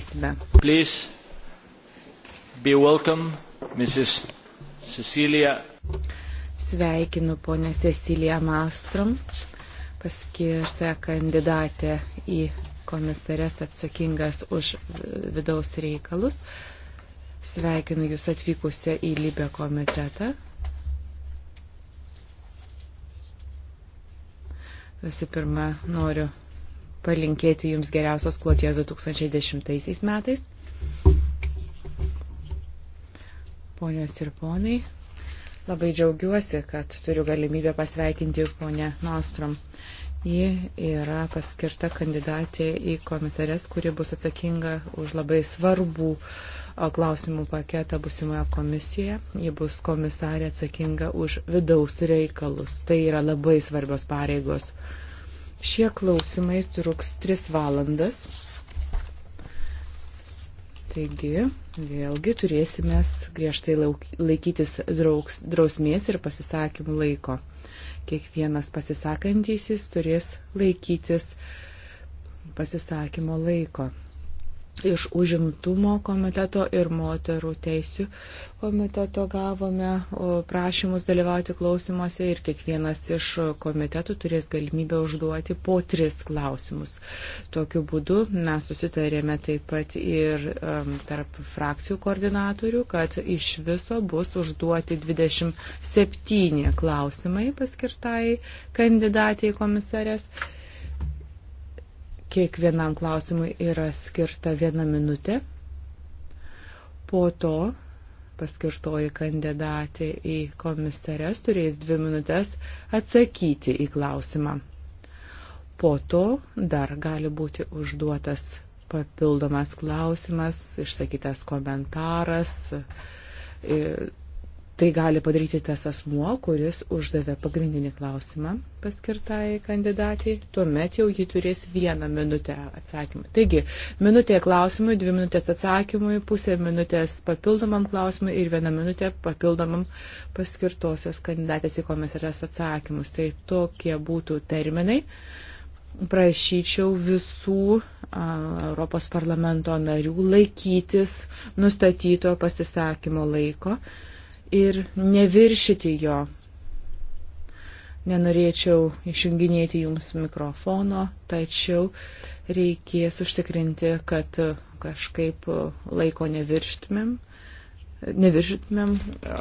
sakysime. Please be welcome, Mrs. Cecilia. Sveikinu ponę Ceciliją Mastrom, paskirtą kandidatę į komisarės atsakingas už vidaus reikalus. Sveikinu Jūs atvykusią į Libę komitetą. Visų pirma, noriu palinkėti Jums geriausios kloties 2010 metais. Ponios ir ponai, labai džiaugiuosi, kad turiu galimybę pasveikinti ponę Nostrom. Ji yra paskirta kandidatė į komisarės, kuri bus atsakinga už labai svarbų klausimų paketą busimoje komisijoje. Ji bus komisarė atsakinga už vidaus reikalus. Tai yra labai svarbios pareigos. Šie klausimai truks 3 valandas. Taigi, vėlgi turėsime griežtai laikytis draugs, drausmės ir pasisakymų laiko. Kiekvienas pasisakantysis turės laikytis pasisakymo laiko iš užimtumo komiteto ir moterų teisų komiteto gavome prašymus dalyvauti klausimuose ir kiekvienas iš komitetų turės galimybę užduoti po tris klausimus. Tokiu būdu mes susitarėme taip pat ir um, tarp frakcijų koordinatorių, kad iš viso bus užduoti 27 klausimai paskirtai kandidatiai komisarės Kiekvienam klausimui yra skirta viena minutė. Po to paskirtoji kandidatė į komisarės turės dvi minutės atsakyti į klausimą. Po to dar gali būti užduotas papildomas klausimas, išsakytas komentaras, Tai gali padaryti tas asmuo, kuris uždavė pagrindinį klausimą paskirtai kandidatai, tuomet jau ji turės vieną minutę atsakymą. Taigi, minutė klausimui, dvi minutės atsakymui, pusė minutės papildomam klausimui ir viena minutė papildomam paskirtosios kandidatės į komisarės atsakymus. Tai tokie būtų terminai. Prašyčiau visų Europos parlamento narių laikytis nustatyto pasisakymo laiko ir neviršyti jo. Nenorėčiau išjunginėti jums mikrofono, tačiau reikės užtikrinti, kad kažkaip laiko nevirštumėm. Nevirštumėm e,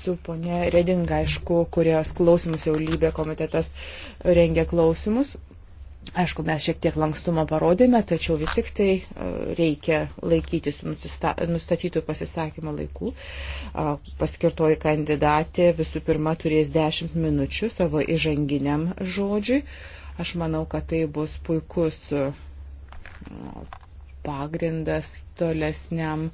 su ponė Redinga, aišku, kurios klausimus jau lybė komitetas rengia klausimus. Aišku, mes šiek tiek lankstumo parodėme, tačiau vis tik tai e, reikia laikytis nustatytų pasisakymo laikų. Paskirtoji kandidatė visų pirma turės 10 minučių savo įžanginiam žodžiui. Aš manau, kad tai bus puikus e, pagrindas tolesniam e,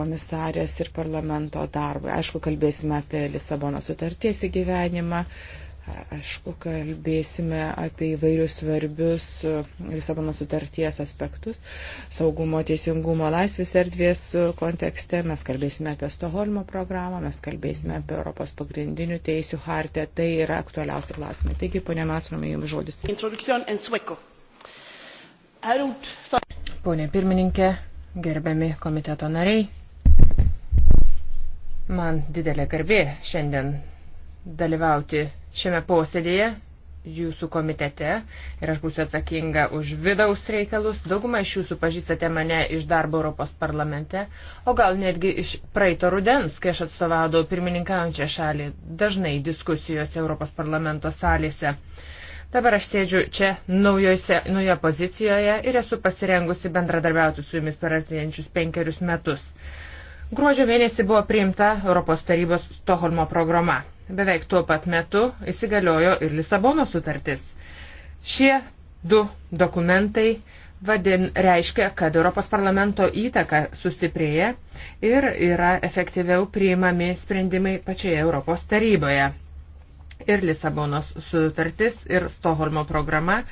komisarės ir parlamento darbui. Aišku, kalbėsime apie Lisabono sutarties įgyvenimą, Aišku, kalbėsime apie įvairius svarbius e, Lisabono sutarties aspektus saugumo, teisingumo, laisvės erdvės e, kontekste. Mes kalbėsime apie Stoholmo programą, mes kalbėsime apie Europos pagrindinių teisių hartę. Tai yra aktualiausi klausimai. Taigi, ponė Masrumai, jums žodis. Pone pirmininkė, gerbiami komiteto nariai, man didelė garbė šiandien dalyvauti šiame posėdėje jūsų komitete ir aš būsiu atsakinga už vidaus reikalus. Daugumą iš jūsų pažįstate mane iš darbo Europos parlamente, o gal netgi iš praeito rudens, kai aš atstovaudau pirmininkaujančią šalį dažnai diskusijose Europos parlamento salėse. Dabar aš sėdžiu čia naujose, naujoje pozicijoje ir esu pasirengusi bendradarbiauti su jumis per artėjančius penkerius metus. Gruodžio mėnesį buvo priimta Europos tarybos Stoholmo programa. Beveik tuo pat metu įsigaliojo ir Lisabono sutartis. Šie du dokumentai vadin reiškia, kad Europos parlamento įtaka sustiprėja ir yra efektyviau priimami sprendimai pačioje Europos taryboje. Ir Lisabonos sutartis, ir Stoholmo programa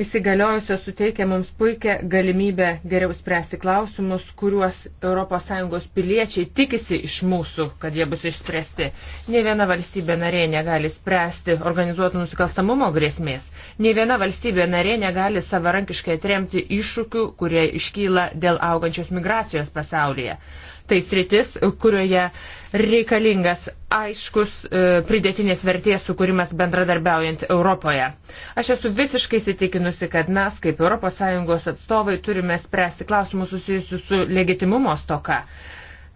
įsigaliojusios suteikia mums puikią galimybę geriau spręsti klausimus, kuriuos ES piliečiai tikisi iš mūsų, kad jie bus išspręsti. Ne viena valstybė narė negali spręsti organizuotų nusikalstamumo grėsmės. Ne viena valstybė narė negali savarankiškai atremti iššūkių, kurie iškyla dėl augančios migracijos pasaulyje tai sritis, kurioje reikalingas aiškus e, pridėtinės vertės sukūrimas bendradarbiaujant Europoje. Aš esu visiškai įsitikinusi, kad mes kaip ES atstovai turime spręsti klausimus susijusius su legitimumo stoka.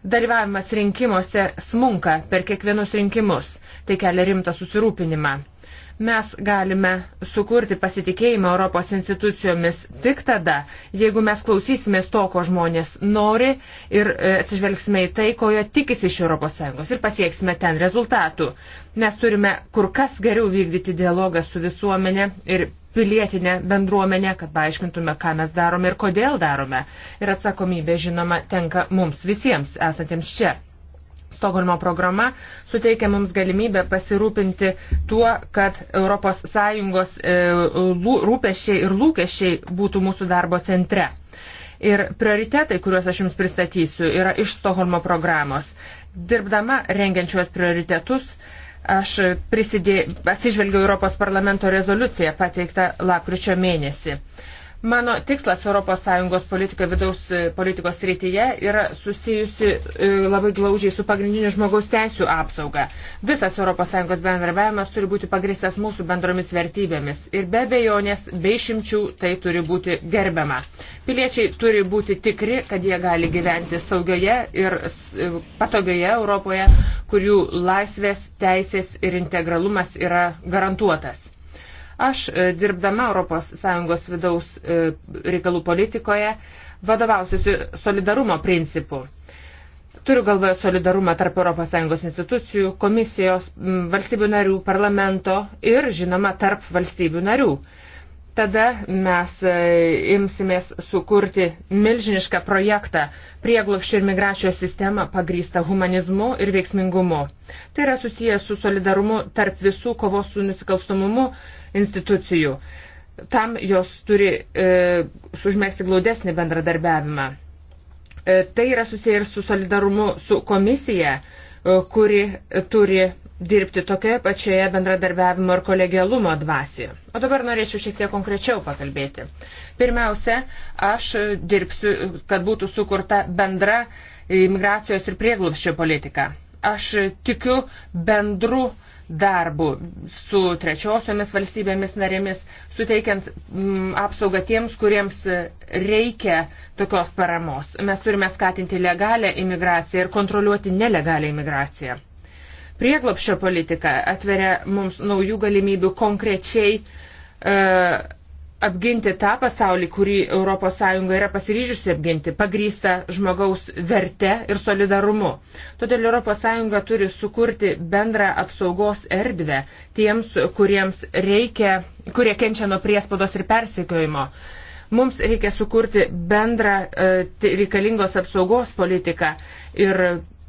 Dalyvavimas rinkimuose smunka per kiekvienus rinkimus. Tai kelia rimtą susirūpinimą. Mes galime sukurti pasitikėjimą Europos institucijomis tik tada, jeigu mes klausysimės to, ko žmonės nori ir e, atsižvelgsime į tai, ko jie tikisi iš ES ir pasieksime ten rezultatų. Mes turime kur kas geriau vykdyti dialogą su visuomenė ir pilietinę bendruomenę, kad paaiškintume, ką mes darome ir kodėl darome. Ir atsakomybė, žinoma, tenka mums visiems esantiems čia. Stokholmo programa suteikia mums galimybę pasirūpinti tuo, kad ES e, rūpeščiai ir lūkesčiai būtų mūsų darbo centre. Ir prioritetai, kuriuos aš jums pristatysiu, yra iš Stokholmo programos. Dirbdama rengiančios prioritetus, aš prisidė, atsižvelgiau Europos parlamento rezoliuciją pateiktą lapkričio mėnesį. Mano tikslas ES politikoje vidaus e, politikos srityje yra susijusi e, labai glaužiai su pagrindiniu žmogaus teisų apsauga. Visas ES bendrabiavimas turi būti pagristas mūsų bendromis vertybėmis ir be bejonės, be išimčių tai turi būti gerbiama. Piliečiai turi būti tikri, kad jie gali gyventi saugioje ir e, patogioje Europoje, kur jų laisvės, teisės ir integralumas yra garantuotas. Aš e, dirbdama ES vidaus e, reikalų politikoje vadovausiuosi solidarumo principu. Turiu galvoje solidarumą tarp ES institucijų, komisijos, valstybių narių, parlamento ir, žinoma, tarp valstybių narių. Tada mes e, imsimės sukurti milžinišką projektą prieglopščių ir migracijos sistemą pagrįstą humanizmu ir veiksmingumu. Tai yra susijęs su solidarumu tarp visų kovos su nusikalstumumu institucijų. Tam jos turi e, užmėgsti glaudesnį bendradarbiavimą. E, tai yra susiję ir su solidarumu su komisija, e, kuri turi dirbti tokioje pačioje bendradarbiavimo ir kolegialumo dvasioje. O dabar norėčiau šiek tiek konkrečiau pakalbėti. Pirmiausia, aš dirbsiu, kad būtų sukurta bendra imigracijos ir prieglupščio politika. Aš tikiu bendru uh, darbu su trečiosiomis valstybėmis narėmis, suteikiant m, mm, apsaugą tiems, kuriems reikia tokios paramos. Mes turime skatinti legalę imigraciją ir kontroliuoti nelegalią imigraciją. Prieglopščio politika atveria mums naujų galimybių konkrečiai uh, apginti tą pasaulį, kurį ES yra pasiryžusi apginti, pagrįsta žmogaus verte ir solidarumu. Todėl ES turi sukurti bendrą apsaugos erdvę tiems, kuriems reikia, kurie kenčia nuo priespaudos ir persekiojimo. Mums reikia sukurti bendrą e, reikalingos apsaugos politiką ir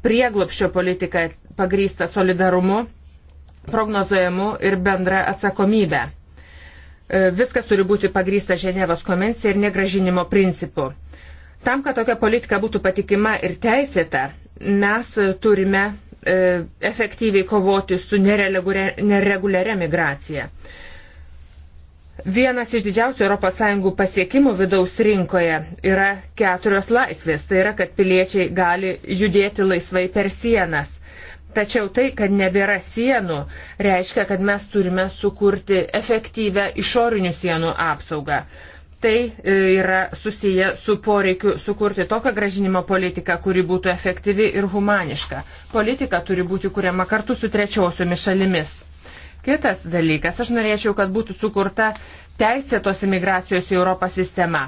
prieglopščio politiką pagrįstą solidarumu, prognozuojamu ir bendrą atsakomybę E, viskas turi būti pagrysta Ženevos konvencija ir negražinimo principu. Tam, kad tokia politika būtų patikima ir teisėta, mes turime e, efektyviai kovoti su nereguliaria migracija. Vienas iš didžiausių ES pasiekimų vidaus rinkoje yra keturios laisvės. Tai yra, kad piliečiai gali judėti laisvai per sienas. Tačiau tai, kad nebėra sienų, reiškia, kad mes turime sukurti efektyvę išorinių sienų apsaugą. Tai e, yra susiję su poreikiu sukurti tokią gražinimo politiką, kuri būtų efektyvi ir humaniška. Politika turi būti kuriama kartu su trečiosiomis šalimis. Kitas dalykas, aš norėčiau, kad būtų sukurta teisėtos imigracijos į Europą sistema.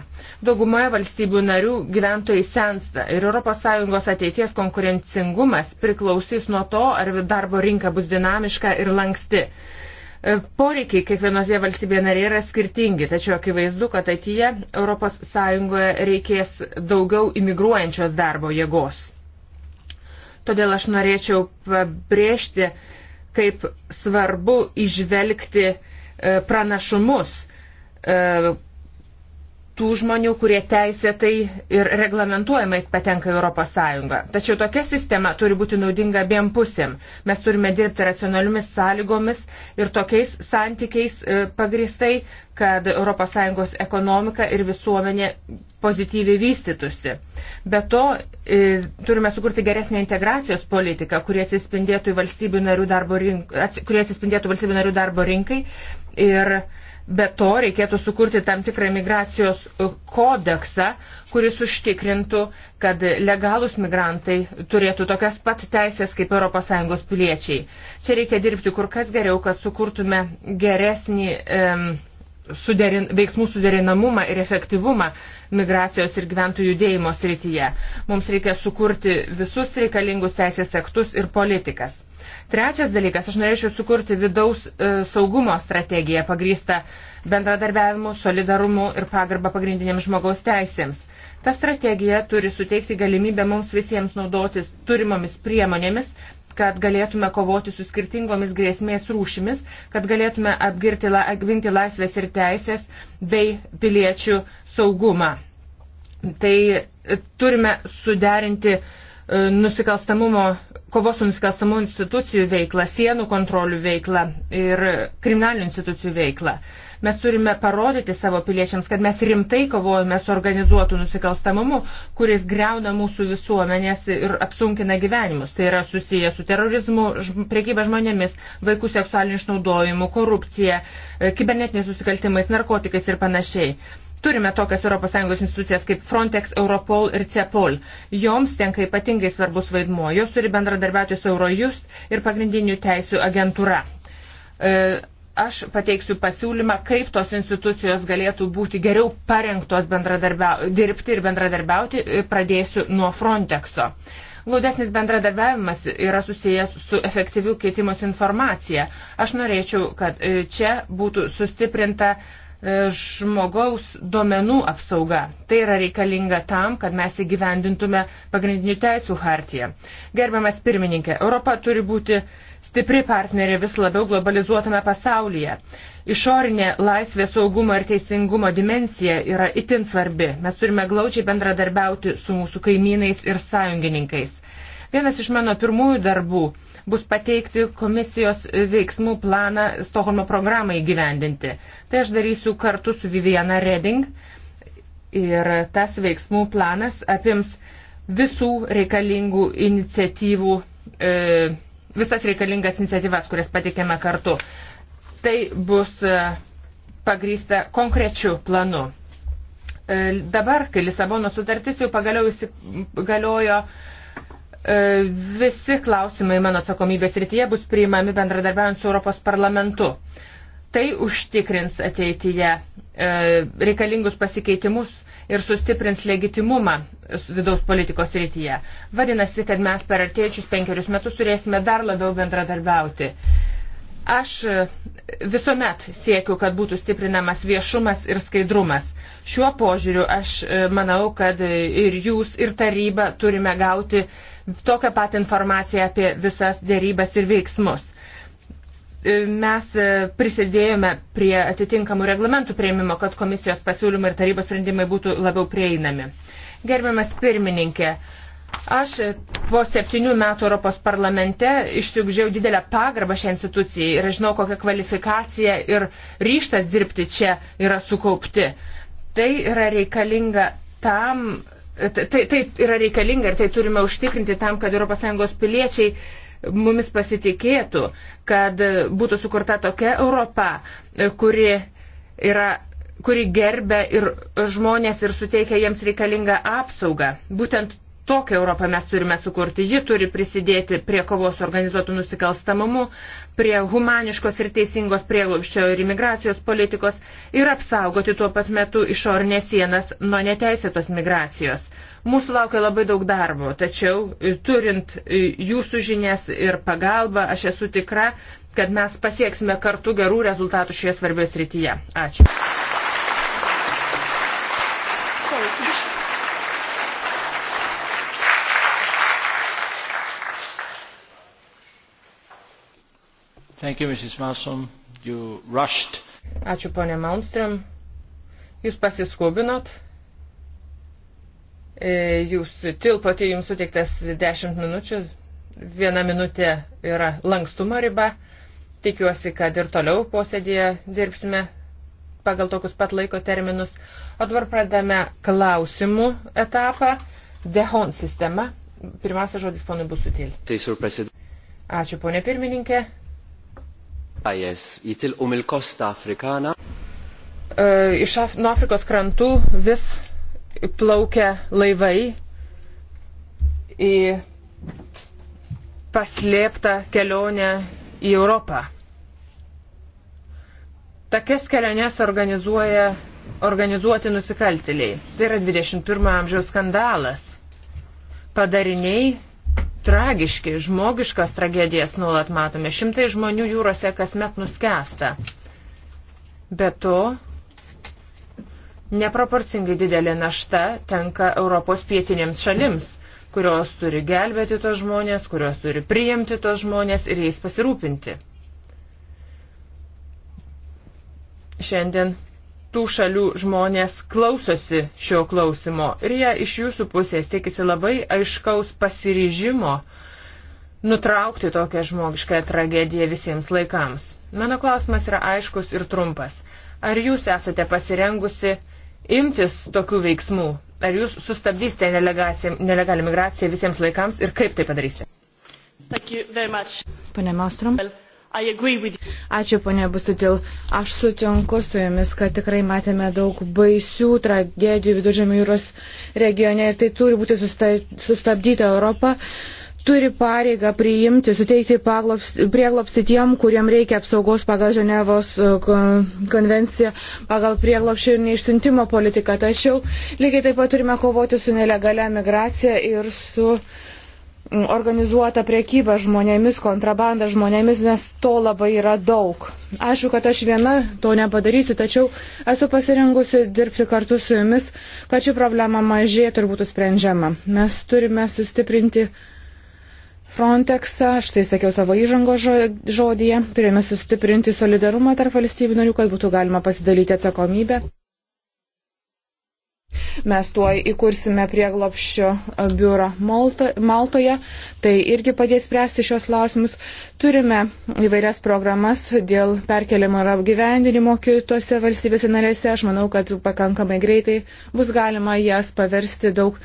Daugumoje valstybių narių gyventojai sensta ir ES ateities konkurencingumas priklausys nuo to, ar darbo rinka bus dinamiška ir lanksti. E, poreikiai kiekvienoje valstybėje narėje yra skirtingi, tačiau akivaizdu, kad ateityje ES reikės daugiau imigruojančios darbo jėgos. Todėl aš norėčiau pabrėžti, kaip svarbu išvelgti e, pranašumus e, tų žmonių, kurie teisėtai ir reglamentuojamai patenka į ES. Tačiau tokia sistema turi būti naudinga abiem pusėm. Mes turime dirbti racionaliomis sąlygomis ir tokiais santykiais e, pagristai, kad ES ekonomika ir visuomenė pozityviai vystytųsi. Be to, e, turime sukurti geresnę integracijos politiką, kurie atsispindėtų, valstybių narių darbo, rink, kurie atsispindėtų valstybių narių darbo rinkai. Ir be to reikėtų sukurti tam tikrą migracijos e, kodeksą, kuris užtikrintų, kad legalūs migrantai turėtų tokias pat teisės kaip ES piliečiai. Čia reikia dirbti kur kas geriau, kad sukurtume geresnį. Um, suderin, veiksmų suderinamumą ir efektyvumą migracijos ir gyventojų judėjimo srityje. Mums reikia sukurti visus reikalingus teisės aktus ir politikas. Trečias dalykas, aš norėčiau sukurti vidaus e, saugumo strategiją pagrįstą bendradarbiavimu, solidarumu ir pagarbą pagrindiniams žmogaus teisėms. Ta strategija turi suteikti galimybę mums visiems naudotis turimomis priemonėmis kad galėtume kovoti su skirtingomis grėsmės rūšimis, kad galėtume apgirti, apginti laisvės ir teisės bei piliečių saugumą. Tai turime suderinti uh, E, nusikalstamumo, kovos su nusikalstamu institucijų veikla, sienų kontrolių veikla ir kriminalinių institucijų veikla. Mes turime parodyti savo piliečiams, kad mes rimtai kovojame su organizuotu nusikalstamumu, kuris greuna mūsų visuomenės ir apsunkina gyvenimus. Tai yra susiję su terorizmu, priekyba žmonėmis, vaikų seksualiniu išnaudojimu, korupcija, e, kibernetiniais nusikaltimais, narkotikais ir panašiai. Turime tokias ES institucijas kaip Frontex, Europol ir CEPOL. Joms tenka ypatingai svarbus vaidmuo. Jos turi bendradarbiauti su Eurojust ir pagrindinių teisų agentūra. E, aš pateiksiu pasiūlymą, kaip tos institucijos galėtų būti geriau parengtos dirbti ir bendradarbiauti. E, pradėsiu nuo Frontexo. Glaudesnis bendradarbiavimas yra susijęs su efektyviu keitimus informacija. Aš norėčiau, kad e, čia būtų sustiprinta uh, E, žmogaus duomenų apsauga. Tai yra reikalinga tam, kad mes įgyvendintume pagrindinių teisų hartiją. Gerbiamas pirmininkė, Europa turi būti stipri partnerė vis labiau globalizuotame pasaulyje. Išorinė laisvė, saugumo ir teisingumo dimensija yra itin svarbi. Mes turime glaučiai bendradarbiauti su mūsų kaimynais ir sąjungininkais. Vienas iš mano pirmųjų darbų bus pateikti komisijos veiksmų planą Stoholmo programai įgyvendinti. Tai aš darysiu kartu su Viviana Reding ir tas veiksmų planas apims visų reikalingų iniciatyvų, e, visas reikalingas iniciatyvas, kurias patikėme kartu. Tai bus e, pagrysta konkrečiu planu. E, dabar, kai Lisabono sutartis jau pagaliau įsigaliojo, e, E, visi klausimai mano atsakomybės rytyje bus priimami bendradarbiaujant su Europos parlamentu. Tai užtikrins ateityje e, reikalingus pasikeitimus ir sustiprins legitimumą vidaus politikos rytyje. Vadinasi, kad mes per artėjančius penkerius metus turėsime dar labiau bendradarbiauti. Aš e, visuomet siekiu, kad būtų stiprinamas viešumas ir skaidrumas. Šiuo požiūriu aš manau, kad ir jūs, ir taryba turime gauti tokią pat informaciją apie visas dėrybas ir veiksmus. E, mes e, prisidėjome prie atitinkamų reglamentų prieimimo, kad komisijos pasiūlymai ir tarybos sprendimai būtų labiau prieinami. Gerbiamas pirmininkė, Aš e, po septynių metų Europos parlamente išsiugžiau didelę pagarbą šią instituciją ir žinau, kokia kvalifikacija ir ryštas dirbti čia yra sukaupti. Tai yra reikalinga tam, tai, taip yra reikalinga ir tai turime užtikrinti tam, kad ES piliečiai mumis pasitikėtų, kad būtų sukurta tokia Europa, kuri, yra, kuri gerbė ir žmonės ir suteikia jiems reikalingą apsaugą. Būtent Tokią Europą mes turime sukurti. Ji turi prisidėti prie kovos organizuotų nusikalstamumu, prie humaniškos ir teisingos prieglobščio ir imigracijos politikos ir apsaugoti tuo pat metu išorinės sienas nuo neteisėtos migracijos. Mūsų laukia labai daug darbo, tačiau e, turint e, jūsų žinias ir pagalbą, aš esu tikra, kad mes pasieksime kartu gerų rezultatų šioje svarbioje srityje. Ačiū. Thank you, Mrs. Malmström. You rushed. Ačiū, ponė Malmström. Jūs pasiskubinot. E, jūs tilpote, jums suteiktas 10 minučių. Viena minutė yra lankstumo riba. Tikiuosi, kad ir toliau posėdėje dirbsime pagal tokius pat laiko terminus. O dabar pradame klausimų etapą. Dehon sistema. Pirmiausia žodis ponui bus sutil. Ačiū, ponė pirmininkė jitilqu um mill-kosta Afrikana. E, iš Af nuo Afrikos krantų vis plaukia laivai į paslėptą kelionę į Europą. Tokias keliones organizuoja organizuoti nusikaltėliai. Tai yra 21 amžiaus skandalas. Padariniai tragiški, žmogiškas tragedijas nuolat matome. Šimtai žmonių jūrose kasmet nuskesta. Be to, neproporcingai didelė našta tenka Europos pietinėms šalims, kurios turi gelbėti tos žmonės, kurios turi priimti tos žmonės ir jais pasirūpinti. Šiandien tų šalių žmonės klausosi šio klausimo ir jie iš jūsų pusės tikisi labai aiškaus pasiryžimo nutraukti tokią žmogišką tragediją visiems laikams. Mano klausimas yra aiškus ir trumpas. Ar jūs esate pasirengusi imtis tokių veiksmų? Ar jūs sustabdysite nelegalią migraciją visiems laikams ir kaip tai padarysite? Pane Mastrom. Well. Ačiū, ponė Busutil. Aš sutinku su jumis, kad tikrai matėme daug baisių tragedijų viduržėmio jūros regione ir tai turi būti sustabdyta Europą turi pareigą priimti, suteikti prieglopsti tiem, kuriem reikia apsaugos pagal Ženevos e, konvenciją, pagal prieglopščio ir neišsintimo politiką. Tačiau lygiai taip pat turime kovoti su nelegalia migracija ir su uh, organizuotą priekybą žmonėmis, kontrabandą žmonėmis, nes to labai yra daug. Aišku, kad aš viena to nepadarysiu, tačiau esu pasirengusi dirbti kartu su jumis, kad ši problema mažėtų ir būtų sprendžiama. Mes turime sustiprinti Frontexą, štai sakiau savo įžango žodyje, turime sustiprinti solidarumą tarp valstybių narių, kad būtų galima pasidalyti atsakomybę. Mes tuo įkursime prieglopščio biurą Malta, Maltoje, tai irgi padės spręsti šios klausimus. Turime įvairias programas dėl perkeliamo ir apgyvendinimo kitose valstybėse narėse. Aš manau, kad pakankamai greitai bus galima jas paversti daug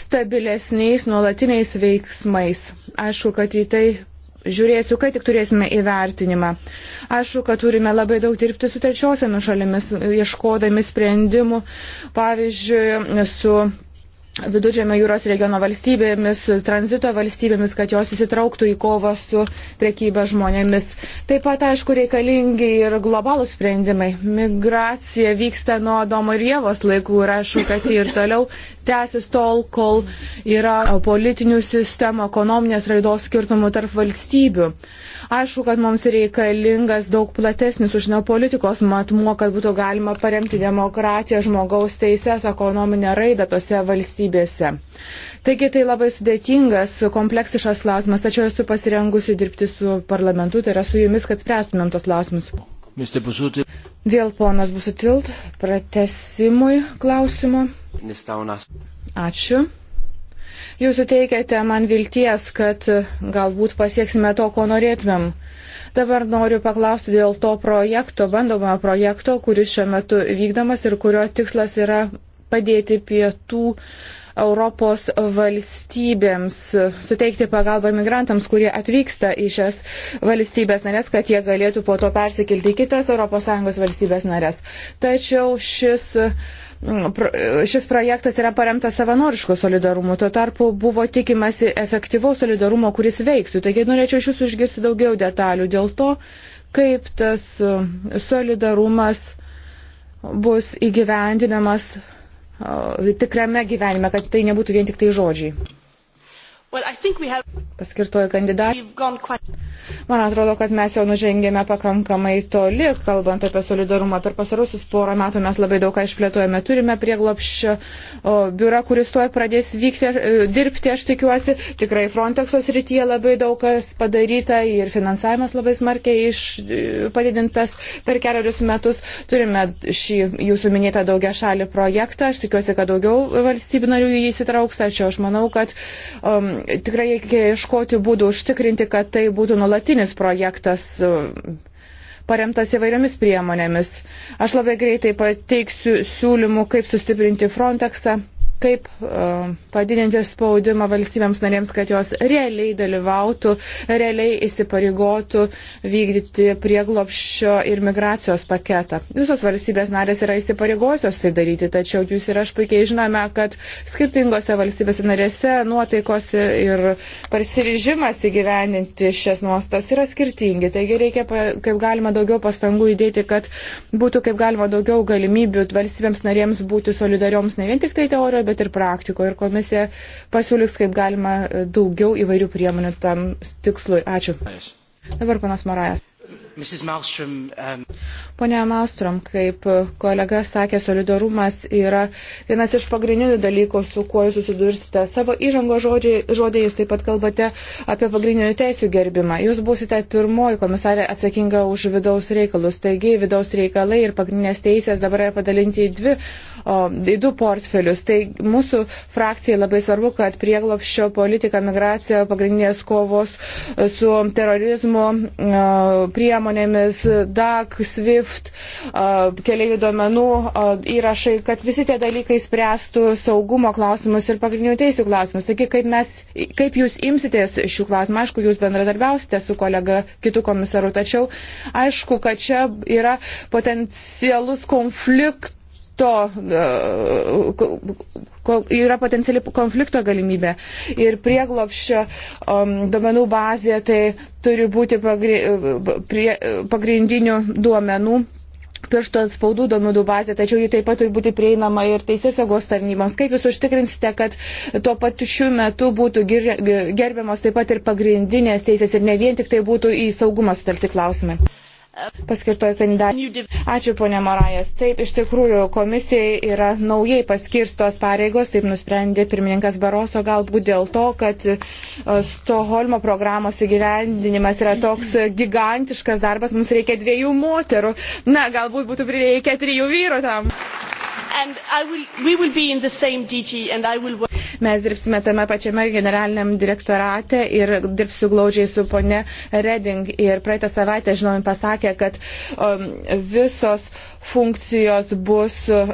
stabilesniais nuolatiniais veiksmais. Aišku, kad į tai žiūrėsiu, kai tik turėsime įvertinimą. Aišku, kad turime labai daug dirbti su trečiosiomis šalimis, ieškodami sprendimų, pavyzdžiui, su Viduržėmio jūros regiono valstybėmis, tranzito valstybėmis, kad jos įsitrauktų į kovą su priekyba žmonėmis. Taip pat, aišku, reikalingi ir globalūs sprendimai. Migracija vyksta nuo Domo ir Jėvos laikų ir aišku, kad ji ir toliau tęsis tol, kol yra politinių sistemų, ekonominės raidos skirtumų tarp valstybių. Aišku, kad mums reikalingas daug platesnis užsienio politikos matmuo, kad būtų galima paremti demokratiją, žmogaus teises, ekonominę raidą tose valstybėse valstybėse. Taigi tai labai sudėtingas, kompleksiškas klausimas, tačiau esu pasirengusi dirbti su parlamentu, tai yra su jumis, kad spręstumėm tos klausimus. Vėl ponas Busutilt, pratesimui klausimo. Ačiū. Jūs suteikėte man vilties, kad galbūt pasieksime to, ko norėtumėm. Dabar noriu paklausti dėl to projekto, bandomojo projekto, kuris šiuo metu vykdomas ir kurio tikslas yra padėti pietų Europos valstybėms, suteikti pagalbą migrantams, kurie atvyksta į šias valstybės narės, kad jie galėtų po to persikilti į kitas ES valstybės narės. Tačiau šis šis projektas yra paremtas savanoriško solidarumu, tuo tarpu buvo tikimasi efektyvaus solidarumo, kuris veiktų. Taigi norėčiau iš jūsų išgirsti daugiau detalių dėl to, kaip tas solidarumas bus įgyvendinamas tikrame gyvenime, kad tai nebūtų vien tik tai žodžiai. Paskirtoju kandidatą. Man atrodo, kad mes jau nužengėme pakankamai toli, kalbant apie solidarumą. Per pasarusius porą metų mes labai daug ką išplėtojame. Turime prieglopščio biurą, kuris tuoj pradės vykti, e, dirbti, aš tikiuosi. Tikrai Frontexo srityje labai daug kas padaryta ir finansavimas labai smarkiai iš, e, padidintas per keliarius metus. Turime šį jūsų minėtą daugia šalį projektą. Aš tikiuosi, kad daugiau valstybių narių jį įsitrauks, tačiau aš manau, kad um, tikrai reikia ieškoti būdų užtikrinti, kad tai būtų nulatinis projektas e, paremtas įvairiomis priemonėmis. Aš labai greitai pateiksiu siūlymų, kaip sustiprinti Frontexą kaip e, padidinti spaudimą valstybėms narėms, kad jos realiai dalyvautų, realiai įsipareigotų vykdyti prieglopščio ir migracijos paketą. Visos valstybės narės yra įsipareigojusios tai daryti, tačiau jūs ir aš puikiai žinome, kad skirtingose valstybėse narėse nuotaikos ir pasiryžimas įgyveninti šias nuostas yra skirtingi. Taigi reikia kaip galima daugiau pastangų įdėti, kad būtų kaip galima daugiau galimybių valstybėms narėms būti solidarioms ne vien tik tai teorijoje, bet ir praktikoje. Ir komisija pasiūlys, kaip galima daugiau įvairių priemonių tam tikslui. Ačiū. Dabar panas Marajas. Um, Pone Malstrom, kaip kolega sakė, solidarumas yra vienas iš pagrindinių dalykų, su kuo jūs susidursite. Savo įžango žodžiai jūs taip pat kalbate apie pagrindinių teisų gerbimą. Jūs būsite pirmoji komisarė atsakinga už vidaus reikalus. Taigi vidaus reikalai ir pagrindinės teisės dabar yra padalinti į, dvi, o, į du portfelius. Tai mūsų frakcijai labai svarbu, kad prieglopščio politika, migracija, pagrindinės kovos e, su terorizmu e, priemonės priemonėmis, DAC, SWIFT, keliaivių duomenų įrašai, kad visi tie dalykai spręstų saugumo klausimus ir pagrindinių teisų klausimus. Taigi, kaip, mes, kaip jūs imsitės šių klausimų, aišku, jūs bendradarbiausite su kolega kitų komisarų, tačiau aišku, kad čia yra potencialus konfliktas to e, yra potenciali konflikto galimybė. Ir prieglopščio um, duomenų bazė tai turi būti pagri, prie, pagrindinių duomenų piršto atspaudų duomenų bazė, tačiau ji taip pat turi būti prieinama ir teisės saugos tarnyboms. Kaip jūs užtikrinsite, kad tuo pačiu metu būtų gerbiamos taip pat ir pagrindinės teisės ir ne vien tik tai būtų į saugumą sutelkti klausimai? paskirtoji kandidatė. Ačiū, ponė Morajas. Taip, iš tikrųjų, komisijai yra naujai paskirstos pareigos, taip nusprendė pirmininkas Baroso, galbūt dėl to, kad e, Stoholmo programos įgyvendinimas yra toks gigantiškas darbas, mums reikia dviejų moterų. Na, galbūt būtų prireikę trijų vyrų tam. Will, will will... Mes dirbsime tame pačiame generaliniam direktorate ir dirbsiu glaudžiai su ponė Reding. Ir praeitą savaitę, žinom, pasakė, kad um, visos funkcijos bus e,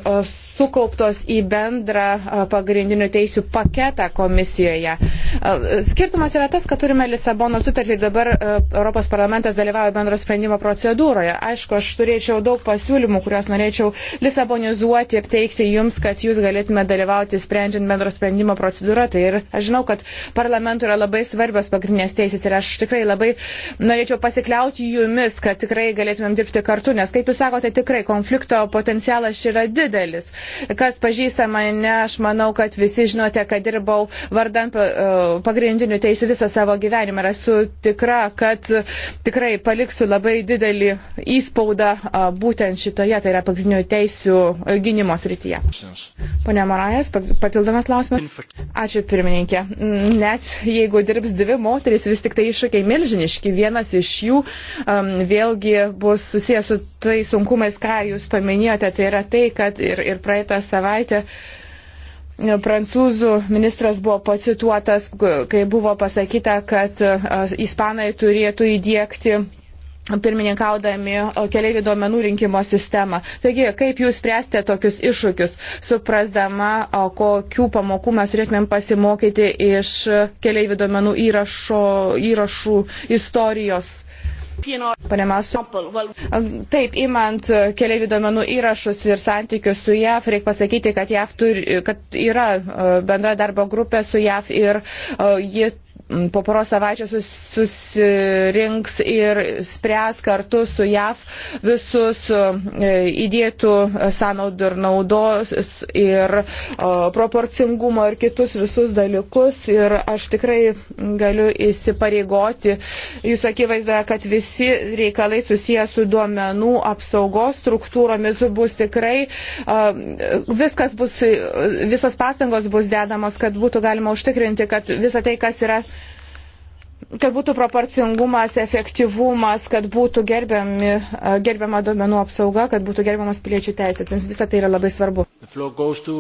sukauptos į bendrą e, pagrindinių teisių paketą komisijoje. E, skirtumas yra tas, kad turime Lisabono sutartį ir dabar Europos parlamentas dalyvauja bendro sprendimo procedūroje. Aišku, aš turėčiau daug pasiūlymų, kuriuos norėčiau lisabonizuoti ir teikti jums, kad jūs galėtume dalyvauti sprendžiant bendro sprendimo procedūrą. Tai ir aš žinau, kad parlamentui yra labai svarbios pagrindinės teisės ir aš tikrai labai norėčiau pasikliauti jumis, kad tikrai galėtumėm dirbti kartu, nes kaip jūs sakote, tikrai konkurencija konflikto potencialas čia yra didelis. Kas pažįsta mane, aš manau, kad visi žinote, kad dirbau vardan e, pagrindinių teisų visą savo gyvenimą ir esu tikra, kad tikrai paliksiu labai didelį įspaudą e, būtent šitoje, tai yra pagrindinių teisų e, gynimo srityje. Pone Morajas, papildomas klausimas. Ačiū pirmininkė. Mm, net jeigu dirbs dvi moteris, vis tik tai iššūkiai milžiniški. Vienas iš jų um, vėlgi bus susijęs su tai sunkumais, ką jūs paminėjote, tai yra tai, kad ir, ir praeitą savaitę prancūzų ministras buvo pacituotas, kai buvo pasakyta, kad e, ispanai turėtų įdėkti pirmininkaudami e, keliaivių duomenų rinkimo sistemą. Taigi, kaip jūs spręsite tokius iššūkius, suprasdama, e, kokių pamokų mes turėtumėm pasimokyti iš keliaivių duomenų įrašo, įrašų istorijos? Pane Masu, taip, imant keliaivių duomenų įrašus ir santykius su JAF, reikia pasakyti, kad, JAF turi, kad yra e, bendra darbo grupė su JAF ir e, ji po poros savaičių susirinks ir spręs kartu su JAV visus e, įdėtų sąnaudų ir naudos ir proporcingumo ir kitus visus dalykus. Ir aš tikrai galiu įsipareigoti jūsų akivaizdoje, kad visi reikalai susijęs su duomenų apsaugos struktūromis bus tikrai, viskas bus, visos pastangos bus dedamos, kad būtų galima užtikrinti, kad visa tai, kas yra kad būtų proporcingumas, efektyvumas, kad būtų gerbiami, gerbiama duomenų apsauga, kad būtų gerbiamas piliečių teisės, nes visa tai yra labai svarbu. To...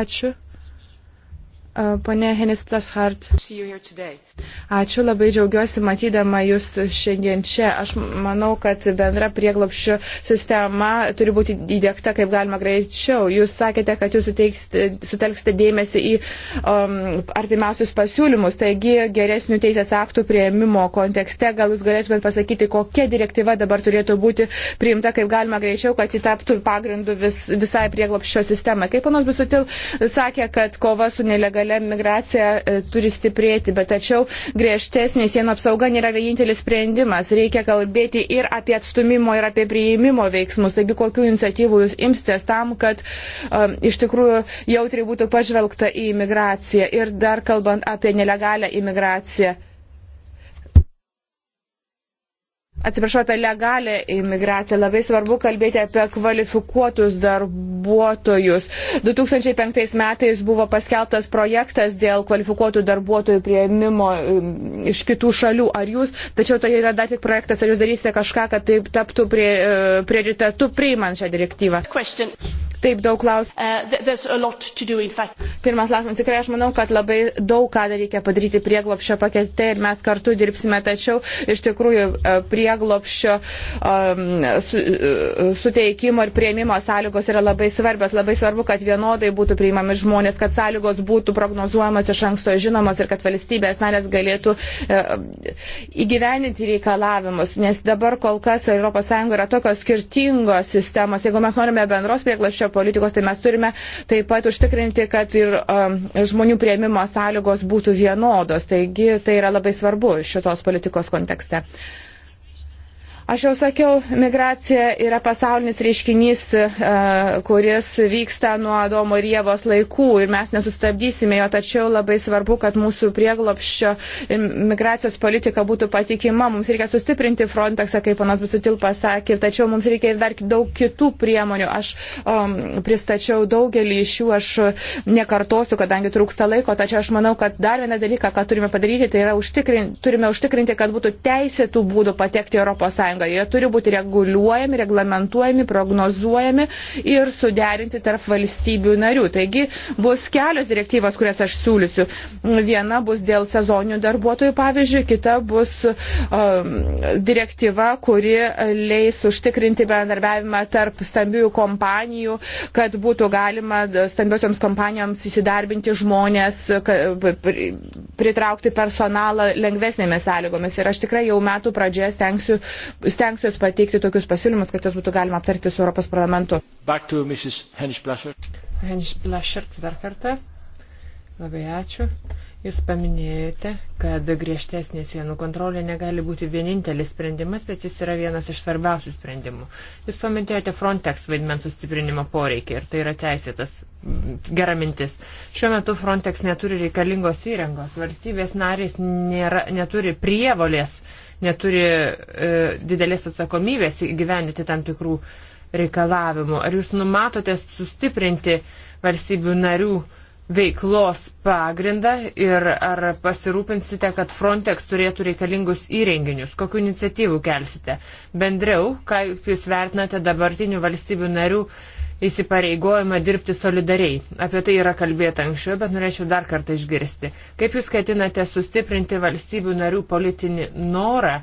Ačiū. Pane Henis Plashart. Ačiū, labai džiaugiuosi matydama Jūs šiandien čia. Aš manau, kad bendra prieglopščio sistema turi būti įdėkta kaip galima greičiau. Jūs sakėte, kad Jūs sutelksite dėmesį į um, artimiausius pasiūlymus. Taigi, geresnių teisės aktų prieimimo kontekste gal Jūs galėtumėt pasakyti, kokia direktyva dabar turėtų būti priimta kaip galima greičiau, kad ji taptų pagrindu vis, visai prieglopščio sistemai. Kaip panas Bisutil sakė, kad kova su nelegalia gale migracija e, turi stiprėti, bet tačiau griežtesnė sienų apsauga nėra vienintelis sprendimas. Reikia kalbėti ir apie atstumimo, ir apie priėmimo veiksmus. Taigi, kokiu iniciatyvu jūs imstės tam, kad um, iš tikrųjų jautriai būtų pažvelgta į imigraciją. Ir dar kalbant apie nelegalią imigraciją. atsiprašau, apie legalę imigraciją. Labai svarbu kalbėti apie kvalifikuotus darbuotojus. 2005 metais buvo paskeltas projektas dėl kvalifikuotų darbuotojų prieimimo um, iš kitų šalių. Ar jūs, tačiau tai yra dar tik projektas, ar jūs darysite kažką, kad taip taptų prie, uh, prioritetu priimant šią direktyvą? Question. Taip, daug klausimų. Uh, Pirmas klausimas. Tikrai aš manau, kad labai daug ką reikia padaryti prieglopšio pakete ir mes kartu dirbsime, tačiau iš tikrųjų uh, prie prieglopščio um, su, uh, suteikimo ir prieimimo sąlygos yra labai svarbios. Labai svarbu, kad vienodai būtų priimami žmonės, kad sąlygos būtų prognozuojamos iš anksto žinomos ir kad valstybės narės galėtų uh, įgyveninti reikalavimus. Nes dabar kol kas ES yra tokios skirtingos sistemos. Jeigu mes norime bendros prieglopščio politikos, tai mes turime taip pat užtikrinti, kad ir um, žmonių prieimimo sąlygos būtų vienodos. Taigi tai yra labai svarbu šitos politikos kontekste. Aš jau sakiau, migracija yra pasaulinis reiškinys, e, kuris vyksta nuo Adomo ir Jėvos laikų ir mes nesustabdysime jo, tačiau labai svarbu, kad mūsų prieglopščio migracijos politika būtų patikima. Mums reikia sustiprinti Frontexą, kaip panas Visutil pasakė, tačiau mums reikia ir dar daug kitų priemonių. Aš um, pristačiau daugelį iš jų, aš nekartosiu, kadangi trūksta laiko, tačiau aš manau, kad dar vieną dalyką, ką turime padaryti, tai yra užtikrinti, turime užtikrinti, kad būtų teisėtų būdų patekti Europos Sąjungą. Jie turi būti reguliuojami, reglamentuojami, prognozuojami ir suderinti tarp valstybių narių. Taigi bus kelios direktyvos, kurias aš siūlysiu. Viena bus dėl sezoninių darbuotojų, pavyzdžiui, kita bus um, direktyva, kuri leis užtikrinti bendarbiavimą tarp stambių kompanijų, kad būtų galima stambiosioms kompanijoms įsidarbinti žmonės, pritraukti personalą lengvesnėmis sąlygomis. Ir aš tikrai jau metų pradžioje stengsiu stengsiuosi pateikti tokius pasiūlymus, kad juos būtų galima aptarti su Europos parlamentu. Henšblašert dar kartą. Labai ačiū. Jūs paminėjote, kad griežtesnė sienų kontrolė negali būti vienintelis sprendimas, bet jis yra vienas iš svarbiausių sprendimų. Jūs paminėjote Frontex vaidmens sustiprinimo poreikį ir tai yra teisėtas gera mintis. Šiuo metu Frontex neturi reikalingos įrengos, valstybės narės nėra, neturi prievolės uh, neturi e, didelės atsakomybės įgyvendyti tam tikrų reikalavimų. Ar jūs numatote sustiprinti valstybių narių veiklos pagrindą ir ar pasirūpinsite, kad Frontex turėtų reikalingus įrenginius, kokiu iniciatyvu kelsite. Bendriau, kaip jūs vertinate dabartinių valstybių narių įsipareigojimą dirbti solidariai. Apie tai yra kalbėta anksčiau, bet norėčiau dar kartą išgirsti. Kaip Jūs ketinate sustiprinti valstybių narių politinį norą e,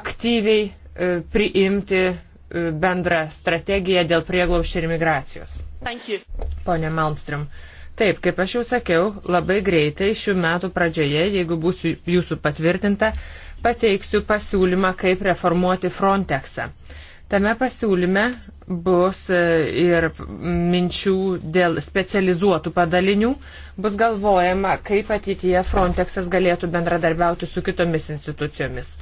aktyviai e, priimti e, bendrą strategiją dėl prieglaušio ir migracijos? Pone Malmström. Taip, kaip aš jau sakiau, labai greitai šių metų pradžioje, jeigu būsiu jūsų patvirtinta, pateiksiu pasiūlymą, kaip reformuoti Frontexą. Tame pasiūlyme bus e, ir minčių dėl specializuotų padalinių, bus galvojama, kaip ateityje Frontexas galėtų bendradarbiauti su kitomis institucijomis.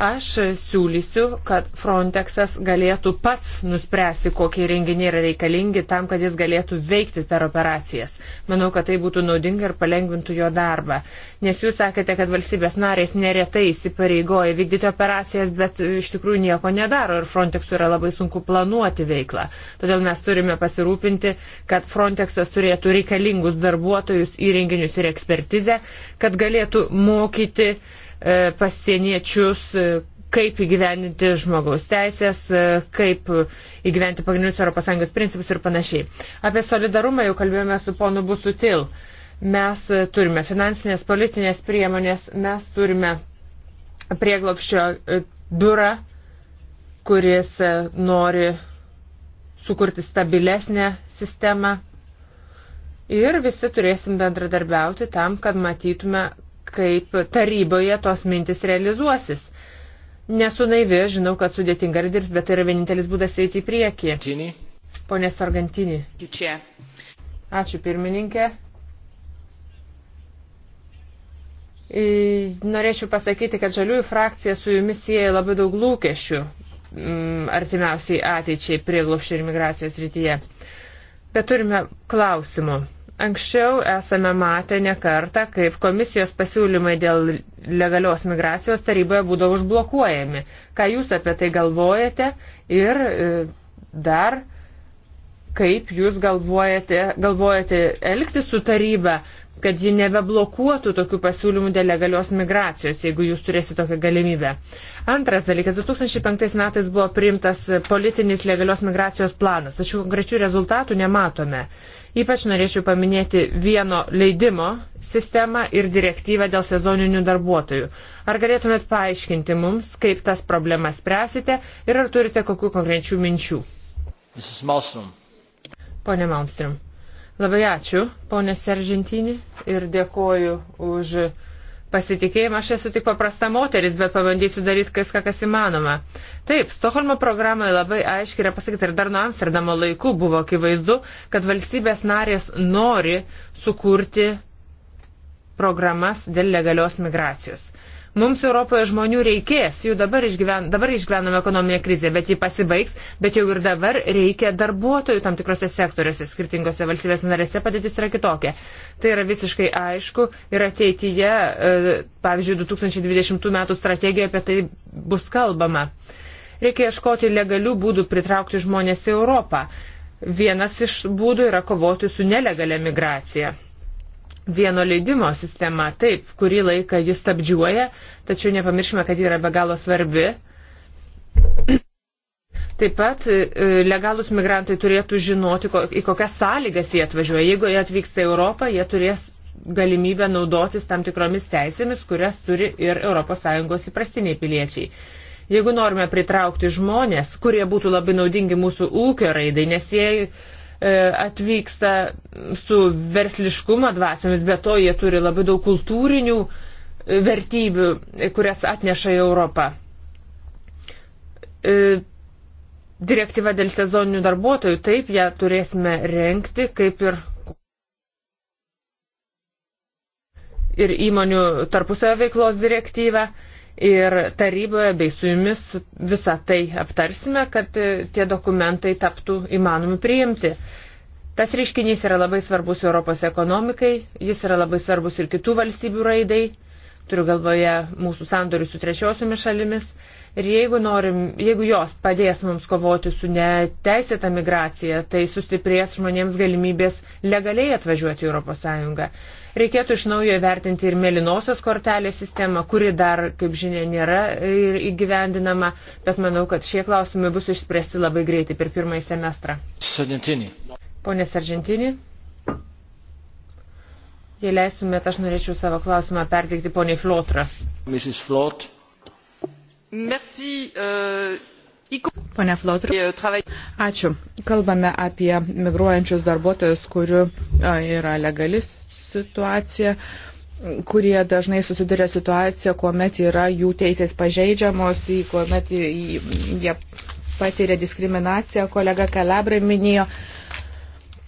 Aš siūlysiu, kad Frontexas galėtų pats nuspręsti, kokie renginiai yra reikalingi tam, kad jis galėtų veikti per operacijas. Manau, kad tai būtų naudinga ir palengvintų jo darbą. Nes jūs sakėte, kad valstybės narės neretai įsipareigoja vykdyti operacijas, bet iš tikrųjų nieko nedaro ir Frontexui yra labai sunku planuoti veiklą. Todėl mes turime pasirūpinti, kad Frontexas turėtų reikalingus darbuotojus, įrenginius ir ekspertizę, kad galėtų mokyti E, pasieniečius, e, kaip įgyvendinti žmogaus teisės, e, kaip įgyventi pagrindinius ES principus ir panašiai. Apie solidarumą jau kalbėjome su ponu Busutil. Mes turime finansinės, politinės priemonės, mes turime prieglopščio biurą, kuris nori sukurti stabilesnę sistemą. Ir visi turėsim bendradarbiauti tam, kad matytume, kaip taryboje tos mintis realizuosis. Nesu naivi, žinau, kad sudėtinga ir dirbti, bet tai yra vienintelis būdas eiti į priekį. Čini. Pone Sorgantinį. Ačiū pirmininkė. Norėčiau pasakyti, kad žaliųjų frakcija su jumis sieja labai daug lūkesčių mm, artimiausiai ateičiai prieglopščio ir migracijos rytyje. Bet turime klausimų. Anksčiau esame matę ne kartą, kaip komisijos pasiūlymai dėl legalios migracijos taryboje būdavo užblokuojami. Ką jūs apie tai galvojate ir e, dar kaip jūs galvojate, galvojate elgti su taryba, kad ji nebeblokuotų tokių pasiūlymų dėl legalios migracijos, jeigu jūs turėsite tokią galimybę. Antras dalykas, 2005 metais buvo priimtas politinis legalios migracijos planas, tačiau konkrečių rezultatų nematome. Ypač norėčiau paminėti vieno leidimo sistemą ir direktyvą dėl sezoninių darbuotojų. Ar galėtumėt paaiškinti mums, kaip tas problemas spręsite ir ar turite kokių konkrečių minčių? Pone Malmström. Labai ačiū, ponė Seržintinį, ir dėkoju už pasitikėjimą. Aš esu tik paprasta moteris, bet pabandysiu daryti viską, kas įmanoma. Taip, Stokholmo programoje labai aiškiai yra pasakyti, ir dar nuo Amsterdamo laikų buvo akivaizdu, kad valstybės narės nori sukurti programas dėl legalios migracijos. Mums Europoje žmonių reikės, jų dabar, išgyven, dabar išgyvename ekonominę krizę, bet ji pasibaigs, bet jau ir dabar reikia darbuotojų tam tikrose sektoriuose, skirtingose valstybės narėse padėtis yra kitokia. Tai yra visiškai aišku ir ateityje, e, pavyzdžiui, 2020 m. strategijoje apie tai bus kalbama. Reikia ieškoti legalių būdų pritraukti žmonės į Europą. Vienas iš būdų yra kovoti su nelegalia migracija vieno leidimo sistema, taip, kurį laiką jis stabdžiuoja, tačiau nepamirškime, kad ji yra be galo svarbi. Taip pat e, legalus migrantai turėtų žinoti, į kokias sąlygas jie atvažiuoja. Jeigu jie atvyksta į Europą, jie turės galimybę naudotis tam tikromis teisėmis, kurias turi ir ES įprastiniai piliečiai. Jeigu norime pritraukti žmonės, kurie būtų labai naudingi mūsų ūkio raidai, nes jie E, atvyksta su versliškumo dvasiomis, bet to jie turi labai daug kultūrinių e, vertybių, e, kurias atneša į Europą. Direktyva dėl sezoninių darbuotojų, taip, ją turėsime renkti, kaip ir ir įmonių tarpusavio veiklos direktyvą ir taryboje bei su jumis visą tai aptarsime, kad e, tie dokumentai taptų įmanomi priimti. Tas reiškinys yra labai svarbus Europos ekonomikai, jis yra labai svarbus ir kitų valstybių raidai, turiu galvoje mūsų sandorių su trečiosiomis šalimis. Ir jeigu, norim, jeigu jos padės mums kovoti su neteisėta migracija, tai sustiprės žmonėms galimybės legaliai atvažiuoti į ES. Reikėtų iš naujo įvertinti ir mėlynosios kortelės sistemą, kuri dar, kaip žinia, nėra įgyvendinama, bet manau, kad šie klausimai bus išspręsti labai greitai per pirmąjį semestrą. Sargentinį. Pone Sargentinį. Jei leistumėte, aš norėčiau savo klausimą perteikti poniai Flotrą. Mrs. Flot. Merci, uh, Pone Flotri, euh, ačiū. Kalbame apie migruojančius darbuotojus, kurių yra legali situacija kurie dažnai susiduria situaciją, kuomet yra jų teisės pažeidžiamos, kuomet jie patiria diskriminaciją. Kolega Kalabrai minėjo, uh,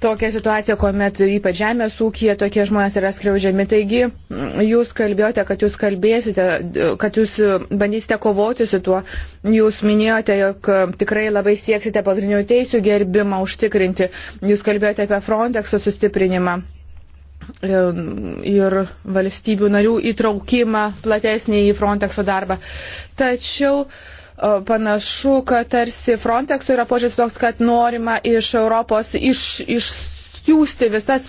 tokią situaciją, kuomet ypač žemės ūkija tokie žmonės yra skriaudžiami. Taigi jūs kalbėjote, kad jūs kalbėsite, kad jūs e, bandysite kovoti su tuo. Jūs minėjote, jog e, tikrai labai sieksite pagrindinių teisų gerbimą užtikrinti. Jūs kalbėjote apie Frontexo sustiprinimą e, ir valstybių narių įtraukimą platesnį į Frontexo darbą. Tačiau uh, panašu, kad tarsi Frontex yra požiūris toks, kad norima iš Europos iš, iš siūsti visas,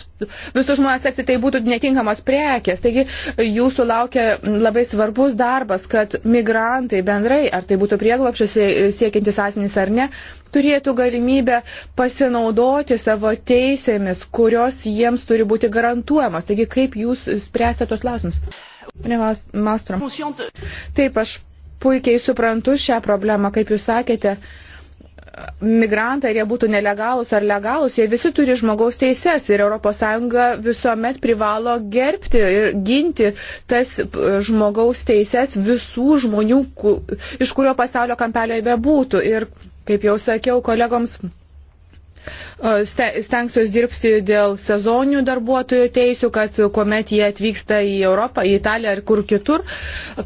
visus žmonės, tarsi tai būtų netinkamos prekės. Taigi jūsų laukia labai svarbus darbas, kad migrantai bendrai, ar tai būtų prieglopščio siekiantis asmenys ar ne, turėtų galimybę pasinaudoti savo teisėmis, kurios jiems turi būti garantuojamas. Taigi kaip jūs spręsite tos klausimus? Pane Malstrom. Taip, aš puikiai suprantu šią problemą, kaip jūs sakėte. Migrantai, ar jie būtų nelegalus ar legalus, jie visi turi žmogaus teises ir ES visuomet privalo gerbti ir ginti tas e, žmogaus teises visų žmonių, iš kurio pasaulio kampelio jie bebūtų. Ir, kaip jau sakiau kolegoms, E, stengsiuos dirbti dėl sezoninių darbuotojų teisų, kad kuomet jie atvyksta į Europą, į Italiją ar kur kitur,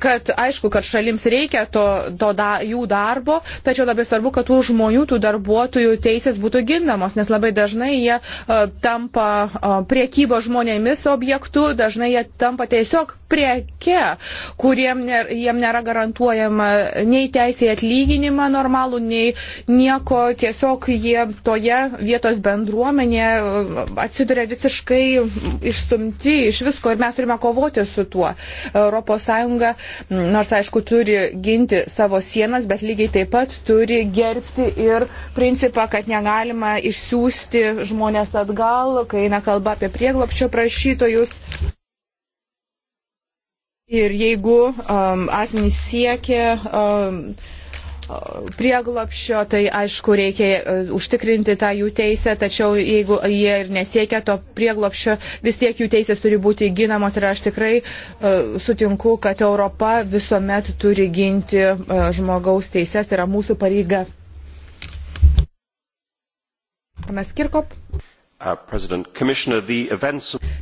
kad aišku, kad šalims reikia to, to da, jų darbo, tačiau labai svarbu, kad tų žmonių, tų darbuotojų teisės būtų ginamos, nes labai dažnai jie uh, tampa uh, priekybo žmonėmis objektų, dažnai jie tampa tiesiog prieke, kuriem nėra, jiem nėra garantuojama nei teisė atlyginimą normalų, nei nieko, tiesiog jie toje vietoje vietos bendruomenė e, atsiduria visiškai išstumti iš visko ir mes turime kovoti su tuo. ES, nors aišku, turi ginti savo sienas, bet lygiai taip pat turi gerbti ir principą, kad negalima išsiųsti žmonės atgal, kai eina kalba apie prieglopščio prašytojus. Ir jeigu um, asmenys siekia um, prieglopščio, tai aišku, reikia e, užtikrinti tą jų teisę, tačiau jeigu jie ir nesiekia to prieglopščio, vis tiek jų teisės turi būti ginamos ir aš tikrai uh, sutinku, kad Europa visuomet turi ginti uh, žmogaus teises, tai yra mūsų pareiga. Panas Kirkop. Uh,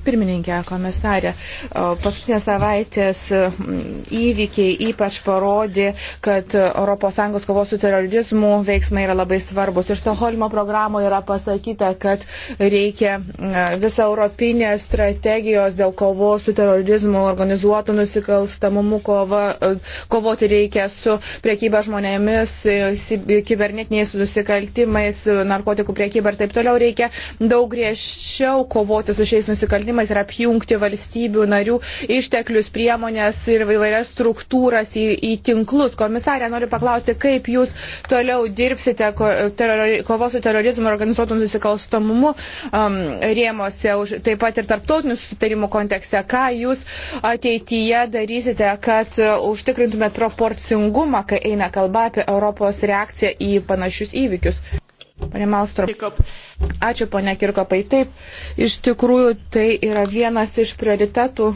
Pirmininkė, komisarė, paskutinės savaitės mm, įvykiai ypač parodė, kad ES kovos su terorizmu veiksmai yra labai svarbus. Ir Stoholmo programoje yra pasakyta, kad reikia mm, visą europinę strategijos dėl kovos su terorizmu, organizuotų nusikalstamumu kova, e, kovoti reikia su priekyba žmonėmis, e, kibernetiniais nusikaltimais, e, narkotikų priekyba ir taip toliau. Reikia daug daug griežčiau kovoti su šiais nusikaltimais ir apjungti valstybių narių išteklius, priemonės ir įvairias struktūras į, į tinklus. Komisarė, noriu paklausti, kaip jūs toliau dirbsite ko, terori, kovos su terorizmu ir organizuotų nusikalstamumu um, rėmose, už, taip pat ir tarptautinių susitarimų kontekste. Ką jūs ateityje darysite, kad uh, užtikrintumėt proporcingumą, kai eina kalba apie Europos reakciją į panašius įvykius? Pane Malstro. Ačiū, pane Kirkopai. Taip, iš tikrųjų tai yra vienas iš prioritetų,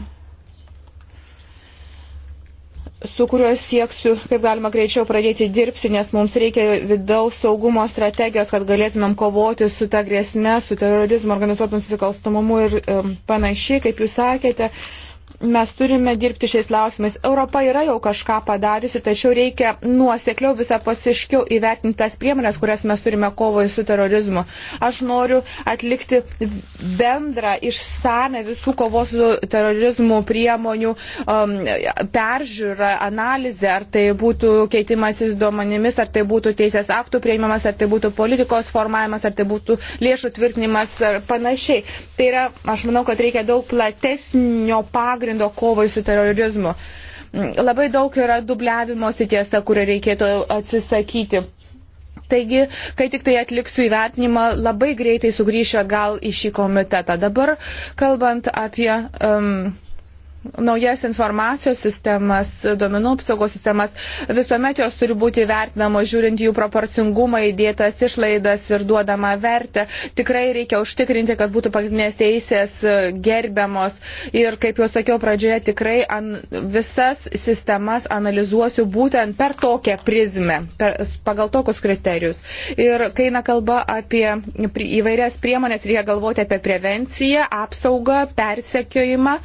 su kuriuo sieksiu, kaip galima greičiau pradėti dirbti, nes mums reikia vidaus saugumo strategijos, kad galėtumėm kovoti su ta grėsme, su terorizmu, organizuotų nusikalstamumu ir um, panašiai, kaip jūs sakėte. Uh, mes turime dirbti šiais klausimais. Europa yra jau kažką padariusi, tačiau reikia nuosekliau visapusiškiau įvertinti tas priemonės, kurias mes turime kovoje su terorizmu. Aš noriu atlikti bendrą išsame visų kovos su terorizmu priemonių um, peržiūrą, analizę, ar tai būtų keitimasis duomenimis, ar tai būtų teisės aktų prieimamas, ar tai būtų politikos formavimas, ar tai būtų lėšų tvirtinimas ar panašiai. Tai yra, aš manau, kad reikia daug platesnio pagrindo pagrindo kovai su terorizmu. Mm, labai daug yra dubliavimosi tiesa, kurio reikėtų atsisakyti. Taigi, kai tik tai atliksiu įvertinimą, labai greitai sugrįšiu atgal į šį komitetą. Dabar, kalbant apie. Um, naujas informacijos sistemas, domenų apsaugos sistemas, visuomet jos turi būti vertinamos, žiūrint jų proporcingumą, įdėtas išlaidas ir duodama vertę. Tikrai reikia užtikrinti, kad būtų pagrindinės teisės gerbiamos. Ir kaip jau sakiau pradžioje, tikrai an, visas sistemas analizuosiu būtent per tokią prizmę, per, pagal tokius kriterijus. Ir kai eina kalba apie įvairias priemonės, reikia galvoti apie prevenciją, apsaugą, persekiojimą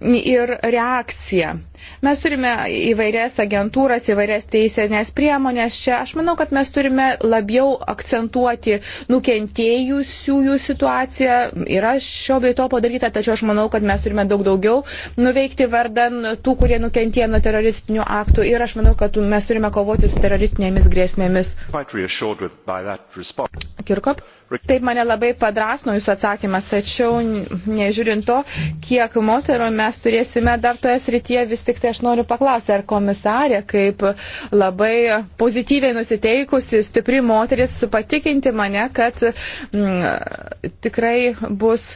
ir reakcija. Mes turime įvairias agentūras, įvairias teisinės priemonės čia. Aš manau, kad mes turime labiau akcentuoti nukentėjusiųjų situaciją. Yra šio bei to padaryta, tačiau aš manau, kad mes turime daug daugiau nuveikti vardan tų, kurie nukentėjo nuo teroristinių aktų. Ir aš manau, kad mes turime kovoti su teroristinėmis grėsmėmis. Kirkop? Taip mane labai padrasno jūsų atsakymas, tačiau nežiūrint to, kiek moterų mes turėsime dar toje srityje, vis tik tik tai aš noriu paklausti, ar komisarė, kaip labai pozityviai nusiteikusi, stipri moteris, patikinti mane, kad mm, tikrai bus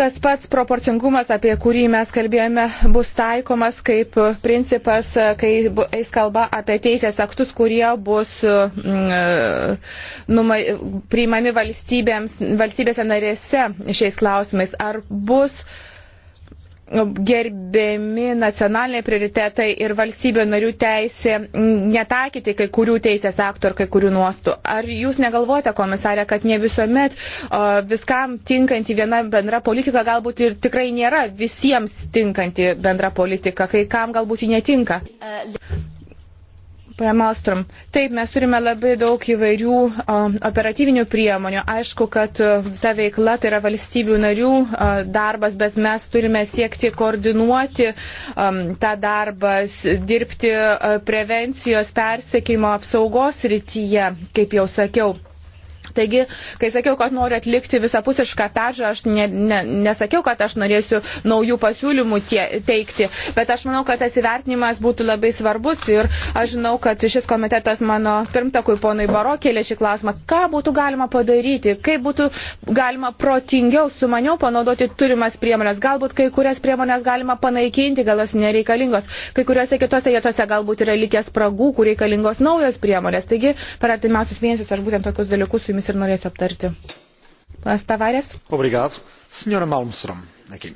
tas pats proporcingumas, apie kurį mes kalbėjome, bus taikomas kaip principas, kai eis kalba apie teisės aktus, kurie bus mm, numa, priimami valstybėse narėse šiais klausimais. Ar bus uh, gerbiami nacionaliniai prioritetai ir valstybių narių teisė netakyti kai kurių teisės aktų ar kai kurių nuostų. Ar jūs negalvojate, komisarė, kad ne visuomet viskam tinkanti viena bendra politika galbūt ir tikrai nėra visiems tinkanti bendra politika, kai kam galbūt ji netinka? Poje Malstrom, taip, mes turime labai daug įvairių o, operatyvinių priemonių. Aišku, kad ta veikla tai yra valstybių narių o, darbas, bet mes turime siekti koordinuoti o, tą darbą, dirbti o, prevencijos, persekimo, apsaugos rytyje, kaip jau sakiau. Taigi, kai sakiau, kad noriu atlikti visapusišką peržiūrą, aš ne, ne, nesakiau, kad aš norėsiu naujų pasiūlymų tie, teikti, bet aš manau, kad tas įvertinimas būtų labai svarbus ir aš žinau, kad šis komitetas mano pirmtakui ponai Baro kėlė šį klausimą, ką būtų galima padaryti, kaip būtų galima protingiau, sumaniau panaudoti turimas priemonės, galbūt kai kurias priemonės galima panaikinti, gal jos nereikalingos, kai kuriuose kitose vietose galbūt yra likęs spragų, kur reikalingos naujos priemonės. Taigi, per artimiausius mėnesius aš būtent tokius dalykus su jumis temomis ir norėsiu aptarti. Panas Tavarės. Obrigat. Senjora Malmström. Aki.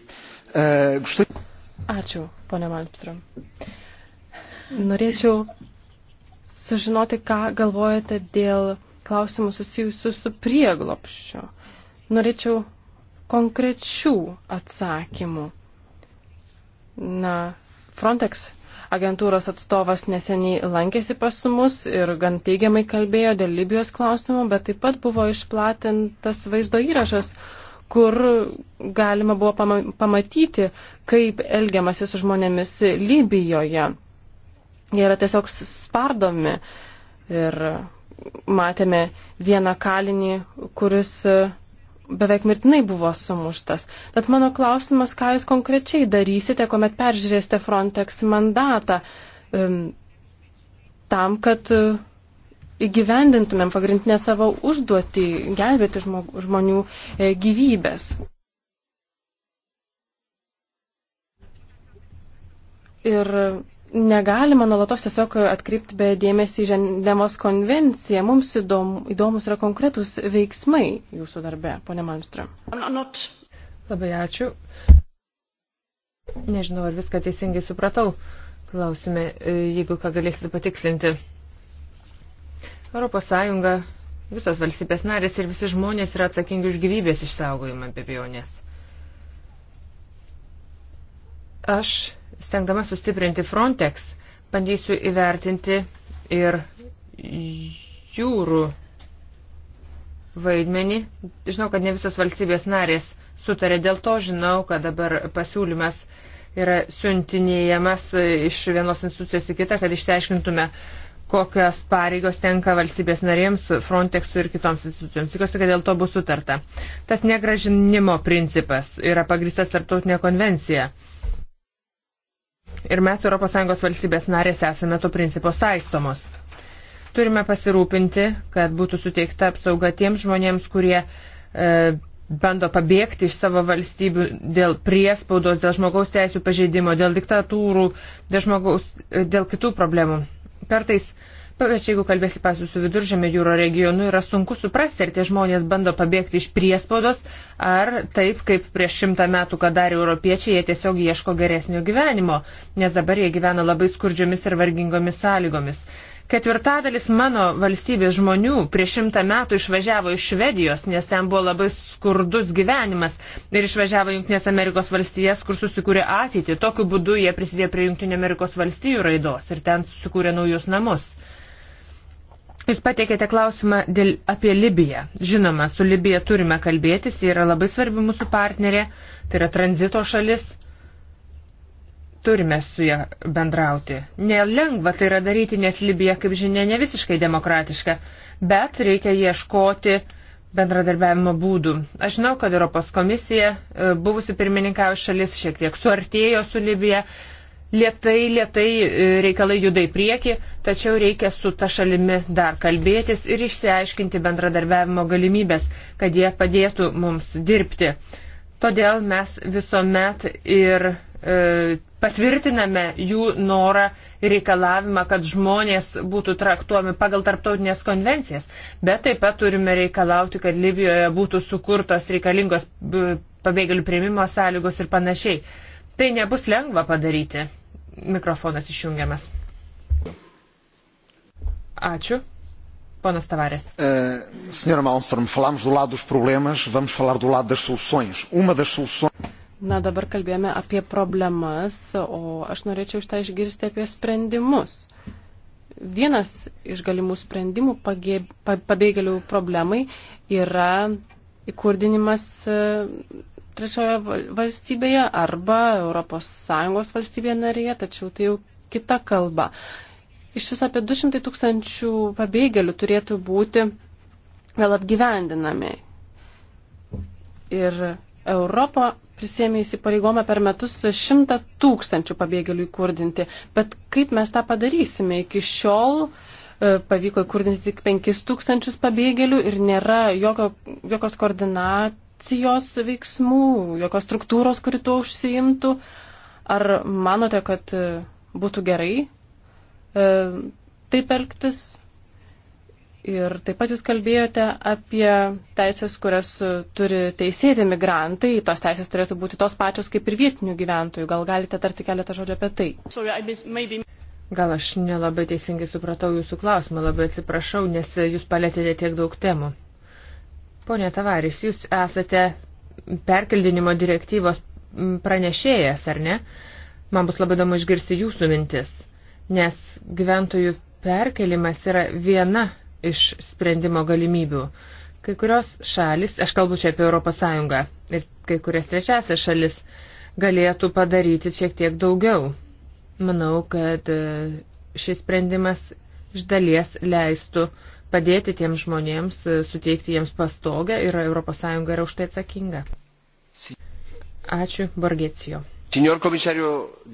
E, eh, štai... Ačiū, ponė Malmström. Norėčiau sužinoti, ką galvojate dėl klausimų susijusių su prieglopščiu. Norėčiau konkrečių atsakymų. Na, Frontex agentūros atstovas neseniai lankėsi pas mus ir gan teigiamai kalbėjo dėl Libijos klausimų, bet taip pat buvo išplatintas vaizdo įrašas, kur galima buvo pamatyti, kaip elgiamasi su žmonėmis Libijoje. Jie yra tiesiog spardomi ir matėme vieną kalinį, kuris beveik mirtinai buvo sumuštas. Bet mano klausimas, ką jūs konkrečiai darysite, kuomet peržiūrėsite Frontex mandatą tam, kad e, įgyvendintumėm pagrindinę savo užduotį gelbėti žmonių e, gyvybės. Ir negalima nuolatos tiesiog atkreipti be dėmesį į Ženevos konvenciją. Mums įdom, įdomus yra konkretus veiksmai jūsų darbe, ponė Malmström. Not... Labai ačiū. Nežinau, ar viską teisingai supratau. Klausime, e, jeigu ką galėsite patikslinti. Europos Sąjunga, visos valstybės narės ir visi žmonės yra atsakingi už gyvybės išsaugojimą be abejonės. Aš stengdama sustiprinti Frontex, bandysiu įvertinti ir jūrų vaidmenį. Žinau, kad ne visos valstybės narės sutarė dėl to, žinau, kad dabar pasiūlymas yra siuntinėjamas iš vienos institucijos į kitą, kad išteiškintume, kokios pareigos tenka valstybės narėms, Frontexui ir kitoms institucijoms. Tikiuosi, kad dėl to bus sutarta. Tas negražinimo principas yra pagristas tarptautinė konvencija ir mes ES valstybės narės esame to principo saistomos. Turime pasirūpinti, kad būtų suteikta apsauga tiems žmonėms, kurie e, bando pabėgti iš savo valstybių dėl priespaudos, dėl žmogaus teisų pažeidimo, dėl diktatūrų, dėl, žmogaus, e, dėl kitų problemų. Kartais e, Pavyzdžiui, jeigu kalbėsi pasi su viduržėmė jūro regionu, yra sunku suprasti, ar tie žmonės bando pabėgti iš priespaudos, ar taip, kaip prieš šimtą metų, ką darė europiečiai, jie tiesiog ieško geresnio gyvenimo, nes dabar jie gyvena labai skurdžiomis ir vargingomis sąlygomis. Ketvirtadalis mano valstybės žmonių prieš šimtą metų išvažiavo iš Švedijos, nes ten buvo labai skurdus gyvenimas ir išvažiavo Junktinės Amerikos valstijas, kur susikūrė ateitį. Tokiu būdu jie prisidėjo prie Junktinės Amerikos valstijų raidos ir ten susikūrė naujus namus. Jūs pateikėte klausimą dėl, apie Libiją. Žinoma, su Libija turime kalbėtis, ji yra labai svarbi mūsų partnerė, tai yra tranzito šalis. Turime su ją bendrauti. Nelengva tai yra daryti, nes Libija, kaip žinia, ne visiškai demokratiška, bet reikia ieškoti bendradarbiavimo būdų. Aš žinau, kad Europos komisija, e, buvusi pirmininkavo šalis, šiek tiek suartėjo su Libija, Lietai, lietai e, reikalai juda į priekį, tačiau reikia su ta šalimi dar kalbėtis ir išsiaiškinti bendradarbiavimo galimybės, kad jie padėtų mums dirbti. Todėl mes visuomet ir e, patvirtiname jų norą ir reikalavimą, kad žmonės būtų traktuomi pagal tarptautinės konvencijas, bet taip pat turime reikalauti, kad Libijoje būtų sukurtos reikalingos e, pabėgėlių prieimimo sąlygos ir panašiai. Tai nebus lengva padaryti. Mikrofonas išjungiamas. Ačiū. Ponas Tavares. Uh, senhora Malmström, falamos do lado dos problemas, vamos falar do lado das soluções. Uma das soluções. Na dabar kalbėjome apie problemas, o aš norėčiau iš tą išgirsti apie sprendimus. Vienas iš galimų sprendimų pagė, pabėgėlių problemai yra įkurdinimas trečioje valstybėje arba ES valstybėje narėje, tačiau tai jau kita kalba. Iš viso apie 200 tūkstančių pabėgėlių turėtų būti gal apgyvendinami. Ir Europa prisėmė įsipareigomą per metus 100 tūkstančių pabėgėlių įkurdinti. Bet kaip mes tą padarysime? Iki šiol e, pavyko įkurdinti tik 5 tūkstančius pabėgėlių ir nėra jokio, jokios koordina, koordinacijos veiksmų, jokios struktūros, kuri tuo užsiimtų? Ar manote, kad e, būtų gerai e, taip elgtis? Ir taip pat jūs kalbėjote apie teisės, kurias e, turi teisėti migrantai. Tos teisės turėtų būti tos pačios kaip ir vietinių gyventojų. Gal galite tarti keletą žodžių apie tai? Sorry, Gal aš nelabai teisingai supratau jūsų klausimą, labai atsiprašau, nes e, jūs palėtėte tiek daug temų. Pone Tavaris, jūs esate perkeldinimo direktyvos pranešėjas, ar ne? Man bus labai įdomu išgirsti jūsų mintis, nes gyventojų perkelimas yra viena iš sprendimo galimybių. Kai kurios šalis, aš kalbu čia apie ES ir kai kurias trečiasias šalis, galėtų padaryti šiek tiek daugiau. Manau, kad e, šis sprendimas iš dalies leistų uh, padėti tiems žmonėms, e, suteikti jiems pastogę ir ES yra už tai atsakinga. Ačiū, Borgecijo. Signor komisario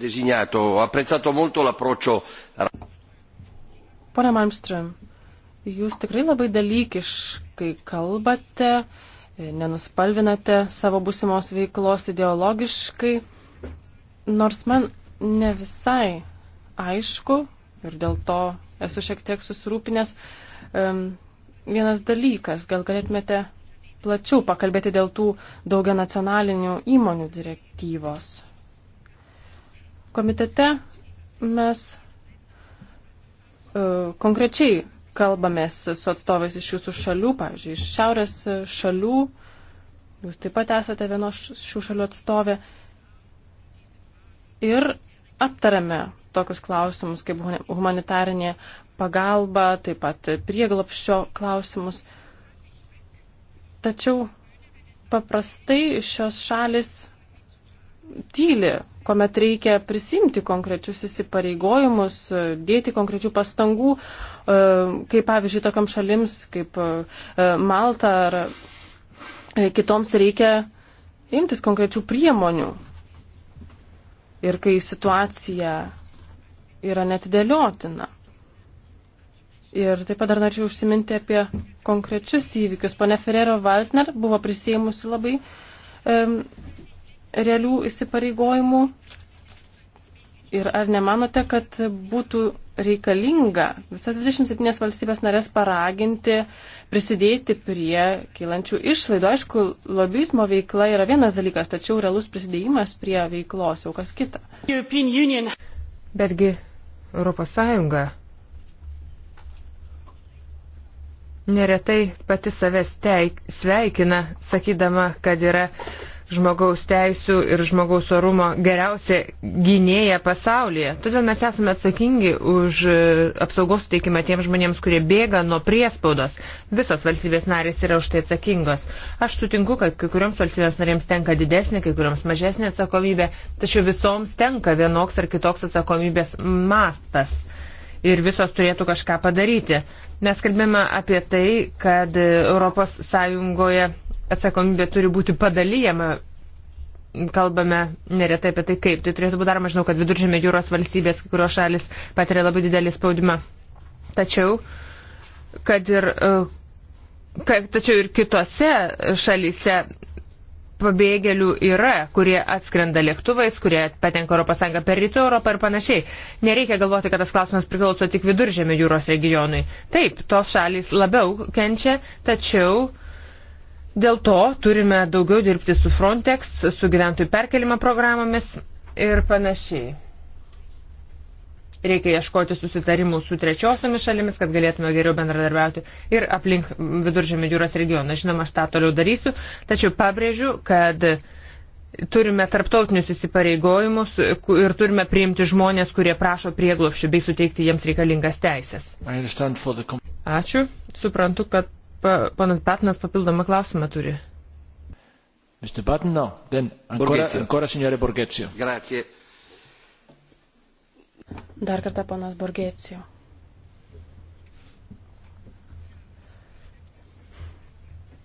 designato, ho apprezzato molto l'approccio. Pone Malmström, jūs tikrai labai dalykiškai kalbate, e, nenuspalvinate savo būsimos veiklos ideologiškai, nors man ne visai aišku ir dėl to esu šiek tiek susirūpinęs, vienas dalykas. Gal galėtumėte plačiau pakalbėti dėl tų daugia nacionalinių įmonių direktyvos. Komitete mes e, konkrečiai kalbamės su atstovais iš jūsų šalių, pavyzdžiui, iš šiaurės šalių, jūs taip pat esate vienos šių šalių atstovė, ir aptarėme tokius klausimus kaip humanitarinė pagalbą, taip pat prieglapščio klausimus. Tačiau paprastai šios šalis tyli, kuomet reikia prisimti konkrečius įsipareigojimus, dėti konkrečių pastangų, e, kaip pavyzdžiui tokiam šalims kaip e, Malta ar e, kitoms reikia imtis konkrečių priemonių. Ir kai situacija yra netidėliotina. Ir taip pat dar norėčiau užsiminti apie konkrečius įvykius. Pone Ferrero Valtner buvo prisėmusi labai um, e, realių įsipareigojimų. Ir ar nemanote, kad būtų reikalinga visas 27 valstybės narės paraginti prisidėti prie kylančių išlaidų? Aišku, lobizmo veikla yra vienas dalykas, tačiau realus prisidėjimas prie veiklos jau kas kita. Betgi Europos Sąjunga neretai pati savęs teik, sveikina, sakydama, kad yra žmogaus teisų ir žmogaus orumo geriausia gynėja pasaulyje. Todėl mes esame atsakingi už e, apsaugos suteikimą tiems žmonėms, kurie bėga nuo priespaudos. Visos valstybės narės yra už tai atsakingos. Aš sutinku, kad kai kuriuoms valstybės narėms tenka didesnė, kai kuriuoms mažesnė atsakomybė, tačiau visoms tenka vienoks ar kitoks atsakomybės mastas ir visos turėtų kažką padaryti. Mes kalbėjome apie tai, kad ES atsakomybė turi būti padalyjama. Kalbame neretai apie tai, kaip tai turėtų būti daroma. Žinau, kad viduržėmė jūros valstybės, kai kurios šalis patiria labai didelį spaudimą. Tačiau, kad ir, e, kad, tačiau ir kitose šalyse pabėgėlių yra, kurie atskrenda lėktuvais, kurie patenka ES per rytų Europą ir panašiai. Nereikia galvoti, kad tas klausimas priklauso tik viduržėmio jūros regionui. Taip, tos šalys labiau kenčia, tačiau dėl to turime daugiau dirbti su Frontex, su gyventojų perkelimo programomis ir panašiai. Reikia ieškoti susitarimų su trečiosiomis šalimis, kad galėtume geriau bendradarbiauti ir aplink viduržėmio jūros regioną. Žinoma, aš tą toliau darysiu, tačiau pabrėžiu, kad turime tarptautinius įsipareigojimus ir turime priimti žmonės, kurie prašo prieglopščių bei suteikti jiems reikalingas teisės. Ačiū. Suprantu, kad pa, panas Batinas papildomą klausimą turi. Mr. Button, no. Then ancora, ancora signore Borghezio. Grazie. Dar kartą ponas Borgėcijo.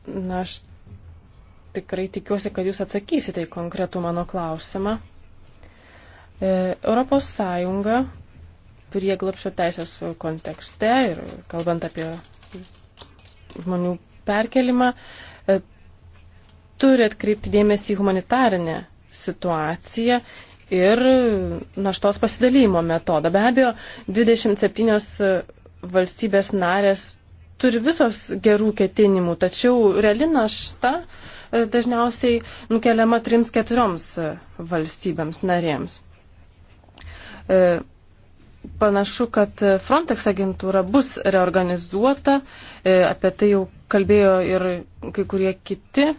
Na, aš tikrai tikiuosi, kad jūs atsakysite į konkretų mano klausimą. E, Europos Sąjunga prieglapšio teisės kontekste ir kalbant apie žmonių perkelimą, e, turi atkreipti dėmesį į humanitarinę situaciją ir naštos pasidalymo metodą. Be abejo, 27 e, valstybės narės turi visos gerų ketinimų, tačiau reali našta e, dažniausiai nukeliama trims keturioms e, valstybėms narėms. Panašu, kad Frontex agentūra bus reorganizuota, apie tai jau kalbėjo ir kai kurie kiti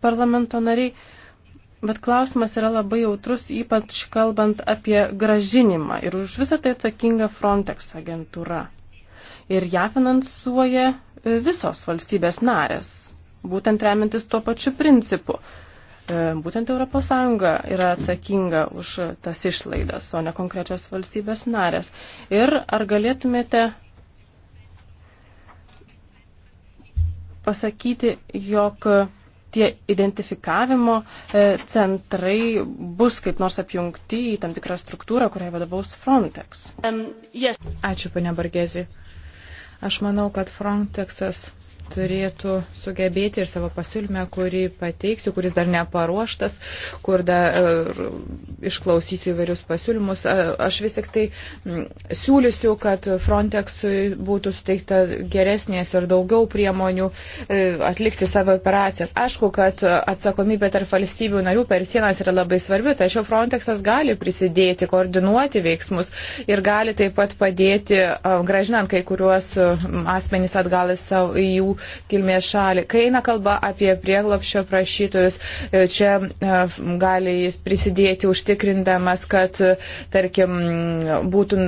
parlamento nariai. Bet klausimas yra labai jautrus, ypač kalbant apie gražinimą. Ir už visą tai atsakinga Frontex agentūra. Ir ją finansuoja e, visos valstybės narės, būtent remintis tuo pačiu principu. E, būtent ES yra atsakinga už tas išlaidas, o ne konkrečios valstybės narės. Ir ar galėtumėte pasakyti, jog tie identifikavimo e, centrai bus kaip nors apjungti į tam tikrą struktūrą, kuriai vadovaus Frontex. Um, yes. Ačiū, ponia Bargezi. Aš manau, kad Frontexas turėtų sugebėti ir savo pasiūlymę, kurį pateiksiu, kuris dar neparuoštas, kur da, e, išklausysiu įvairius pasiūlymus. Aš vis tik tai siūlysiu, kad Frontexui būtų suteikta geresnės ir daugiau priemonių e, atlikti savo operacijas. Aišku, kad atsakomybė tarp valstybių narių per sienas yra labai svarbi, tačiau Frontexas gali prisidėti, koordinuoti veiksmus ir gali taip pat padėti gražinant kai kuriuos asmenys atgal į jų kilmės šalį. Kai eina kalba apie prieglopšio prašytojus, e, čia e, gali jis prisidėti užtikrindamas, kad, e, tarkim, būtų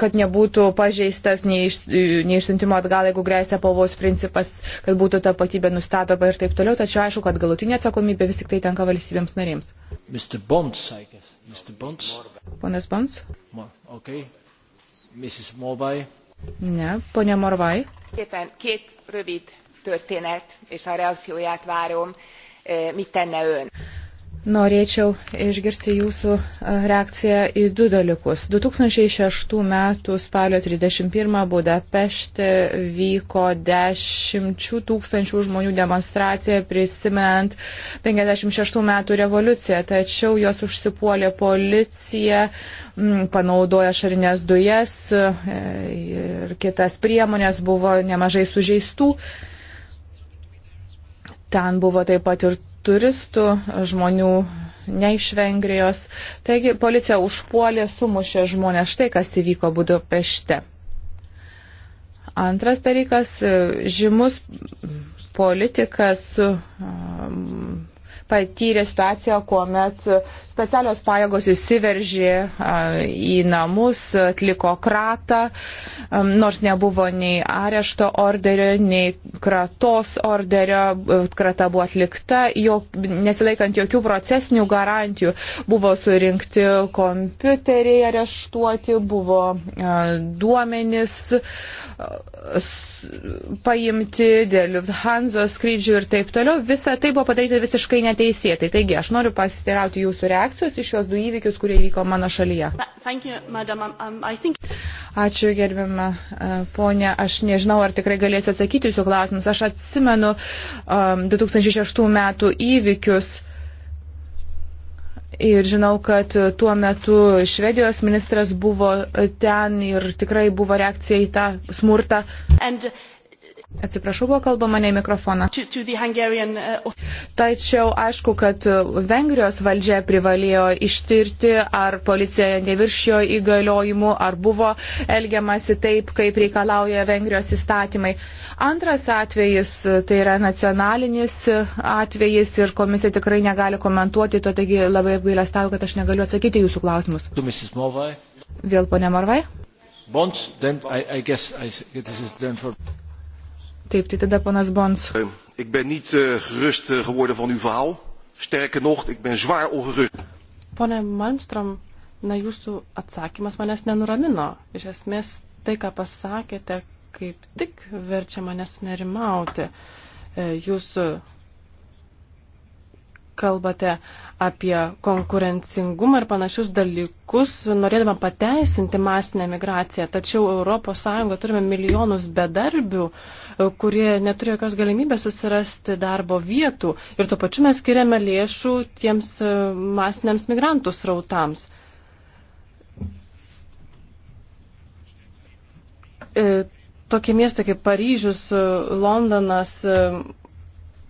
kad nebūtų pažeistas neišsiuntimo atgal, jeigu grėsia pavos principas, kad būtų tapatybė nustatoma ir taip toliau, tačiau aišku, kad galutinė atsakomybė vis tik tai tenka valstybėms narėms. Bonds, Bonds. Ponas Bons. Okay. Mrs. Mobai. Ne, ponia Morvai. Éppen két rövid történet, és a reakcióját várom. Eh, mit tenne ön? Norėčiau išgirsti jūsų reakciją į du dalykus. 2006 m. spalio 31 Budapešte vyko dešimčių tūkstančių žmonių demonstracija prisimenant 56 m. revoliuciją, tačiau jos užsipuolė policija, panaudoja šarinės dujas e, ir kitas priemonės, buvo nemažai sužeistų. Ten buvo taip pat ir turistų, žmonių ne iš Vengrijos. Taigi policija užpuolė, sumušė žmonės. Štai kas įvyko Budapešte. Antras dalykas, žymus politikas. Um, patyrė situaciją, kuomet specialios pajėgos įsiveržė į namus, atliko kratą, nors nebuvo nei arešto orderio, nei kratos orderio, krata buvo atlikta, jo, nesilaikant jokių procesinių garantijų, buvo surinkti kompiuteriai areštuoti, buvo duomenys paimti, dėl Lufthansa skrydžių ir taip toliau. Visa tai buvo padaryta visiškai neteisėtai. Taigi aš noriu pasiteirauti jūsų reakcijos iš šios du įvykius, kurie vyko mano šalyje. You, um, um, think... Ačiū gerbima ponė. Aš nežinau, ar tikrai galėsiu atsakyti jūsų klausimus. Aš atsimenu um, 2006 metų įvykius Ir žinau, kad tuo metu Švedijos ministras buvo ten ir tikrai buvo reakcija į tą smurtą. And Atsiprašau, buvo kalbama ne į mikrofoną. Uh, Tačiau aišku, kad Vengrijos valdžia privalėjo ištirti, ar policija neviršijo įgaliojimų, ar buvo elgiamasi taip, kaip reikalauja Vengrijos įstatymai. Antras atvejis, tai yra nacionalinis atvejis ir komisija tikrai negali komentuoti, to taigi labai apgailestauju, kad aš negaliu atsakyti jūsų klausimus. Vėl ponė Marvai. Bonds, then I, I guess I, this is then for... Taip, tai tada ponas Bons. Ehm, ik ben niet eh, gerust eh, geworden van uw verhaal. Sterker nog, ik ben zwaar ongerust. Pone Malmstrom, na jūsų atsakymas manęs nenuramino. Iš esmės, tai, ką pasakėte, kaip tik verčia manęs nerimauti. Eh, jūs kalbate apie konkurencingumą ir panašius dalykus, norėdama pateisinti masinę migraciją. Tačiau ES turime milijonus bedarbių, e, kurie neturi jokios galimybės susirasti darbo vietų. Ir tuo pačiu mes skiriame lėšų tiems e, masiniams migrantų srautams. E, tokie miestai kaip Paryžius, Londonas,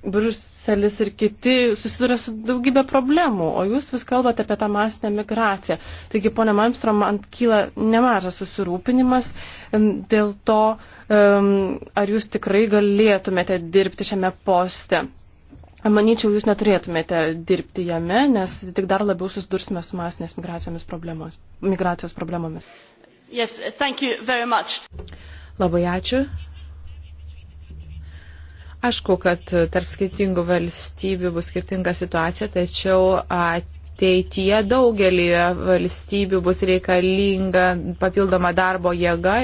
Bruselis ir kiti susiduria su daugybė problemų, o jūs vis kalbate apie tą masinę migraciją. Taigi, ponė Malmstrom, man kyla nemažas susirūpinimas dėl to, ar jūs tikrai galėtumėte dirbti šiame poste. Manyčiau, jūs neturėtumėte dirbti jame, nes tik dar labiau susidursime su masinės migracijos problemomis. Migracijos problemomis. Yes, Labai ačiū. Aišku, kad tarp skirtingų valstybių bus skirtinga situacija, tačiau ateityje daugelį valstybių bus reikalinga papildoma darbo jėga,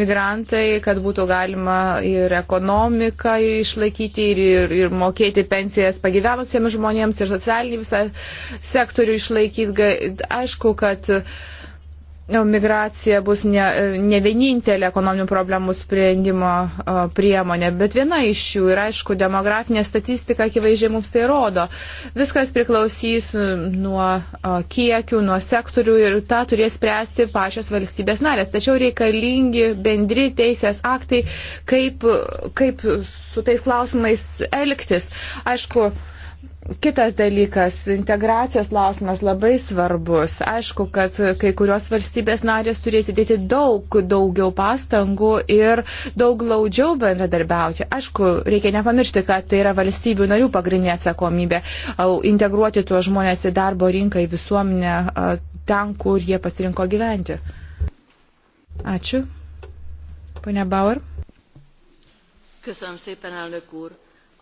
migrantai, kad būtų galima ir ekonomiką išlaikyti, ir, ir, ir mokėti pensijas pagyvenusiems žmonėms, ir socialinį visą sektorių išlaikyti. Aišku, kad migracija bus ne, ne vienintelė ekonominių problemų sprendimo priemonė, bet viena iš jų ir aišku, demografinė statistika akivaizdžiai mums tai rodo. Viskas priklausys nuo kiekių, nuo sektorių ir tą turės spręsti pačios valstybės narės. Tačiau reikalingi bendri teisės aktai, kaip, kaip su tais klausimais elgtis. Aišku, Kitas dalykas - integracijos klausimas labai svarbus. Aišku, kad kai kurios valstybės narės turės įdėti daug daugiau pastangų ir daug glaudžiau bendradarbiauti. Aišku, reikia nepamiršti, kad tai yra valstybių narių pagrindinė atsakomybė - integruoti tuos žmonės į darbo rinką, į visuomenę, ten, kur jie pasirinko gyventi. Ačiū. Pane Bauer. Köszönöm szépen, elnök úr!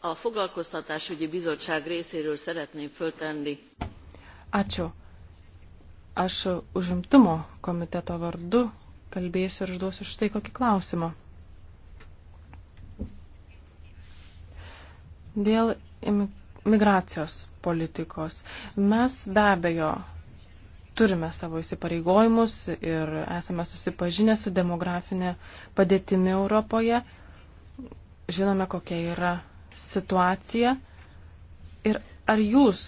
A Foglalkoztatásügyi Bizottság részéről szeretném föltenni. Ačiū. Aš užimtumo komiteto vardu kalbėsiu ir užduosiu štai kokį klausimą. Dėl migracijos politikos. Mes be abejo turime savo įsipareigojimus ir esame susipažinę su demografinė padėtimi Europoje. Žinome, kokia yra situaciją ir ar jūs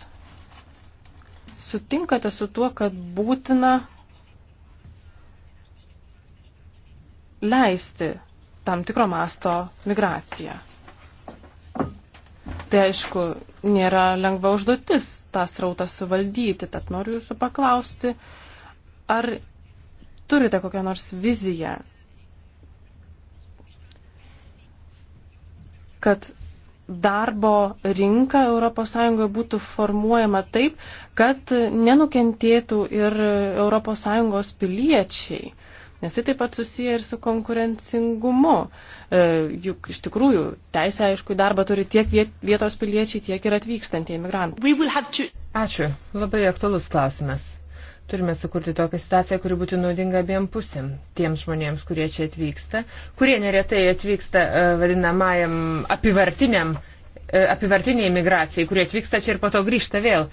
sutinkate su tuo, kad būtina leisti tam tikro masto migraciją. Tai aišku, nėra lengva užduotis tą srautą suvaldyti, tad noriu jūsų paklausti, ar turite kokią nors viziją, kad darbo rinka ES būtų formuojama taip, kad nenukentėtų ir ES piliečiai. Nes tai taip pat susiję ir su konkurencingumu. E, juk iš tikrųjų teisę, aišku, darbą turi tiek vietos piliečiai, tiek ir atvykstantieji imigrantai. To... Ačiū. Labai aktualus klausimas. Turime sukurti tokią situaciją, kuri būtų naudinga abiem pusėm. Tiems žmonėms, kurie čia atvyksta, kurie neretai atvyksta e, vadinamajam apivartiniam, e, apivartiniai migracijai, kurie atvyksta čia ir po to grįžta vėl.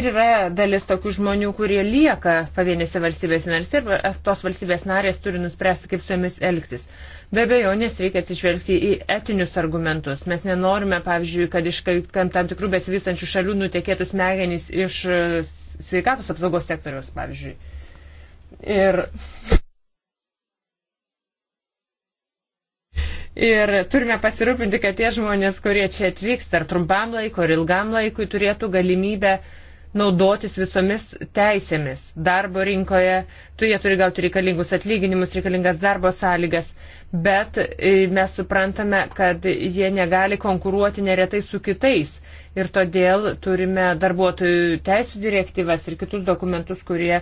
Ir yra dalis tokių žmonių, kurie lieka pavienėse valstybės narėse ir tos valstybės narės turi nuspręsti, kaip su jomis elgtis. Be abejo, nes reikia atsižvelgti į etinius argumentus. Mes nenorime, pavyzdžiui, kad iš tam tikrų besivystančių šalių nutekėtų smegenys iš e, sveikatos apsaugos sektoriaus, pavyzdžiui. Ir, ir turime pasirūpinti, kad tie žmonės, kurie čia atvyksta, ar trumpam laikui, ar ilgam laikui, turėtų galimybę naudotis visomis teisėmis darbo rinkoje, tu jie turi gauti reikalingus atlyginimus, reikalingas darbo sąlygas, bet e, mes suprantame, kad jie negali konkuruoti neretai su kitais ir todėl turime darbuotojų teisų direktyvas ir kitus dokumentus, kurie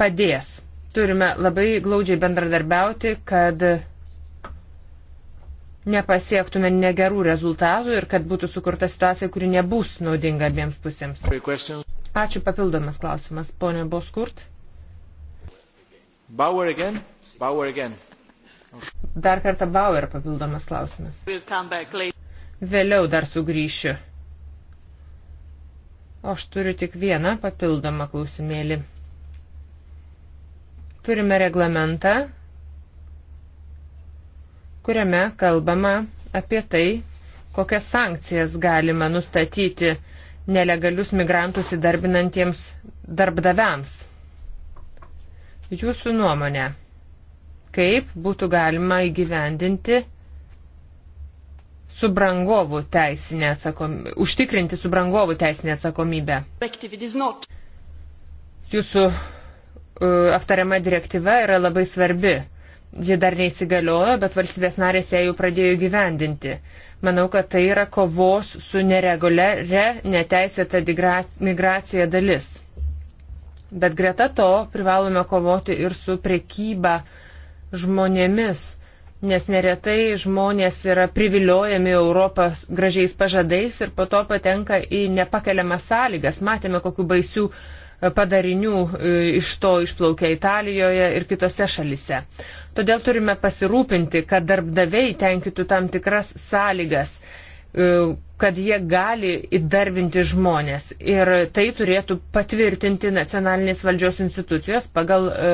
padės. Turime labai glaudžiai bendradarbiauti, kad nepasiektume negerų rezultatų ir kad būtų sukurta situacija, kuri nebus naudinga abiems pusėms. Ačiū papildomas klausimas, ponė Boskurt. Bauer again? Bauer again. Okay. Dar kartą Bauer papildomas klausimas. Vėliau dar sugrįšiu. Aš turiu tik vieną papildomą klausimėlį. Turime reglamentą, kuriame kalbama apie tai, kokias sankcijas galima nustatyti nelegalius migrantus įdarbinantiems darbdaviams. Jūsų nuomonė, kaip būtų galima įgyvendinti subrangovų teisinę atsakomybę, užtikrinti subrangovų teisinę atsakomybę. Jūsų uh, aptariama direktyva yra labai svarbi. Ji dar neįsigaliojo, bet valstybės narės ją jau pradėjo gyvendinti. Manau, kad tai yra kovos su nereguliare neteisėta migracija dalis. Bet greta to privalome kovoti ir su prekyba žmonėmis nes neretai žmonės yra priviliojami Europos gražiais pažadais ir po to patenka į nepakeliamas sąlygas. Matėme, kokiu baisių e, padarinių e, iš to išplaukia Italijoje ir kitose šalise. Todėl turime pasirūpinti, kad darbdaviai tenkintų tam tikras sąlygas e, kad jie gali įdarbinti žmonės. Ir tai turėtų patvirtinti nacionalinės valdžios institucijos pagal e,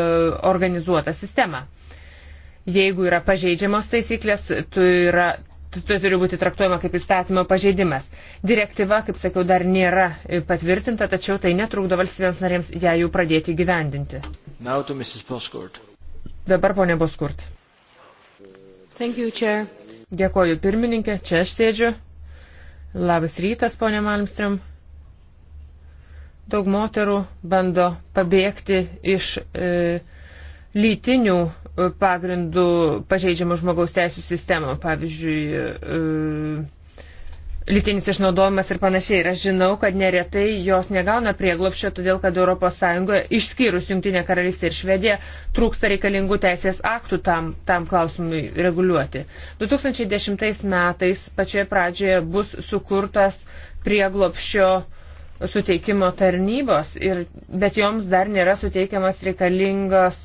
organizuotą sistemą. Jeigu yra pažeidžiamos taisyklės, tai yra tai turi būti traktuojama kaip įstatymo pažeidimas. Direktyva, kaip sakiau, dar nėra e, patvirtinta, tačiau tai netrukdo valstybėms narėms ją jau pradėti gyvendinti. Dabar ponė Boskurt. You, Dėkoju pirmininkė, čia aš sėdžiu. Labas rytas, ponė Malmström. Daug moterų bando pabėgti iš e, lytinių pagrindų pažeidžiamų žmogaus teisų sistemą, pavyzdžiui, e, lytinis išnaudojimas ir panašiai. Ir aš žinau, kad neretai jos negauna prieglopščio, todėl kad ES, išskyrus Junktinė karalystė ir Švedija, trūksta reikalingų teisės aktų tam, tam klausimui reguliuoti. 2010 metais pačioje pradžioje bus sukurtas prieglopščio suteikimo tarnybos, ir, bet joms dar nėra suteikiamas reikalingas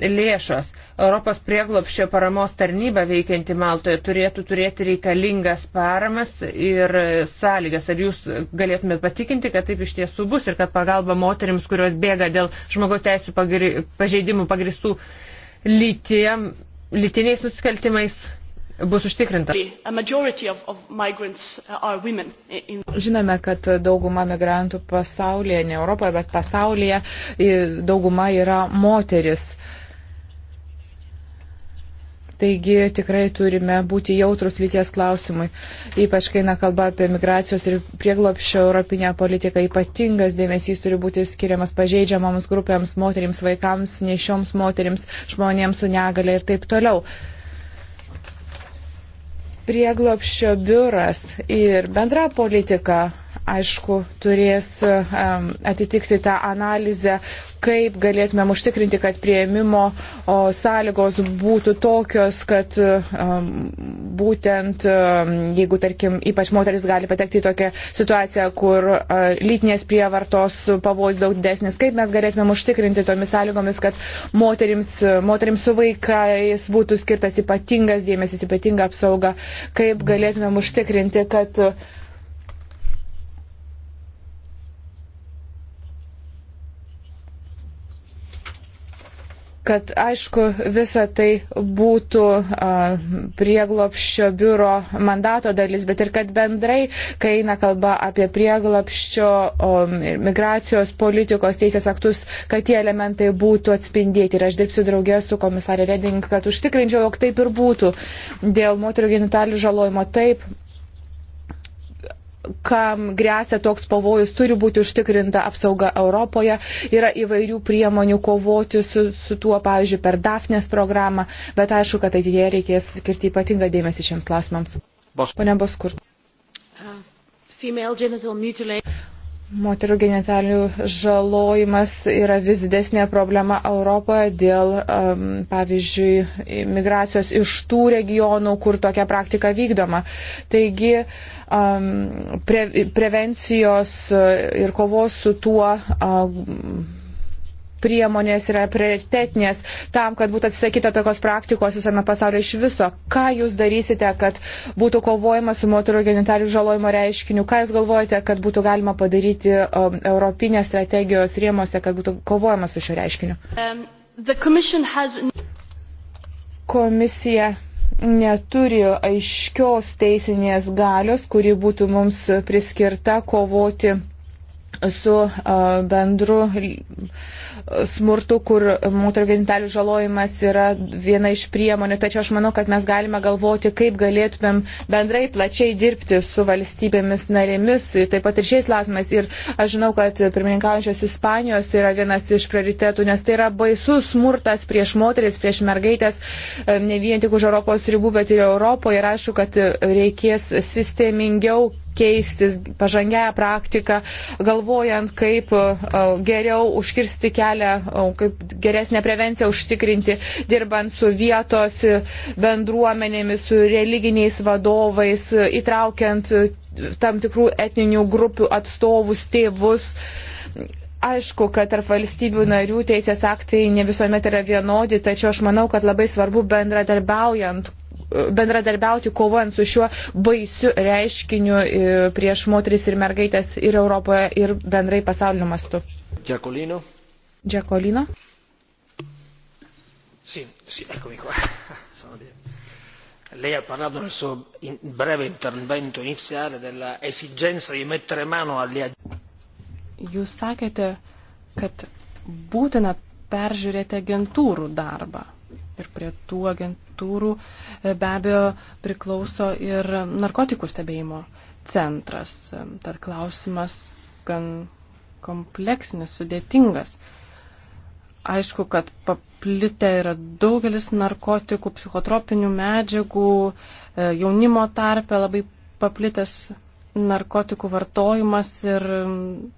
lėšos. Europos prieglopščio paramos tarnyba veikianti Maltoje turėtų turėti reikalingas paramas ir sąlygas. Ar jūs galėtumėte patikinti, kad taip iš tiesų bus ir kad pagalba moteriams, kurios bėga dėl žmogaus teisų pagri, pažeidimų pagristų lytiem, lytiniais nusikaltimais bus užtikrinta. Uh, Žinome, kad dauguma migrantų pasaulyje, ne Europoje, bet pasaulyje, dauguma yra moteris. Taigi tikrai turime būti jautrus lyties klausimui, ypač kai na kalba apie migracijos ir prieglopščio europinę politiką. Ypatingas dėmesys turi būti skiriamas pažeidžiamoms grupėms, moterims, vaikams, nešioms moterims, žmonėms su negale ir taip toliau prieglopščio biuras ir bendra politika aišku, turės atitikti tą analizę, kaip galėtumėm užtikrinti, kad prieimimo sąlygos būtų tokios, kad būtent, jeigu, tarkim, ypač moteris gali patekti į tokią situaciją, kur e, lytinės prievartos pavojus daug didesnis, kaip mes galėtumėm užtikrinti tomis sąlygomis, kad moterims, moterims su vaikais būtų skirtas ypatingas dėmesys, ypatinga apsauga, kaip galėtumėm užtikrinti, kad uh, kad aišku visa tai būtų prieglopščio biuro mandato dalis, bet ir kad bendrai, kai eina kalba apie prieglopščio ir migracijos politikos teisės aktus, kad tie elementai būtų atspindėti. Ir aš dirbsiu draugė su komisarė Reding, kad užtikrinčiau, jog taip ir būtų. Dėl moterų genitalių žalojimo taip kam grėsia toks pavojus, turi būti užtikrinta apsauga Europoje. Yra įvairių priemonių kovoti su, su tuo, pavyzdžiui, per DAFNES programą, bet aišku, kad ateityje reikės skirti ypatingą dėmesį šiems klausimams. Pone Boskur. Uh, Moterų genitalių žalojimas yra vis didesnė problema Europoje dėl, um, pavyzdžiui, migracijos iš tų regionų, kur tokia praktika vykdoma. Taigi um, pre, prevencijos ir kovos su tuo uh, priemonės yra prioritetinės tam, kad būtų atsisakyta tokios praktikos visame pasaulyje iš viso. Ką jūs darysite, kad būtų kovojama su moterų genitalių žalojimo reiškiniu? Ką jūs galvojate, kad būtų galima padaryti um, Europinės strategijos rėmose, kad būtų kovojama su šiuo reiškiniu? Um, has... Komisija neturi aiškios teisinės galios, kuri būtų mums priskirta kovoti su uh, bendru smurtu, kur moterų genitalių žalojimas yra viena iš priemonių. Tačiau aš manau, kad mes galime galvoti, kaip galėtumėm bendrai plačiai dirbti su valstybėmis narėmis, taip pat ir šiais klausimais. Ir aš žinau, kad pirmininkaujančios Ispanijos yra vienas iš prioritetų, nes tai yra baisus smurtas prieš moteris, prieš mergaitės, ne vien tik už Europos ribų, bet ir Europoje. Ir aišku, kad reikės sistemingiau keistis pažangiają praktiką, galvojant, kaip e, geriau užkirsti kelią kelią, kaip geresnę prevenciją užtikrinti, dirbant su vietos bendruomenėmis, su religiniais vadovais, įtraukiant tam tikrų etninių grupių atstovus, tėvus aišku, kad tarp valstybių narių teisės aktai ne visuomet yra vienodi, tačiau aš manau, kad labai svarbu bendradarbiaujant bendradarbiauti, kovojant su šiuo baisiu reiškiniu e, prieš moteris ir mergaitės ir Europoje, ir bendrai pasaulio mastu. Dėkulino. Giacolino. Sì, sì, eccomi qua. Sono Lei ha parlato nel suo in breve intervento iniziale dell'esigenza di mettere mano agli Jūs sakėte, kad būtina peržiūrėti agentūrų darbą. Ir prie tų agentūrų e, be abejo priklauso ir narkotikų stebėjimo centras. E, tad klausimas gan kompleksinis, sudėtingas aišku, kad paplitę yra daugelis narkotikų, psichotropinių medžiagų, e, jaunimo tarpe labai paplitęs narkotikų vartojimas ir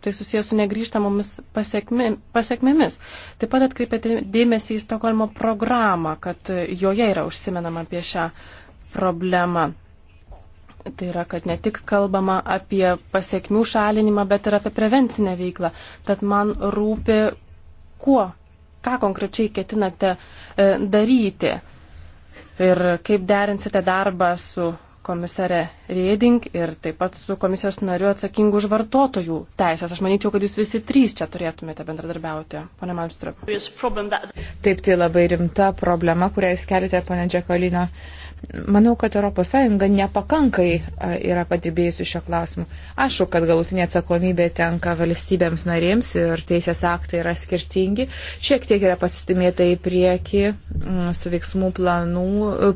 tai susijęs su negryžtamomis pasiekmi, pasiekmėmis. Taip pat atkreipėte dėmesį į Stokholmo programą, kad joje yra užsimenama apie šią problemą. Tai yra, kad ne tik kalbama apie pasiekmių šalinimą, bet ir apie prevencinę veiklą. Tad man rūpi, kuo ką konkrečiai ketinate e, daryti ir kaip derinsite darbą su komisare Rėding ir taip pat su komisijos nariu atsakingu už vartotojų teisės. Aš manyčiau, kad jūs visi trys čia turėtumėte bendradarbiauti, ponė Malmström. Taip, tai labai rimta problema, kurią jūs kelite, ponė Džekolino. Uh, Manau, kad ES nepakankai yra padirbėjusi šio klausimu. Aišku, kad galutinė atsakomybė tenka valstybėms narėms ir teisės aktai yra skirtingi. Šiek tiek yra pasistumėta į priekį su veiksmų planu,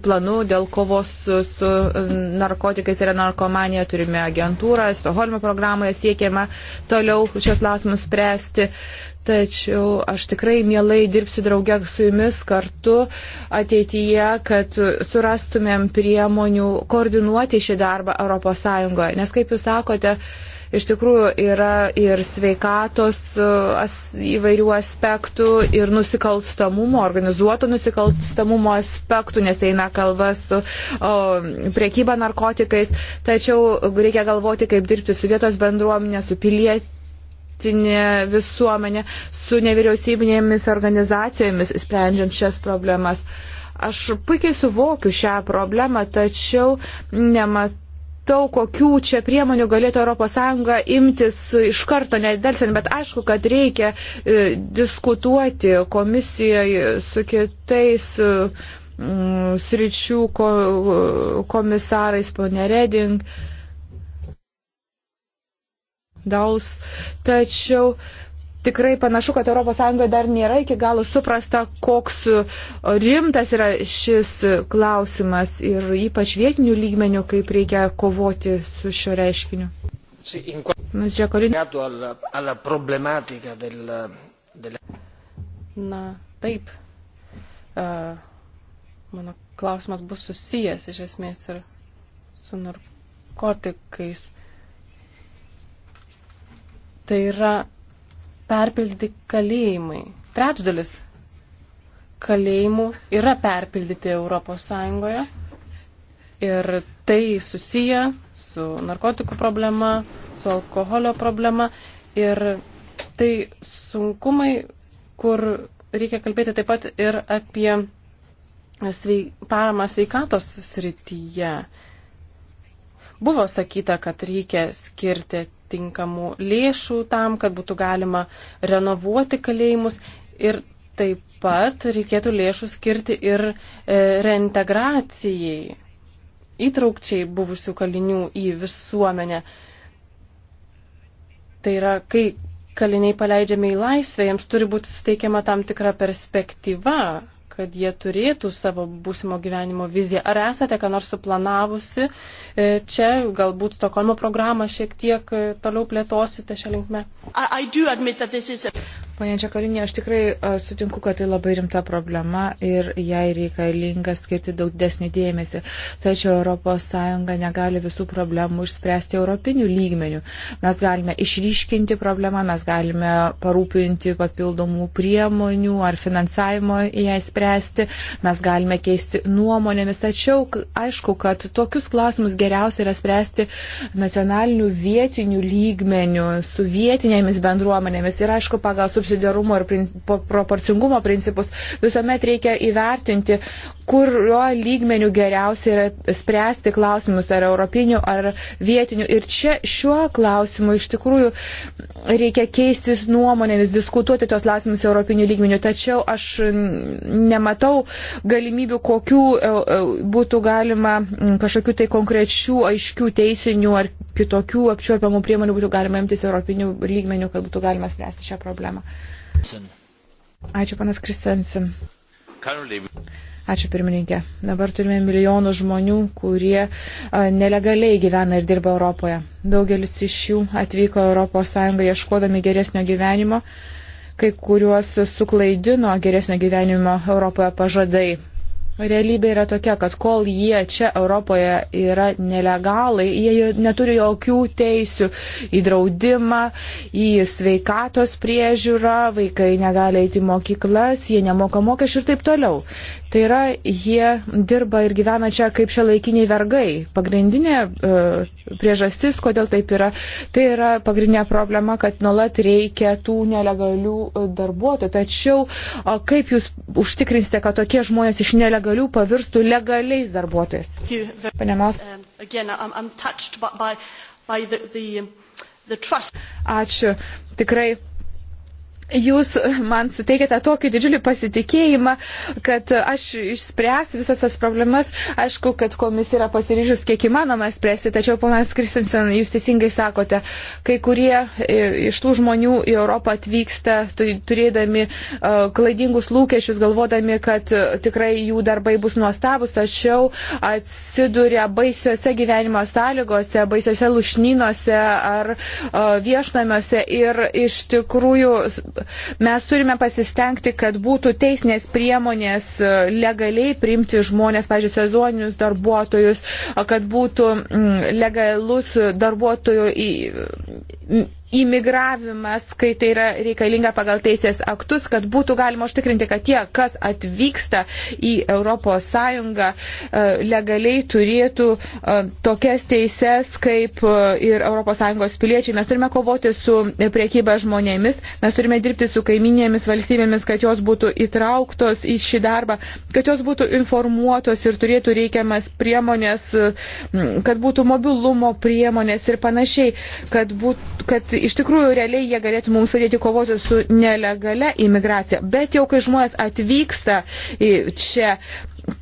planu dėl kovos su, su narkotikais ir narkomanija. Turime agentūrą, Stoholmo programoje siekiama toliau šios klausimus spręsti. Tačiau aš tikrai mielai dirbsiu draugę su jumis kartu ateityje, kad surastumėm priemonių koordinuoti šį darbą ES. Nes, kaip jūs sakote, iš tikrųjų yra ir sveikatos e, as, įvairių aspektų, ir nusikalstamumo, organizuoto nusikalstamumo aspektų, nes eina kalbas su o, priekyba narkotikais. Tačiau reikia galvoti, kaip dirbti su vietos bendruomenė, su piliečiais pilietinė visuomenė, su nevyriausybinėmis organizacijomis sprendžiant šias problemas. Aš puikiai suvokiu šią problemą, tačiau nematau matau, kokių čia priemonių galėtų ES imtis iš karto, nedelsiant, bet aišku, kad reikia e, diskutuoti komisijoje su kitais e, sričių komisarais, ponė Reding daus. Tačiau tikrai panašu, kad ES dar nėra iki galo suprasta, koks e, rimtas yra šis klausimas ir ypač vietinių lygmenių, kaip reikia kovoti su šio reiškiniu. Na, taip. Uh, mano klausimas bus susijęs iš esmės ir su narkotikais. Uh, Tai yra perpildyti kalėjimai. Trečdalis kalėjimų yra perpildyti Europos Sąjungoje. Ir tai susiję su narkotikų problema, su alkoholio problema. Ir tai sunkumai, kur reikia kalbėti taip pat ir apie sveik, paramą sveikatos srityje. Buvo sakyta, kad reikia skirti tinkamų lėšų tam, kad būtų galima renovuoti kalėjimus ir taip pat reikėtų lėšų skirti ir e, reintegracijai, įtraukčiai buvusių kalinių į visuomenę. Tai yra, kai kaliniai paleidžiami į laisvę, jiems turi būti suteikiama tam tikra perspektyva, kad jie turėtų savo būsimo gyvenimo viziją. Ar esate ką nors suplanavusi e, čia, galbūt Stokholmo programą šiek tiek e, toliau plėtosite šią linkmę? Is... Pane Čekalinė, aš tikrai sutinku, kad tai labai rimta problema ir jai reikalinga skirti daug desnį dėmesį. Tačiau ES negali visų problemų išspręsti europinių lygmenių. Mes galime išryškinti problemą, mes galime parūpinti papildomų priemonių ar finansavimo jai spręsti, mes galime keisti nuomonėmis. Tačiau aišku, kad tokius klausimus geriausia yra spręsti nacionalinių vietinių lygmenių su vietinėmis bendruomenėmis ir aišku pagal subsidijų subsidiarumo ir proporcingumo principus, visuomet reikia įvertinti, kurio lygmenių geriausia yra spręsti klausimus ar europinių, ar vietinių. Ir čia šiuo klausimu iš tikrųjų reikia keistis nuomonėmis, diskutuoti tos klausimus europinių lygmenių. Tačiau aš nematau galimybių, kokių e, e, būtų galima kažkokių tai konkrečių, aiškių teisinių ar kitokių apčiuopiamų priemonių būtų galima imtis europinių lygmenių, kad būtų galima spręsti šią problemą. Ačiū, panas Kristensin. Ačiū pirmininkė. Dabar turime milijonų žmonių, kurie nelegaliai gyvena ir dirba Europoje. Daugelis iš jų atvyko ES ieškodami geresnio gyvenimo, kai kuriuos suklaidino geresnio gyvenimo Europoje pažadai. Realybė yra tokia, kad kol jie čia Europoje yra nelegalai, jie neturi jokių teisių į draudimą, į sveikatos priežiūrą, vaikai negali eiti mokyklas, jie nemoka mokesčių ir taip toliau. Tai yra, jie dirba ir gyvena čia kaip šia laikiniai vergai. Pagrindinė e, priežastis, kodėl taip yra, tai yra pagrindinė problema, kad nuolat reikia tų nelegalių e, darbuotojų. Tačiau o, kaip jūs užtikrinsite, kad tokie žmonės iš nelegalių pavirstų legaliais darbuotojais? Panemos. Um, um, Ačiū. Tikrai Jūs man suteikėte tokį didžiulį pasitikėjimą, kad aš išspręsiu visas tas problemas. Aišku, kad komisija yra pasiryžus kiek įmanoma spręsti, tačiau, ponas Kristinsen, jūs teisingai sakote, kai kurie e, iš tų žmonių į Europą atvyksta turėdami e, klaidingus lūkesčius, galvodami, kad e, tikrai jų darbai bus nuostabus, tačiau atsiduria baisiuose gyvenimo sąlygose, baisiuose lušnynuose ar viešnamiuose ir iš tikrųjų mes turime pasistengti, kad būtų teisinės priemonės e, legaliai priimti žmonės, pažiūrėjau, sezoninius darbuotojus, kad būtų mm, legalus darbuotojų į imigravimas, kai tai yra reikalinga pagal teisės aktus, kad būtų galima užtikrinti, kad tie, kas atvyksta į ES, e, legaliai turėtų e, tokias teises kaip e, ir ES piliečiai. Mes turime kovoti su priekyba žmonėmis, mes turime dirbti su kaiminėmis valstybėmis, kad jos būtų įtrauktos į šį darbą, kad jos būtų informuotos ir turėtų reikiamas priemonės, kad būtų mobilumo priemonės ir panašiai, kad, būt, kad iš tikrųjų realiai jie galėtų mums padėti kovoti su nelegale imigracija. Bet jau kai žmonės atvyksta čia,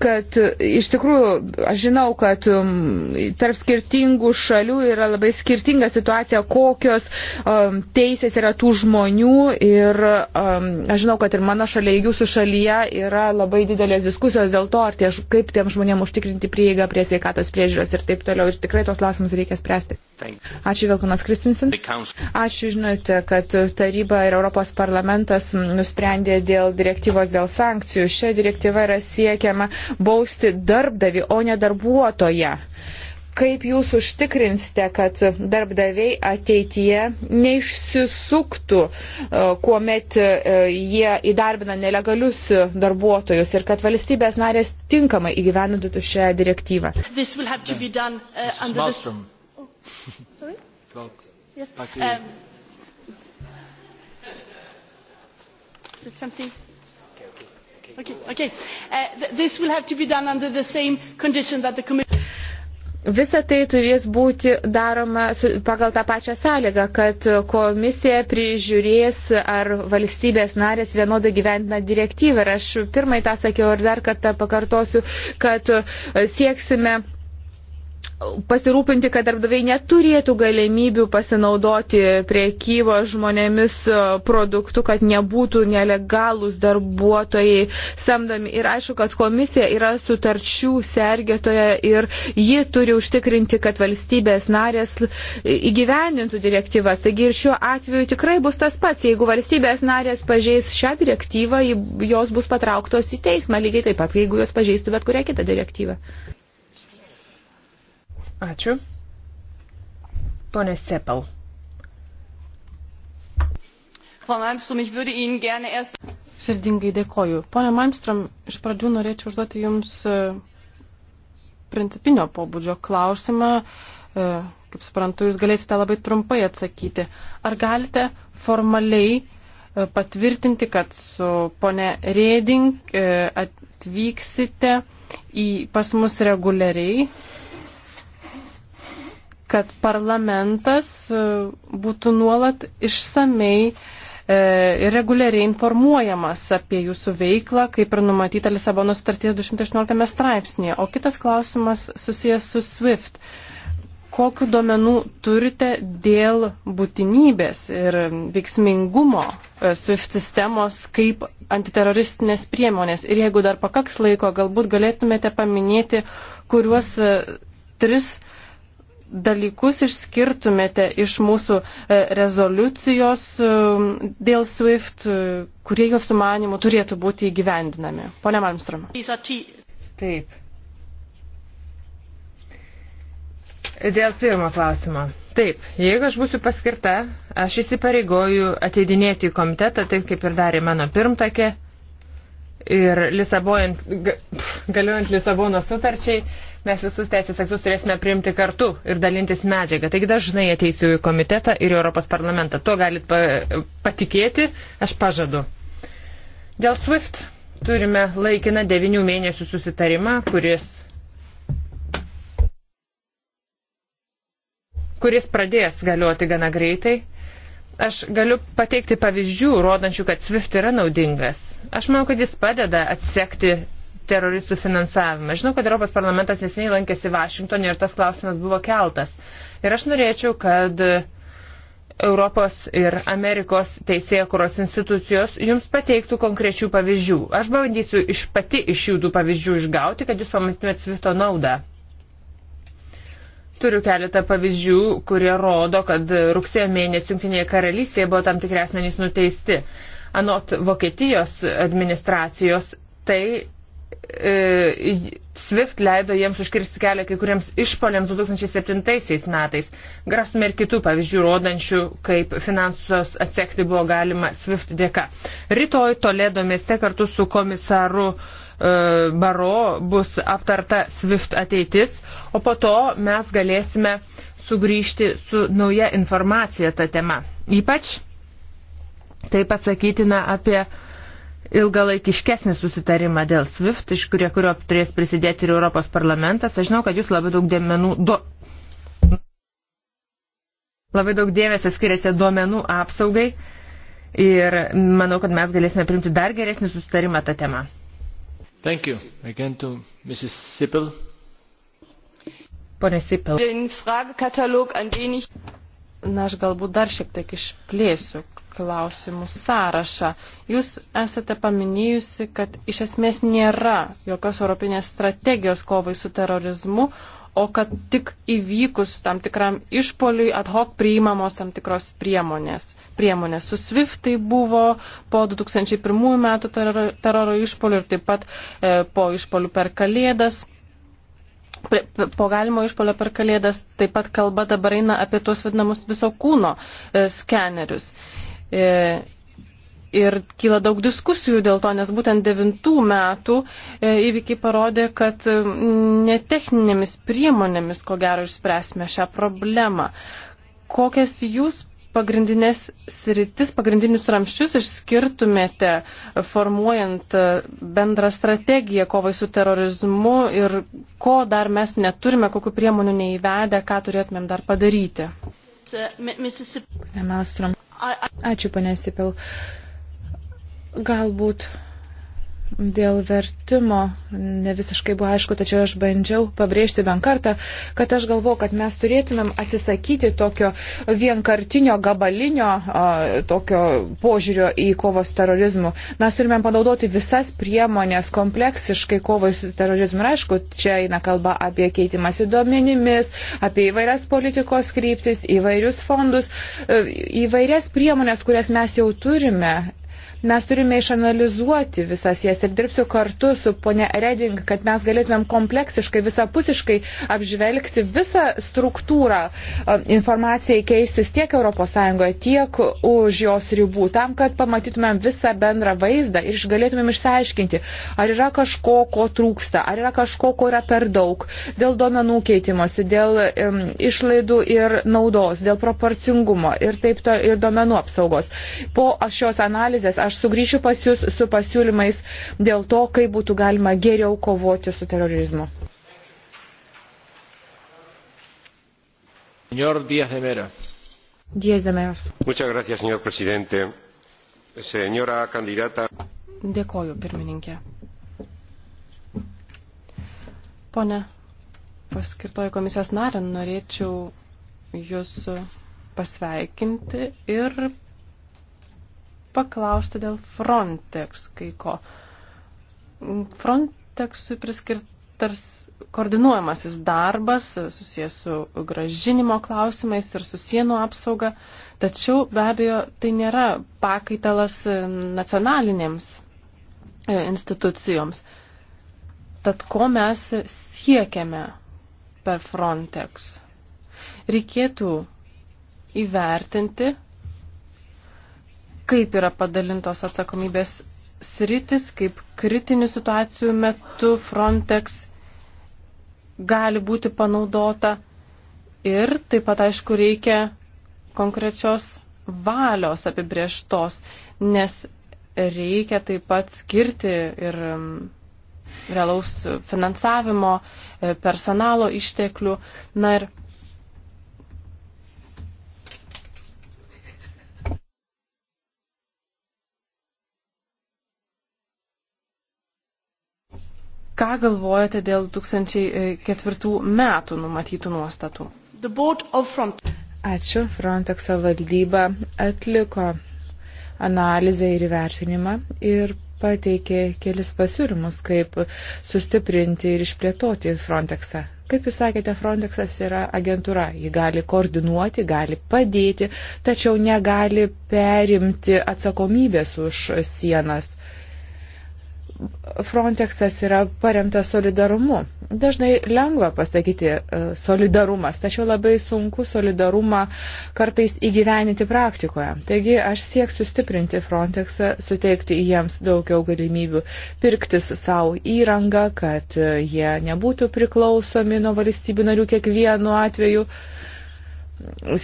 kad iš tikrųjų aš žinau, kad um, tarp skirtingų šalių yra labai skirtinga situacija, kokios um, teisės yra tų žmonių ir um, aš žinau, kad ir mano šalia, jūsų šalyje yra labai didelės diskusijos dėl to, tie, kaip tiem žmonėm užtikrinti prieigą prie sveikatos priežiūros ir taip toliau. Ir tikrai tos klausimus reikia spręsti. Ačiū Vilkumas Kristinsen. Ačiū, žinote, kad taryba ir Europos parlamentas nusprendė dėl direktyvos dėl sankcijų. Šia direktyva yra siekiama bausti darbdavi, o ne darbuotoją. Kaip jūs užtikrinsite, kad darbdaviai ateityje neišsisuktų, e, kuomet e, jie įdarbina nelegalius darbuotojus ir kad valstybės narės tinkamai įgyvendintų šią direktyvą? Done, uh, oh, yes. um, something Okay, okay. Uh, this will have to be done under the same condition that the Commission. Visa tai turės būti daroma pagal tą pačią sąlygą, kad komisija prižiūrės, ar valstybės narės vienodai gyventina direktyvą. Ir aš pirmai tą sakiau ir dar kartą pakartosiu, kad sieksime pasirūpinti, kad darbdaviai neturėtų galimybių pasinaudoti priekyvo žmonėmis e, produktu, kad nebūtų nelegalūs darbuotojai samdomi. Ir aišku, kad komisija yra sutarčių sergėtoja ir ji turi užtikrinti, kad valstybės narės įgyvendintų direktyvas. Taigi ir šiuo atveju tikrai bus tas pats. Jeigu valstybės narės pažeis šią direktyvą, jos bus patrauktos į teismą, lygiai taip pat, jeigu jos pažeistų bet kurią kitą direktyvą. Ačiū. Pone Sepal. Širdingai dėkoju. Pone Malmstrom, iš pradžių norėčiau užduoti Jums e, principinio pobūdžio klausimą. E, kaip suprantu, Jūs galėsite labai trumpai atsakyti. Ar galite formaliai e, patvirtinti, kad su pone Reding atvyksite į pas mus reguliariai kad parlamentas e, būtų nuolat išsamei e, ir reguliariai informuojamas apie jūsų veiklą, kaip ir numatyta Lisabono sutarties 218 straipsnėje. O kitas klausimas susijęs su SWIFT. Kokiu duomenų turite dėl būtinybės ir veiksmingumo e, SWIFT sistemos kaip antiteroristinės priemonės? Ir jeigu dar pakaks laiko, galbūt galėtumėte paminėti, kuriuos tris dalykus išskirtumėte iš mūsų e, rezoliucijos e, dėl SWIFT, e, kurie jūsų manimų turėtų būti įgyvendinami? Pone Malmstrom. Taip. Dėl pirmo klausimo. Taip, jeigu aš būsiu paskirta, aš įsipareigoju ateidinėti į komitetą, taip kaip ir darė mano pirmtakė. Ir Lisabojant, galiuojant Lisabono sutarčiai, mes visus teisės aktus turėsime priimti kartu ir dalintis medžiagą. Taigi dažnai ateisiu į komitetą ir į Europos parlamentą. Tuo galit pa patikėti, aš pažadu. Dėl SWIFT turime laikiną devinių mėnesių susitarimą, kuris, kuris pradės galioti gana greitai. Aš galiu pateikti pavyzdžių, rodančių, kad SWIFT yra naudingas. Aš manau, kad jis padeda atsekti teroristų finansavimą. Žinau, kad Europos parlamentas neseniai lankėsi Vašingtonė ir tas klausimas buvo keltas. Ir aš norėčiau, kad Europos ir Amerikos teisėkuros institucijos jums pateiktų konkrečių pavyzdžių. Aš bandysiu iš pati iš jų tų pavyzdžių išgauti, kad jūs pamatytumėt svito naudą. Turiu keletą pavyzdžių, kurie rodo, kad rugsėjo mėnesį Junktinėje karalystėje buvo tam tikri asmenys nuteisti. Anot Vokietijos administracijos tai E, SWIFT leido jiems užkirsti kelią kai kuriems išpoliams 2007 metais. Grasime ir kitų pavyzdžių rodančių, kaip finansus atsekti buvo galima SWIFT dėka. Rytoj Toledo mieste kartu su komisaru e, Baro bus aptarta SWIFT ateitis, o po to mes galėsime sugrįžti su nauja informacija tą temą. Ypač tai pasakytina apie uh, ilgalaikiškesnį susitarimą dėl SWIFT, iš kurie, kurio turės prisidėti ir Europos parlamentas. Aš žinau, kad jūs labai daug, dėmenų, do, labai daug dėmesio skiriate duomenų apsaugai ir manau, kad mes galėsime primti dar geresnį susitarimą tą temą. Thank you. Again to Mrs. Sippel. Pone Sippel. Den Fragekatalog, an den ich Na, aš galbūt dar šiek tiek išplėsiu klausimų sąrašą. Jūs esate paminėjusi, kad iš esmės nėra jokios europinės strategijos kovai su terorizmu, o kad tik įvykus tam tikram išpoliui ad hoc priimamos tam tikros priemonės. priemonės. Su SWIFT tai buvo po 2001 metų teroro, teroro išpolių ir taip pat e, po išpolių per Kalėdas po galimo išpolio per kalėdas taip pat kalba dabar eina apie tuos vadinamus viso kūno e, skenerius. E, ir kyla daug diskusijų dėl to, nes būtent devintų metų e, įvykiai parodė, kad netechninėmis priemonėmis, ko gero, išspręsime šią problemą. Kokias jūs pagrindinės sritis, pagrindinius ramščius išskirtumėte, formuojant e, bendrą strategiją kovai su terorizmu ir ko dar mes neturime, kokiu priemonių neįvedę, ką turėtumėm dar padaryti? Pane Melstrom. Ačiū, pane Sipil. Galbūt dėl vertimo ne visiškai buvo aišku, tačiau aš bandžiau pabrėžti bent kartą, kad aš galvoju, kad mes turėtumėm atsisakyti tokio vienkartinio gabalinio a, tokio požiūrio į kovos terorizmų. Mes turime panaudoti visas priemonės kompleksiškai kovai su terorizmu. Ir aišku, čia eina kalba apie keitimąsi duomenimis, apie įvairias politikos kryptis, įvairius fondus, e, įvairias priemonės, kurias mes jau turime Mes turime išanalizuoti visas jas ir dirbsiu kartu su ponė Reding, kad mes galėtumėm kompleksiškai, visapusiškai apžvelgti visą struktūrą e, informacijai keistis tiek ES, tiek už jos ribų, tam, kad pamatytumėm visą bendrą vaizdą ir galėtumėm išsiaiškinti, ar yra kažko, ko trūksta, ar yra kažko, ko yra per daug, dėl duomenų keitimosi, dėl um, išlaidų ir naudos, dėl proporcingumo ir, taip to, ir duomenų apsaugos. Po šios analizės aš Aš sugrįšiu pas Jūs su pasiūlymais dėl to, kaip būtų galima geriau kovoti su terorizmu. Gracias, señor presidente. Señora candidata. Dėkoju, pirmininkė. Pone paskirtoji komisijos narė, norėčiau Jūs pasveikinti ir paklausti dėl Frontex kai ko. Frontexui priskirtas koordinuojamasis darbas susijęs su gražinimo klausimais ir su sienų apsauga, tačiau be abejo tai nėra pakaitalas nacionalinėms e, institucijoms. Tad ko mes siekiame per Frontex? Reikėtų įvertinti kaip yra padalintos atsakomybės sritis, kaip kritinių situacijų metu Frontex gali būti panaudota. Ir taip pat, aišku, reikia konkrečios valios apibrieštos, nes reikia taip pat skirti ir mm, realaus finansavimo, e, personalo išteklių. Na ir Ką galvojate dėl 2004 e, metų numatytų nuostatų? Ačiū. Frontexo valdyba atliko analizę ir įvertinimą ir pateikė kelis pasiūlymus, kaip sustiprinti ir išplėtoti Frontexą. Kaip jūs sakėte, Frontexas yra agentūra. Ji gali koordinuoti, gali padėti, tačiau negali perimti atsakomybės už sienas. Frontexas yra paremtas solidarumu. Dažnai lengva pasakyti e, solidarumas, tačiau labai sunku solidarumą kartais įgyveninti praktikoje. Taigi aš sieksiu stiprinti Frontexą, suteikti jiems daugiau galimybių pirktis savo įrangą, kad e, jie nebūtų priklausomi nuo valstybių narių kiekvienu atveju.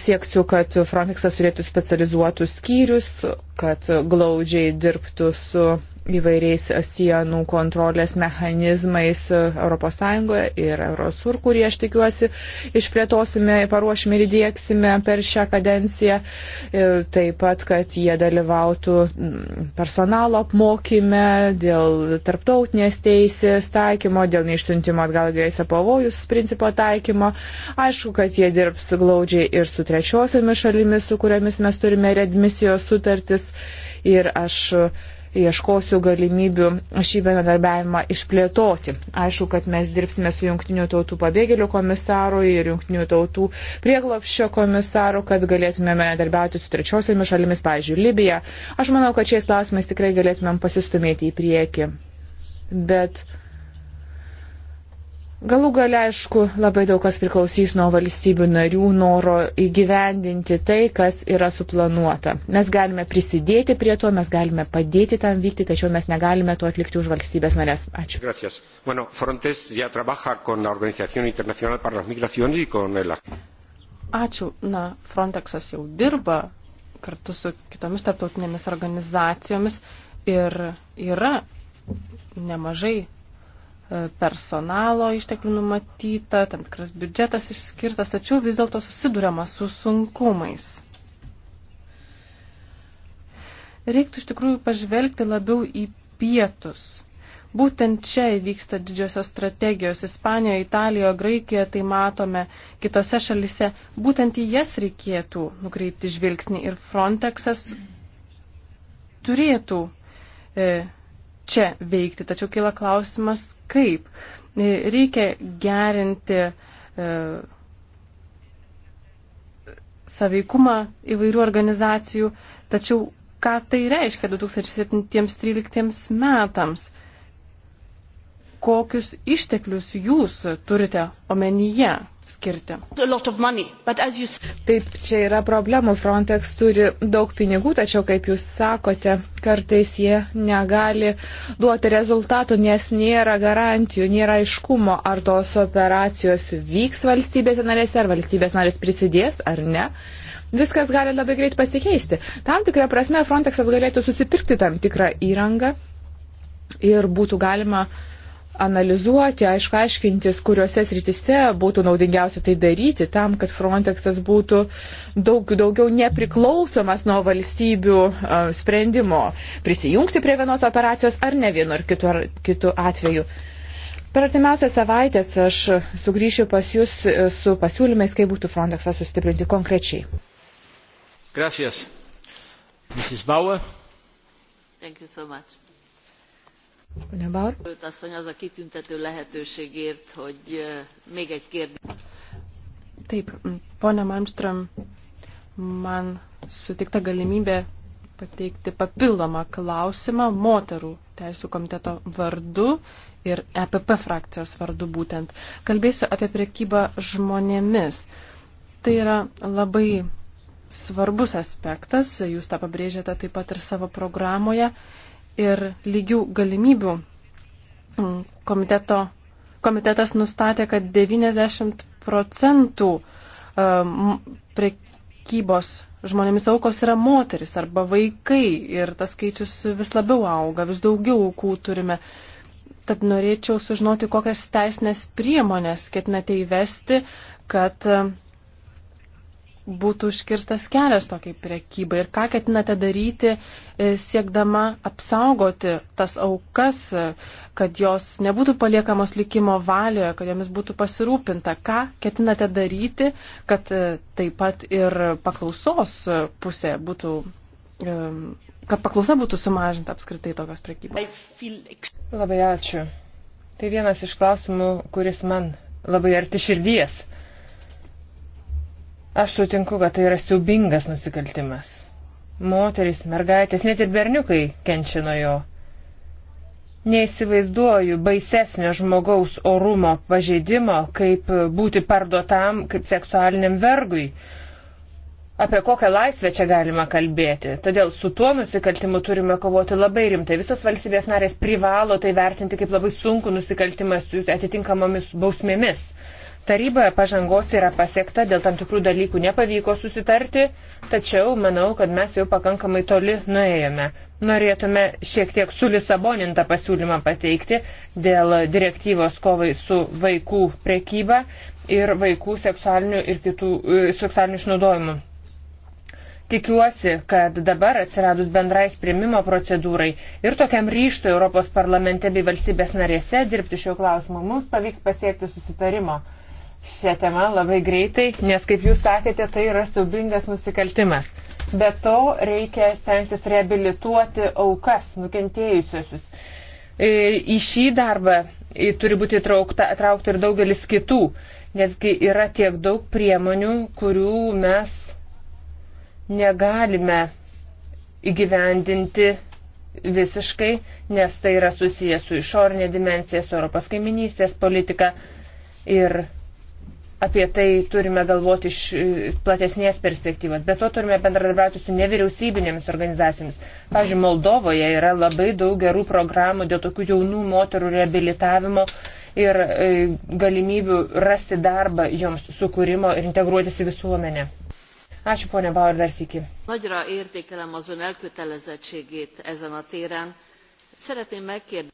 Sieksiu, kad Frontexas turėtų specializuotus skyrius, kad glaudžiai dirbtų su įvairiais sienų kontrolės mechanizmais ES ir Eurosur, kurį aš tikiuosi išplėtosime, paruošime ir dėksime per šią kadenciją. E, taip pat, kad jie dalyvautų personalo apmokyme dėl tarptautinės teisės taikymo, dėl neištuntimo atgal grėsia pavojus principo taikymo. Aišku, kad jie dirbs glaudžiai ir su trečiosiomis šalimis, su kuriamis mes turime redmisijos sutartis. Ir aš uh, ieškosiu galimybių šį bendradarbiavimą išplėtoti. Aišku, kad mes dirbsime su Junktinių tautų pabėgėlių komisaru ir Junktinių tautų prieglopščio komisaru, kad galėtumėme bendradarbiauti su trečiosiomis šalimis, pavyzdžiui, Libija. Aš manau, kad šiais klausimais tikrai galėtumėm pasistumėti į priekį. Bet Galų gale, aišku, labai daug kas priklausys nuo valstybių narių noro įgyvendinti tai, kas yra suplanuota. Mes galime prisidėti prie to, mes galime padėti tam vykti, tačiau mes negalime to atlikti už valstybės narės. Ačiū. Gracias. Bueno, Frontex ya trabaja con la Organización Internacional para las Migraciones y con el... Ačiū. Na, Frontexas jau dirba kartu su kitomis tarptautinėmis organizacijomis ir yra nemažai personalo išteklių numatyta, tam tikras biudžetas išskirtas, tačiau vis dėlto susidurama su sunkumais. Reiktų iš tikrųjų pažvelgti labiau į pietus. Būtent čia įvyksta didžiosios strategijos - Ispanijoje, Italijoje, Graikijoje, tai matome kitose šalise. Būtent į jas reikėtų nukreipti žvilgsnį ir Frontexas turėtų e, čia veikti. Tačiau kyla klausimas, kaip. Reikia gerinti e, saveikumą įvairių organizacijų, tačiau ką tai reiškia 2017-2013 metams? Kokius išteklius jūs turite omenyje? skirti. Money, you... Taip, čia yra problemų. Frontex turi daug pinigų, tačiau, kaip jūs sakote, kartais jie negali duoti rezultatų, nes nėra garantijų, nėra aiškumo, ar tos operacijos vyks valstybėse narėse, ar valstybės narės prisidės ar ne. Viskas gali labai greit pasikeisti. Tam tikrą prasme Frontexas galėtų susipirkti tam tikrą įrangą ir būtų galima uh, analizuoti, aišku, aiškintis, kuriuose srityse būtų naudingiausia tai daryti, tam, kad Frontexas būtų daug, daugiau nepriklausomas nuo valstybių uh, sprendimo prisijungti prie vienos operacijos ar ne vienu ar kitu, ar kitu atveju. Per artimiausias savaitės aš sugrįšiu pas Jūs e, su pasiūlymais, kaip būtų Frontexą sustiprinti konkrečiai. Gracias. Mrs. Bauer. Thank you so much. Pane Bauer. Asszony az a kitüntető lehetőségért, hogy még egy kérdés. Taip, ponia Malmström, man sutikta galimybė pateikti papildomą klausimą moterų teisų komiteto vardu ir EPP frakcijos vardu būtent. Kalbėsiu apie priekybą žmonėmis. Tai yra labai svarbus aspektas, jūs tą pabrėžėte taip pat ir savo programoje ir lygių galimybių komiteto, komitetas nustatė, kad 90 procentų um, prekybos žmonėmis aukos yra moteris arba vaikai ir tas skaičius vis labiau auga, vis daugiau aukų turime. Tad norėčiau sužinoti, kokias teisinės priemonės ketinate įvesti, kad um, būtų užkirstas kelias tokiai priekybai ir ką ketinate daryti e, siekdama apsaugoti tas aukas, e, kad jos nebūtų paliekamos likimo valioje, kad jomis būtų pasirūpinta. Ką ketinate daryti, kad e, taip pat ir paklausos pusė būtų, kad paklausa būtų sumažinta apskritai tokios priekybos? Labai ačiū. Tai vienas iš klausimų, kuris man labai arti širdies Aš sutinku, kad tai yra siubingas nusikaltimas. Moteris, mergaitės, net ir berniukai kenčia nuo jo. Neįsivaizduoju baisesnio žmogaus orumo pažeidimo, kaip būti parduotam kaip seksualiniam vergui. Apie kokią laisvę čia galima kalbėti. Todėl su tuo nusikaltimu turime kovoti labai rimtai. Visos valstybės narės privalo tai vertinti kaip labai sunku nusikaltimas su atitinkamomis bausmėmis Taryboje pažangos yra pasiekta, dėl tam tikrų dalykų nepavyko susitarti, tačiau manau, kad mes jau pakankamai toli nuėjome. Norėtume šiek tiek sulisabonintą pasiūlymą pateikti dėl direktyvos kovai su vaikų prekyba ir vaikų seksualiniu ir kitų e, seksualiniu išnaudojimu. Tikiuosi, kad dabar atsiradus bendrais primimo procedūrai ir tokiam ryštui Europos parlamente bei valstybės narėse dirbti šiuo klausimu mums pavyks pasiekti susitarimo šią temą labai greitai, nes, kaip jūs sakėte, tai yra siaubingas nusikaltimas. Be to reikia stengtis reabilituoti aukas, nukentėjusiosius. E, į šį darbą e, turi būti įtraukta, atraukti ir daugelis kitų, nesgi yra tiek daug priemonių, kurių mes negalime įgyvendinti visiškai, nes tai yra susijęs su išorinė dimensija, su Europos kaiminystės politika ir apie tai turime galvoti iš e, platesnės perspektyvos. Be to turime bendradarbiauti su nevyriausybinėmis organizacijomis. Pavyzdžiui, Moldovoje yra labai daug gerų programų dėl tokių jaunų moterų reabilitavimo ir e, galimybių rasti darbą joms sukūrimo ir integruotis į visuomenę. Ačiū, ponia Bauer, dar sėki. Nagyra értékelem azon elkötelezettségét ezen a téren. Szeretném megkérdezni.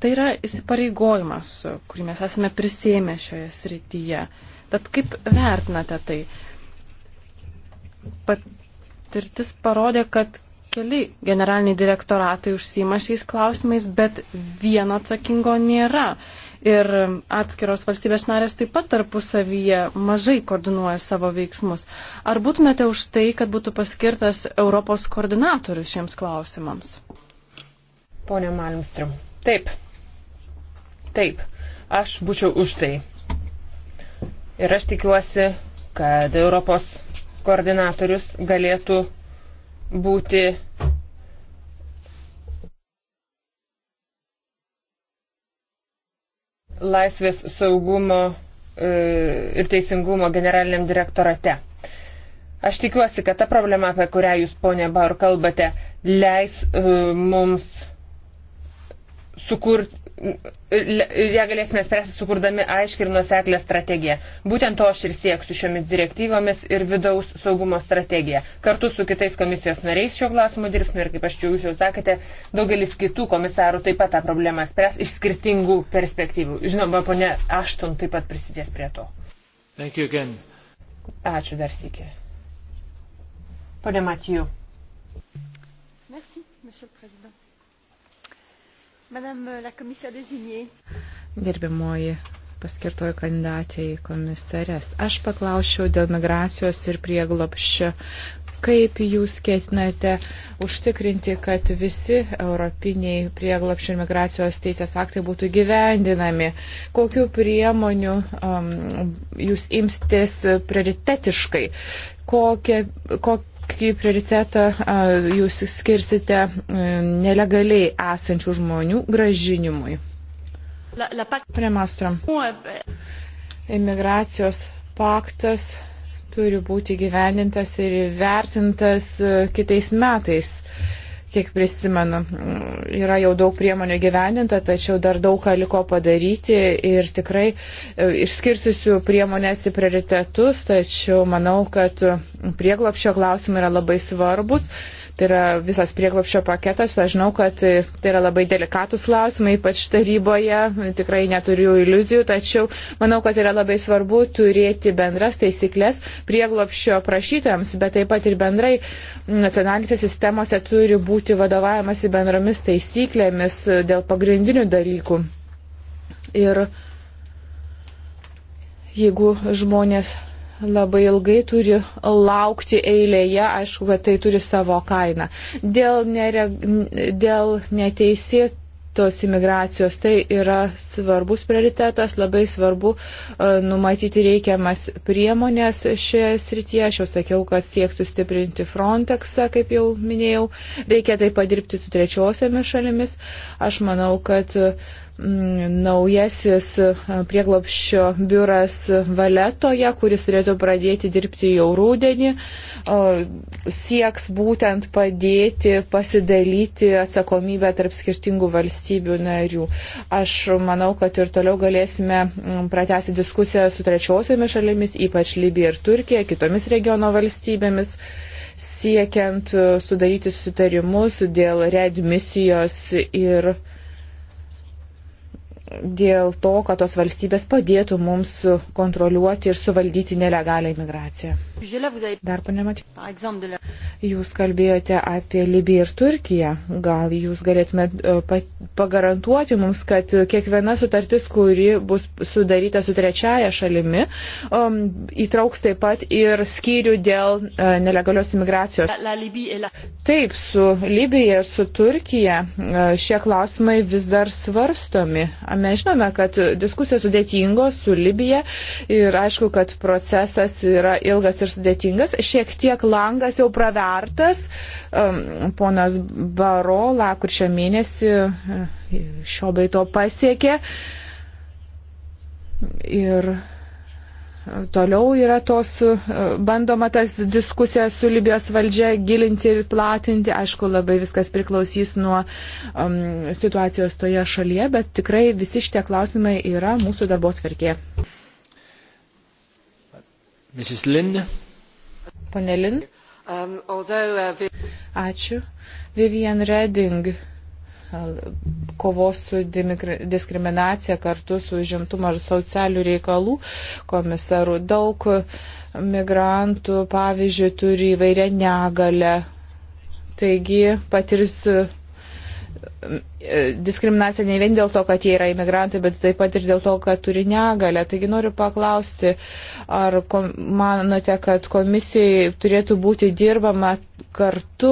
Tai yra įsipareigojimas, kurį mes esame prisėmę šioje srityje. Tad kaip vertinate tai? Patirtis parodė, kad keli generaliniai direktoratai užsima šiais klausimais, bet vieno atsakingo nėra. Ir atskiros valstybės narės taip pat tarpusavyje mažai koordinuoja savo veiksmus. Ar būtumėte už tai, kad būtų paskirtas Europos koordinatorius šiems klausimams? Pone Malmström. Taip, Taip, aš būčiau už tai. Ir aš tikiuosi, kad Europos koordinatorius galėtų būti laisvės saugumo e, ir teisingumo generaliniam direktorate. Aš tikiuosi, kad ta problema, apie kurią jūs, ponė Baur, kalbate, leis uh, mums sukurti, ją galėsime spręsti sukurdami aiškį ir nuseklę strategiją. Būtent to aš ir sieksiu šiomis direktyvomis ir vidaus saugumo strategiją. Kartu su kitais komisijos nariais šio klausimu dirbsime ir, kaip aš čia jūs jau sakėte, daugelis kitų komisarų taip pat tą problemą spręs iš skirtingų perspektyvų. Žinoma, ponė Ašton taip pat prisidės prie to. Ačiū dar sėkiu. Pone Matiju. Merci, monsieur le président. Gerbiamoji paskirtoji kandidatė į komisarės. Aš paklausiau dėl migracijos ir prieglopščio. Kaip jūs ketinate užtikrinti, kad visi europiniai prieglopščio ir migracijos teisės aktai būtų gyvendinami? Kokiu priemoniu um, jūs imstės prioritetiškai? Kokie, kok, kokį prioritetą jūs skirsite e, nelegaliai esančių žmonių gražinimui? Premastrom. Imigracijos paktas turi būti gyvenintas ir įvertintas e, kitais metais kiek prisimenu, yra jau daug priemonių gyvendinta, tačiau dar daug ką liko padaryti ir tikrai e, išskirsiu priemonės į prioritetus, tačiau manau, kad prieglopšio klausimai yra labai svarbus. Tai yra visas prieglopščio paketas. Aš žinau, kad tai yra labai delikatus klausimai, ypač taryboje. Tikrai neturiu iliuzijų, tačiau manau, kad yra labai svarbu turėti bendras taisyklės prieglopščio prašytams, bet taip pat ir bendrai nacionalinėse sistemose turi būti vadovavimasi bendromis taisyklėmis dėl pagrindinių dalykų. Ir jeigu žmonės labai ilgai turi laukti eilėje, aišku, kad tai turi savo kainą. Dėl, nere, dėl neteisėtos imigracijos tai yra svarbus prioritetas, labai svarbu e, numatyti reikiamas priemonės šioje srityje. Aš jau sakiau, kad siektų stiprinti Frontexą, kaip jau minėjau, reikia tai padirbti su trečiosiomis šalimis. Aš manau, kad uh, Mm, naujasis e, prieglopščio biuras Valetoje, kuris turėtų pradėti dirbti jau rūdienį, sieks būtent padėti pasidalyti atsakomybę tarp skirtingų valstybių narių. Aš manau, kad ir toliau galėsime mm, pratęsti diskusiją su trečiosiomis šalimis, ypač Libija ir Turkija, kitomis regiono valstybėmis siekiant e, sudaryti susitarimus dėl readmisijos ir uh, dėl to, kad tos valstybės padėtų mums kontroliuoti ir suvaldyti nelegalią imigraciją. Dar panematyti. Jūs kalbėjote apie Libiją ir Turkiją. Gal jūs galėtumėte pagarantuoti mums, kad kiekviena sutartis, kuri bus sudaryta su trečiaja šalimi, um, įtrauks taip pat ir skyrių dėl uh, nelegalios imigracijos. Taip, su Libija ir su Turkija uh, šie klausimai vis dar svarstomi. Mes žinome, kad diskusijos sudėtingos su Libija ir aišku, kad procesas yra ilgas ir ir sudėtingas. Šiek tiek langas jau pravertas. Um, ponas Baro lakurčio mėnesį uh, šio beito pasiekė. Ir toliau yra tos uh, bandoma tas diskusijas su Libijos valdžia gilinti ir platinti. Aišku, labai viskas priklausys nuo um, situacijos toje šalyje, bet tikrai visi šitie klausimai yra mūsų darbo tvarkė. Mrs. Lin. Pane Lin. Ačiū. Vivian Reding uh, kovos su diskriminacija kartu su žimtumo ir socialių reikalų komisaru. Daug migrantų, pavyzdžiui, turi įvairią negalę. Taigi patirs diskriminacija ne vien dėl to, kad jie yra imigrantai, bet taip pat ir dėl to, kad turi negalę. Taigi noriu paklausti, ar kom, manote, kad komisijai turėtų būti dirbama kartu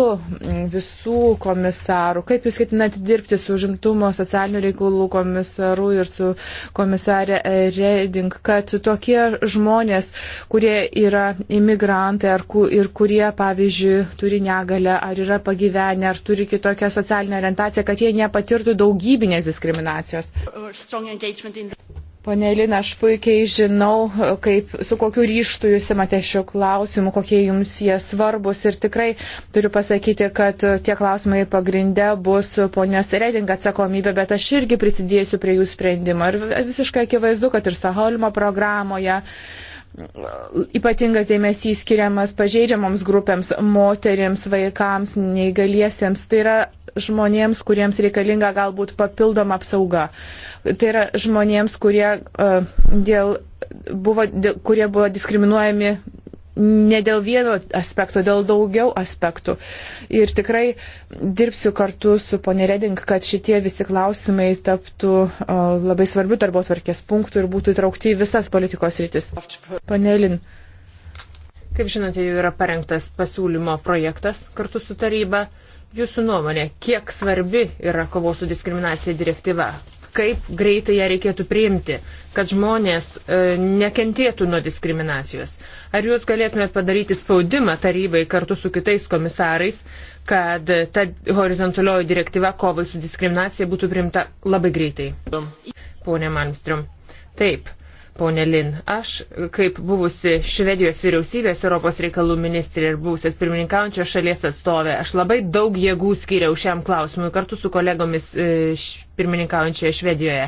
visų komisarų? Kaip jūs ketinate dirbti su žimtumo socialinių reikalų komisaru ir su komisarė Reding, kad tokie žmonės, kurie yra imigrantai ar, ir kurie, pavyzdžiui, turi negalę, ar yra pagyvenę, ar turi kitokią socialinę orientaciją, kad kad jie nepatirtų daugybinės diskriminacijos. Pane Lina, aš puikiai žinau, kaip, su kokiu ryštu jūs imate šių klausimų, kokie jums jie svarbus ir tikrai turiu pasakyti, kad tie klausimai pagrinde bus ponios Reding atsakomybė, bet aš irgi prisidėsiu prie jų sprendimo. Ir visiškai akivaizdu, kad ir Stoholmo programoje ypatingas dėmesys skiriamas pažeidžiamoms grupėms, moterims, vaikams, neįgaliesiems. Tai yra žmonėms, kuriems reikalinga galbūt papildoma apsauga. Tai yra žmonėms, kurie, uh, dėl, buvo, dėl, kurie buvo diskriminuojami ne dėl vieno aspekto, dėl daugiau aspektų. Ir tikrai dirbsiu kartu su ponė Reding, kad šitie visi klausimai taptų labai svarbių darbo tvarkės punktų ir būtų įtraukti į visas politikos rytis. Panelin. Kaip žinote, jau yra parengtas pasiūlymo projektas kartu su taryba. Jūsų nuomonė, kiek svarbi yra kovos su diskriminacija direktyva? kaip greitai ją reikėtų priimti, kad žmonės e, nekentėtų nuo diskriminacijos. Ar jūs galėtumėt padaryti spaudimą tarybai kartu su kitais komisarais, kad ta horizontalioji direktyva kovai su diskriminacija būtų priimta labai greitai? Pone Malmström. Taip, ponė Lin. Aš, kaip buvusi Švedijos vyriausybės Europos reikalų ministrė ir buvusios pirmininkaujančios šalies atstovė, aš labai daug jėgų skiriau šiam klausimui kartu su kolegomis e, pirmininkaujančioje Švedijoje.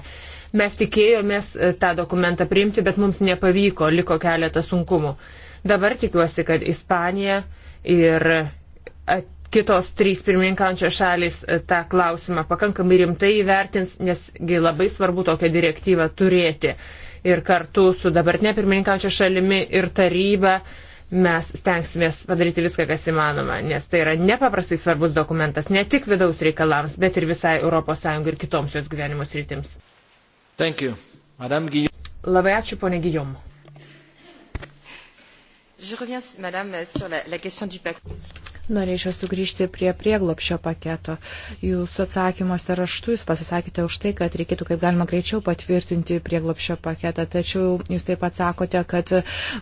Mes tikėjomės e, tą dokumentą priimti, bet mums nepavyko, liko keletą sunkumų. Dabar tikiuosi, kad Ispanija ir e, kitos trys pirmininkaujančios šalis tą klausimą pakankamai rimtai įvertins, nesgi labai svarbu tokią direktyvą turėti ir kartu su dabartinė pirmininkaučia šalimi ir taryba mes stengsimės padaryti viską, kas įmanoma, nes tai yra nepaprastai svarbus dokumentas ne tik vidaus reikalams, bet ir visai ES ir kitoms jos gyvenimo sritims. Labai ačiū, ponė Gijom. Je reviens, madame, sur la, la question du pacte. Norėčiau sugrįžti prie prieglopšio paketo. Jūsų atsakymuose raštu jūs pasisakėte už tai, kad reikėtų kaip galima greičiau patvirtinti prieglopšio paketą, tačiau jūs taip pat sakote, kad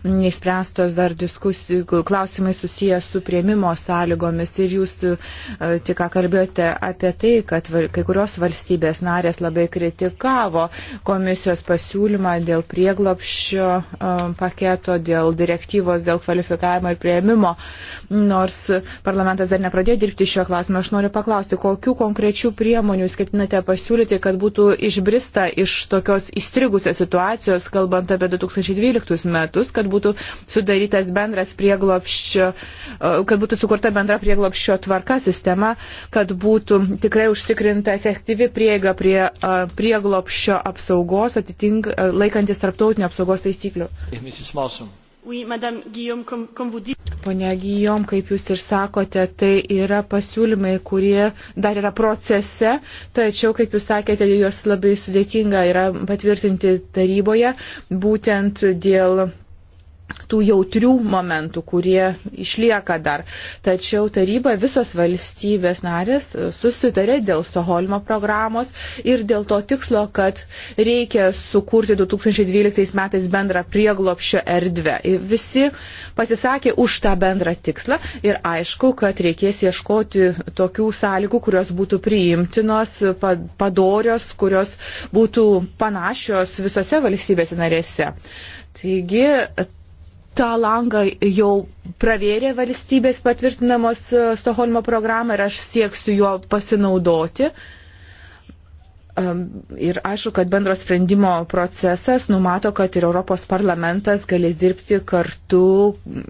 neįspręstos dar diskusijų klausimai susijęs su prieimimo sąlygomis ir jūs e, tik ką kalbėjote apie tai, kad kai kurios valstybės narės labai kritikavo komisijos pasiūlymą dėl prieglopšio e, paketo, dėl direktyvos, dėl kvalifikavimo ir prieimimo. Nors parlamentas dar nepradėjo dirbti šiuo klausimu. Aš noriu paklausti, kokiu konkrečiu priemonių jūs ketinate pasiūlyti, kad būtų išbrista iš tokios įstrigusios situacijos, kalbant apie 2012 metus, kad būtų sudarytas bendras prieglopščio, kad būtų sukurta bendra prieglopščio tvarka sistema, kad būtų tikrai užtikrinta efektyvi prieiga prie prieglopščio apsaugos, atitink, laikantis tarptautinio apsaugos taisyklių. Mrs. Malson. Oui, Madame Guillaume, comme, comme vous dites. Pone Gijom, kaip jūs ir sakote, tai yra pasiūlymai, kurie dar yra procese, tačiau, kaip jūs sakėte, juos labai sudėtinga yra patvirtinti taryboje, būtent dėl tų jautrių momentų, kurie išlieka dar. Tačiau taryba visos valstybės narės e, susitarė dėl Stoholmo programos ir dėl to tikslo, kad reikia sukurti 2012 metais bendrą prieglopšio erdvę. Ir visi pasisakė už tą bendrą tikslą ir aišku, kad reikės ieškoti tokių sąlygų, kurios būtų priimtinos, padorios, kurios būtų panašios visose valstybėse narėse. Taigi tą langą jau pravėrė valstybės patvirtinamos e, Stoholmo programą ir aš sieksiu juo pasinaudoti. Ir aišku, kad bendro sprendimo procesas numato, kad ir Europos parlamentas galės dirbti kartu,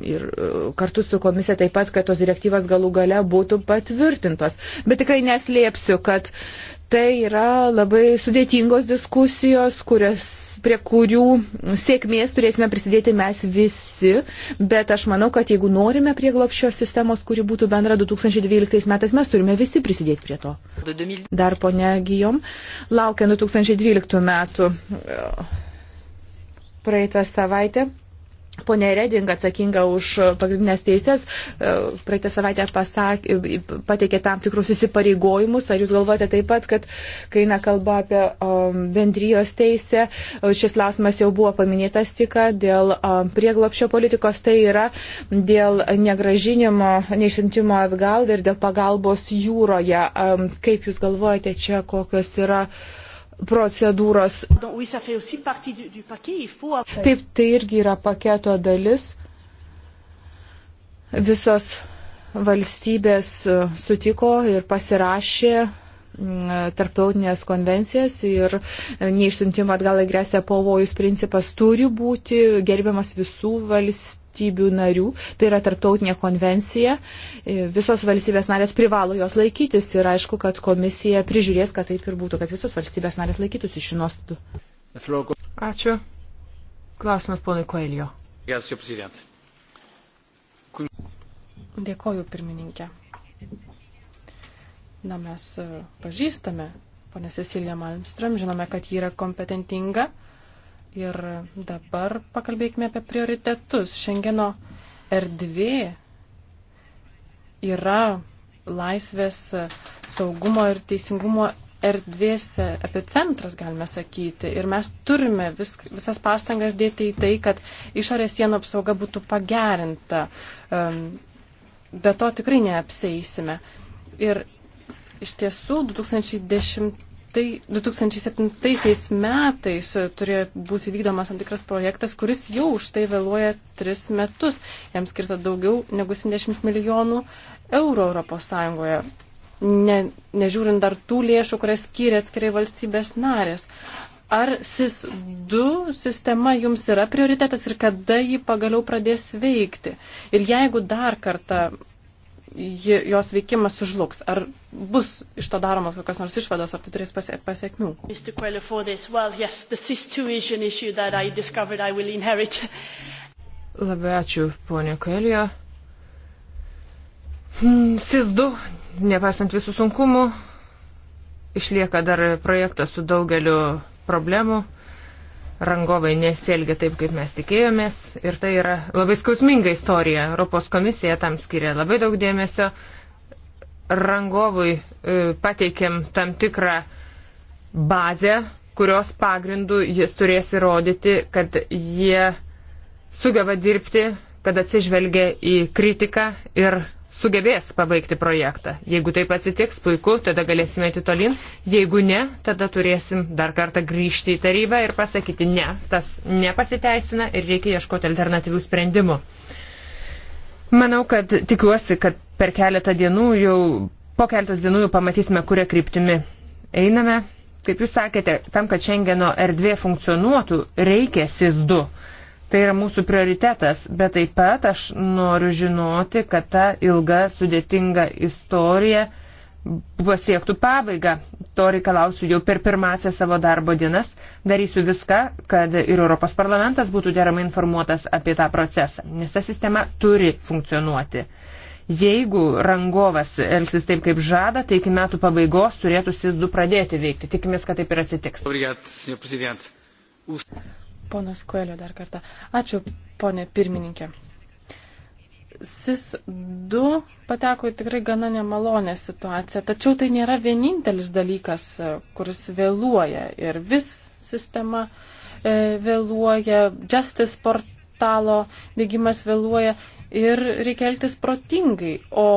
ir, e, kartu su komisija taip pat, kad tos direktyvas galų gale būtų patvirtintos. Bet tikrai neslėpsiu, kad uh, Tai yra labai sudėtingos diskusijos, kurias, prie kurių sėkmės turėsime prisidėti mes visi, bet aš manau, kad jeigu norime prie glopščios sistemos, kuri būtų bendra 2012 metais, mes turime visi prisidėti prie to. Dar ponia Gijom, laukia 2012 metų e, praeitą savaitę. Pone Reding atsakinga už pagrindinės teisės, e, praeitą savaitę pasak, pateikė tam tikrus įsipareigojimus. Ar jūs galvojate taip pat, kad kai eina kalba apie um, bendrijos teisę, e, šis klausimas jau buvo paminėtas tik dėl prieglopšio politikos, tai yra dėl negražinimo, neišsintimo atgal ir dėl pagalbos jūroje. Kaip jūs galvojate čia, kokios yra procedūros. Taip, tai irgi yra paketo dalis. Visos valstybės uh, sutiko ir pasirašė tarptautinės konvencijas ir neišsiuntimo atgal į grėsę pavojus principas turi būti gerbiamas visų valstybių narių. Tai yra tarptautinė konvencija. Visos valstybės narės privalo jos laikytis ir aišku, kad komisija prižiūrės, kad taip ir būtų, kad visos valstybės narės laikytųsi šių nuostatų. Ačiū. Klausimas ponui Koelio. Dėkoju, pirmininkė. Na, mes e, pažįstame ponę Ceciliją Malmström, žinome, kad ji yra kompetentinga. Ir dabar pakalbėkime apie prioritetus. Šengeno erdvė yra laisvės, e, saugumo ir teisingumo erdvės e, epicentras, galime sakyti. Ir mes turime vis, visas pastangas dėti į tai, kad išorės sienų apsauga būtų pagerinta. Um, be to tikrai neapseisime. Ir Iš tiesų, 2010 tai 2007 metais turėjo būti vykdomas tam tikras projektas, kuris jau už tai vėluoja tris metus. Jam skirta daugiau negu 70 milijonų eurų Europos Sąjungoje. Ne, nežiūrint dar tų lėšų, kurias skiria atskirai valstybės narės. Ar SIS-2 sistema jums yra prioritetas ir kada ji pagaliau pradės veikti? Ir jeigu dar kartą ji, jos veikimas sužlugs. Ar bus iš to daromas kokios nors išvados, ar tai turės pasie, pasiekmių? Well, yes, Labai ačiū, ponė Kailija. Hmm, SIS2, nepaisant visų sunkumų, išlieka dar projektas su daugeliu problemų rangovai nesielgia taip, kaip mes tikėjomės. Ir tai yra labai skausminga istorija. Europos komisija tam skiria labai daug dėmesio. Rangovui e, pateikėm tam tikrą bazę, kurios pagrindų jis turės įrodyti, kad jie sugeba dirbti, kad atsižvelgia į kritiką ir sugebės pabaigti projektą. Jeigu taip atsitiks, puiku, tada galėsime eiti tolin. Jeigu ne, tada turėsim dar kartą grįžti į tarybą ir pasakyti, ne, tas nepasiteisina ir reikia ieškoti alternatyvių sprendimų. Manau, kad tikiuosi, kad per keletą dienų jau, po keletos dienų jau pamatysime, kuria kryptimi einame. Kaip jūs sakėte, tam, kad Schengeno erdvė funkcionuotų, reikia SIS 2 Tai yra mūsų prioritetas, bet taip pat aš noriu žinoti, kad ta ilga, sudėtinga istorija pasiektų pabaigą. To reikalausiu jau per pirmąsią savo darbo dienas. Darysiu viską, kad ir Europos parlamentas būtų deramai informuotas apie tą procesą, nes ta sistema turi funkcionuoti. Jeigu rangovas elgsis taip, kaip žada, tai iki metų pabaigos turėtų SIS2 pradėti veikti. Tikimės, kad taip ir atsitiks. Obrigado, Ponas Kuelio dar kartą. Ačiū, ponė pirmininkė. SIS-2 pateko į tikrai gana nemalonę situaciją, tačiau tai nėra vienintelis dalykas, e, kuris vėluoja ir vis sistema e, vėluoja, Justice portalo dėgymas vėluoja ir reikia elgtis protingai, o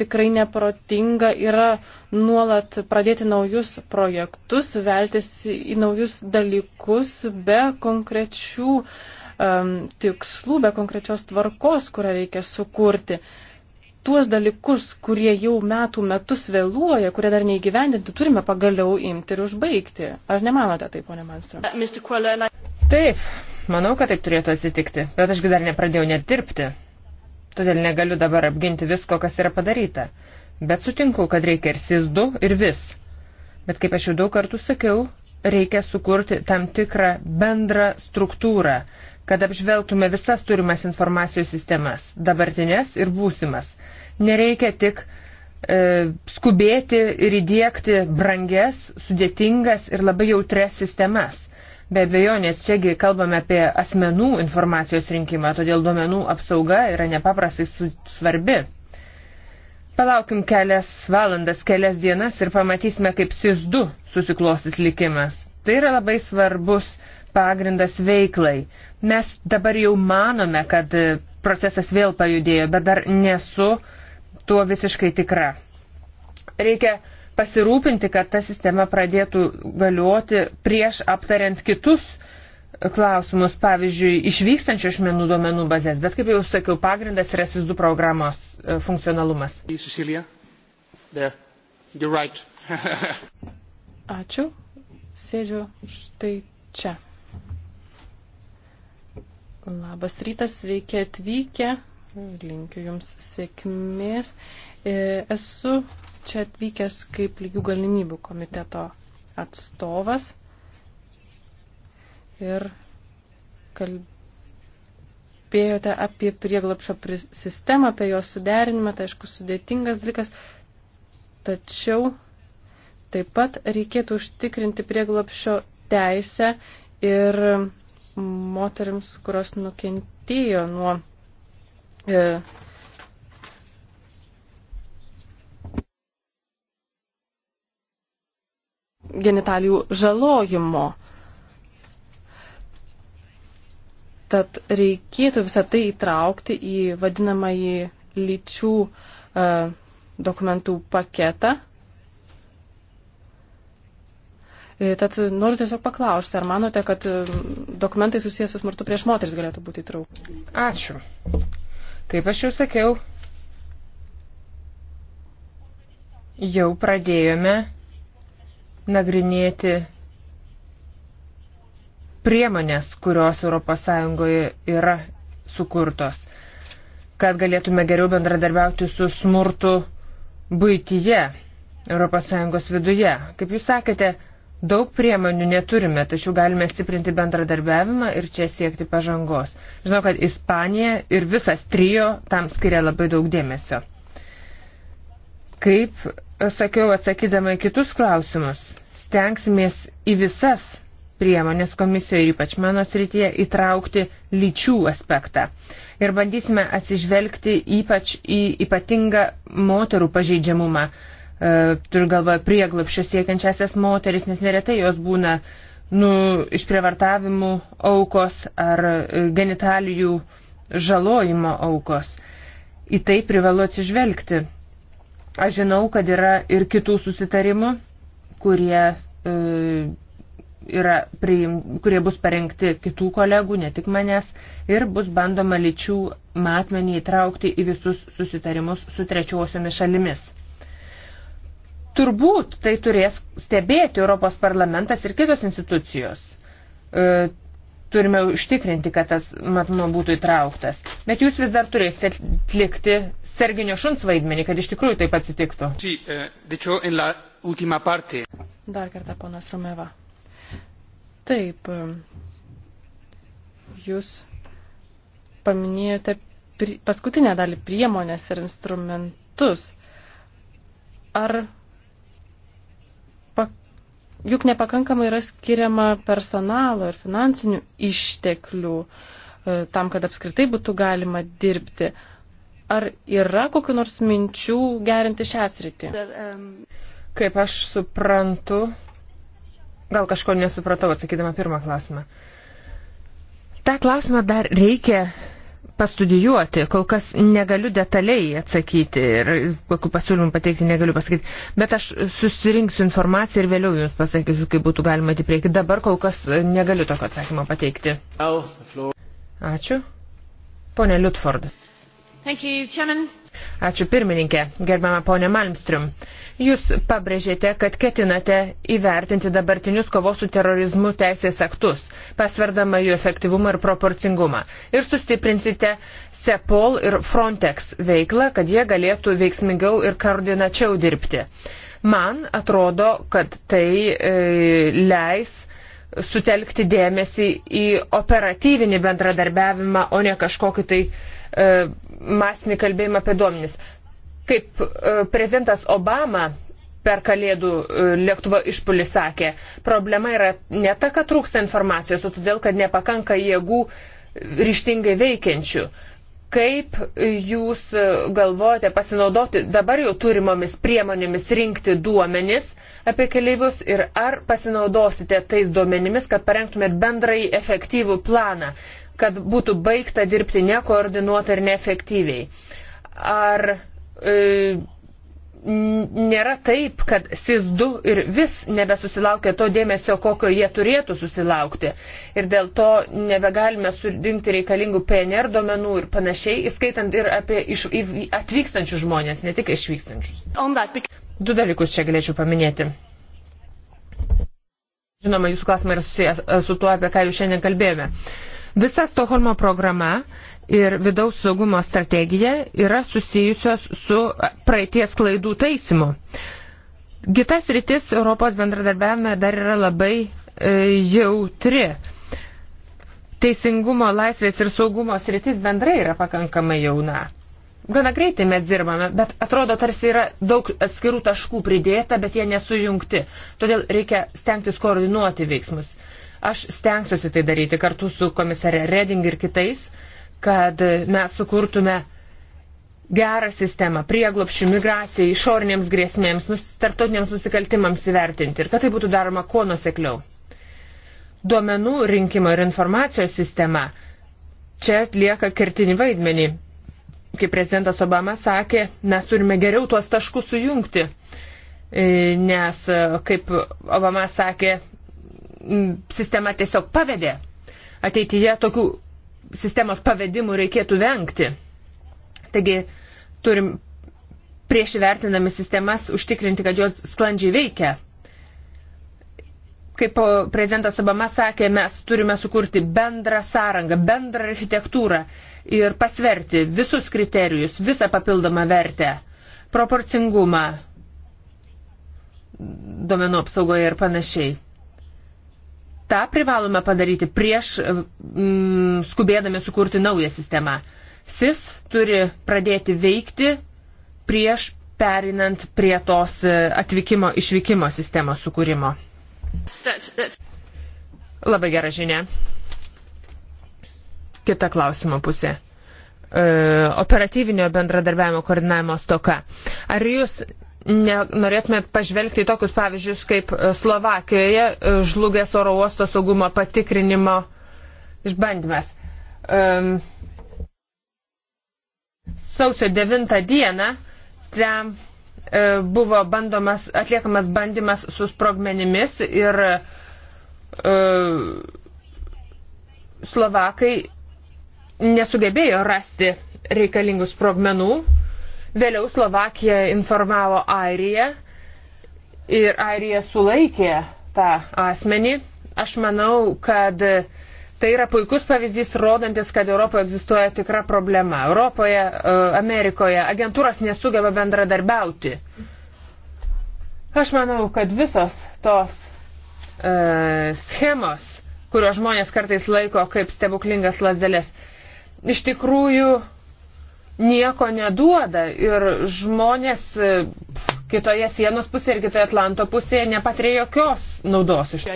tikrai neprotinga yra nuolat pradėti naujus projektus, veltis į naujus dalykus be konkrečių um, tikslų, be konkrečios tvarkos, kurią reikia sukurti. Tuos dalykus, kurie jau metų metus vėluoja, kurie dar neįgyvendinti, turime pagaliau imti ir užbaigti. Ar nemanote taip, ponė Manstrom? Taip, manau, kad taip turėtų atsitikti, bet ašgi dar nepradėjau net dirbti todėl negaliu dabar apginti visko, kas yra padaryta. Bet sutinku, kad reikia ir SIS2, ir vis. Bet kaip aš jau daug kartų sakiau, reikia sukurti tam tikrą bendrą struktūrą, kad apžvelgtume visas turimas informacijos sistemas, dabartinės ir būsimas. Nereikia tik e, skubėti ir įdėkti brangias, sudėtingas ir labai jautres sistemas. Be abejo, nes čiagi kalbame apie asmenų informacijos rinkimą, todėl duomenų apsauga yra nepaprastai svarbi. Palaukim kelias valandas, kelias dienas ir pamatysime, kaip SIS-2 susiklostys likimas. Tai yra labai svarbus pagrindas veiklai. Mes dabar jau manome, kad procesas vėl pajudėjo, bet dar nesu tuo visiškai tikra. Reikia pasirūpinti, kad ta sistema pradėtų galioti prieš aptariant kitus klausimus, pavyzdžiui, išvykstančių iš menų duomenų bazės. Bet kaip jau sakiau, pagrindas yra SIS2 programos e, funkcionalumas. Right. Ačiū. Sėdžiu štai čia. Labas rytas, sveiki atvykę. Linkiu Jums sėkmės. E, esu čia atvykęs kaip lygių galimybių komiteto atstovas ir kalbėjote apie prieglapšio sistemą, apie jos suderinimą, tai aišku sudėtingas dalykas, tačiau taip pat reikėtų užtikrinti prieglapšio teisę ir moteriams, kurios nukentėjo nuo e, genitalijų žalojimo. Tad reikėtų visą tai įtraukti į vadinamąjį lyčių e, dokumentų paketą. E, tad noriu tiesiog paklausti, ar manote, kad e, dokumentai susijęs su smurtu prieš moteris galėtų būti įtraukti? Ačiū. Kaip aš jau sakiau, jau pradėjome nagrinėti priemonės, kurios ES yra sukurtos, kad galėtume geriau bendradarbiauti su smurtu būtyje ES viduje. Kaip jūs sakėte, daug priemonių neturime, tačiau galime stiprinti bendradarbiavimą ir čia siekti pažangos. Žinau, kad Ispanija ir visas trijo tam skiria labai daug dėmesio. Kaip sakiau atsakydama į kitus klausimus, stengsimės į visas priemonės komisijoje ir ypač mano srityje įtraukti lyčių aspektą. Ir bandysime atsižvelgti ypač į ypatingą moterų pažeidžiamumą. E, turiu galvoje prieglapščio siekiančiasias moteris, nes neretai jos būna nu, išprievartavimų aukos ar e, genitalijų žalojimo aukos. Į tai privalu atsižvelgti. Aš žinau, kad yra ir kitų susitarimų kurie e, yra priim, kurie bus parengti kitų kolegų, ne tik manęs, ir bus bandoma lyčių matmenį įtraukti į visus susitarimus su trečiosiomis šalimis. Turbūt tai turės stebėti Europos parlamentas ir kitos institucijos. E, turime užtikrinti, kad tas matmo būtų įtrauktas. Bet jūs vis dar turėsite atlikti serginio šuns vaidmenį, kad iš tikrųjų taip atsitiktų. Sí, eh, ultima parte. Dar kartą, ponas Romeva. Taip, jūs paminėjote paskutinę dalį priemonės ir instrumentus. Ar juk nepakankamai yra skiriama personalo ir finansinių išteklių e, tam, kad apskritai būtų galima dirbti. Ar yra kokiu nors minčių gerinti šią sritį? Kaip aš suprantu, gal kažko nesupratau atsakydama pirmą klausimą. Ta klausimą dar reikia pastudijuoti, kol kas negaliu detaliai atsakyti ir kokiu pasiūlymu pateikti negaliu pasakyti, bet aš susirinksiu informaciją ir vėliau jums pasakysiu, kaip būtų galima į priekį. Dabar kol kas negaliu tokio atsakymo pateikti. Ačiū. Pone Liutford. You, Ačiū pirmininkė, gerbiama ponė Malmström. Jūs pabrėžėte, kad ketinate įvertinti dabartinius kovos su terorizmu teisės aktus, pasverdama jų efektyvumą ir proporcingumą. Ir sustiprinsite CEPOL ir Frontex veiklą, kad jie galėtų veiksmingiau ir koordinačiau dirbti. Man atrodo, kad tai e, leis sutelkti dėmesį į operatyvinį bendradarbiavimą, o ne kažkokį tai e, masinį kalbėjimą apie duomenis. Kaip e, prezidentas Obama per kalėdų e, lėktuvo išpulį sakė, problema yra ne ta, kad trūksta informacijos, o todėl, kad nepakanka jėgų ryštingai veikiančių. Kaip jūs e, galvojate pasinaudoti dabar jau turimomis priemonėmis rinkti duomenis apie keliaivius ir ar pasinaudosite tais duomenimis, kad parengtumėt bendrai efektyvų planą, kad būtų baigta dirbti nekoordinuotai ir neefektyviai? Ar E, nėra taip, kad SIS2 ir vis nebesusilaukia to dėmesio, kokio jie turėtų susilaukti. Ir dėl to nebegalime surinkti reikalingų PNR duomenų ir panašiai, įskaitant ir apie iš, atvykstančius žmonės, ne tik išvykstančius. Du dalykus čia galėčiau paminėti. Žinoma, jūsų klausimai yra susijęs su tuo, apie ką jūs šiandien kalbėjome. Visa Stoholmo programa uh, ir vidaus saugumo strategija yra susijusios su praeities klaidų taisymu. Kitas rytis Europos bendradarbiavime dar yra labai e, jautri. Teisingumo, laisvės ir saugumo sritis bendrai yra pakankamai jauna. Gana greitai mes dirbame, bet atrodo tarsi yra daug atskirų taškų pridėta, bet jie nesujungti. Todėl reikia stengtis koordinuoti veiksmus. Aš stengsiuosi tai daryti kartu su komisarė Reding ir kitais kad mes sukurtume gerą sistemą prieglopšių migracijai, išorinėms grėsmėms, nus, tarptautiniams nusikaltimams įvertinti ir kad tai būtų daroma kuo nusekliau. Duomenų rinkimo ir informacijos sistema čia atlieka kertinį vaidmenį. Kaip prezidentas Obama sakė, mes turime geriau tuos taškus sujungti, e, nes, e, kaip Obama sakė, sistema tiesiog pavedė. Ateityje tokių sistemos pavedimų reikėtų vengti. Taigi turim prieš įvertinami sistemas užtikrinti, kad jos sklandžiai veikia. Kaip prezidentas Obama sakė, mes turime sukurti bendrą sąrangą, bendrą architektūrą ir pasverti visus kriterijus, visą papildomą vertę, proporcingumą, domenų apsaugoje ir panašiai tą privalome padaryti prieš mm, skubėdami sukurti naują sistemą. SIS turi pradėti veikti prieš perinant prie tos e, atvykimo išvykimo sistemos sukūrimo. Labai gera žinia. Kita klausimo pusė. E, operatyvinio bendradarbiavimo koordinavimo stoka. Ar jūs norėtumėt pažvelgti į tokius pavyzdžius, kaip e, Slovakijoje e, žlugęs oro uosto saugumo patikrinimo išbandymas. Um, sausio 9 dieną ten e, buvo bandomas, atliekamas bandymas su sprogmenimis ir e, Slovakai nesugebėjo rasti reikalingų sprogmenų Vėliau Slovakija informavo Airiją ir Airija sulaikė tą asmenį. Aš manau, kad tai yra puikus pavyzdys, rodantis, kad Europoje egzistuoja tikra problema. Europoje, e, Amerikoje agentūros nesugeba bendradarbiauti. Aš manau, kad visos tos e, schemos, kurios žmonės kartais laiko kaip stebuklingas lasdeles, iš tikrųjų nieko neduoda ir žmonės e, kitoje sienos pusėje ir kitoje Atlanto pusėje nepatiria jokios naudos iš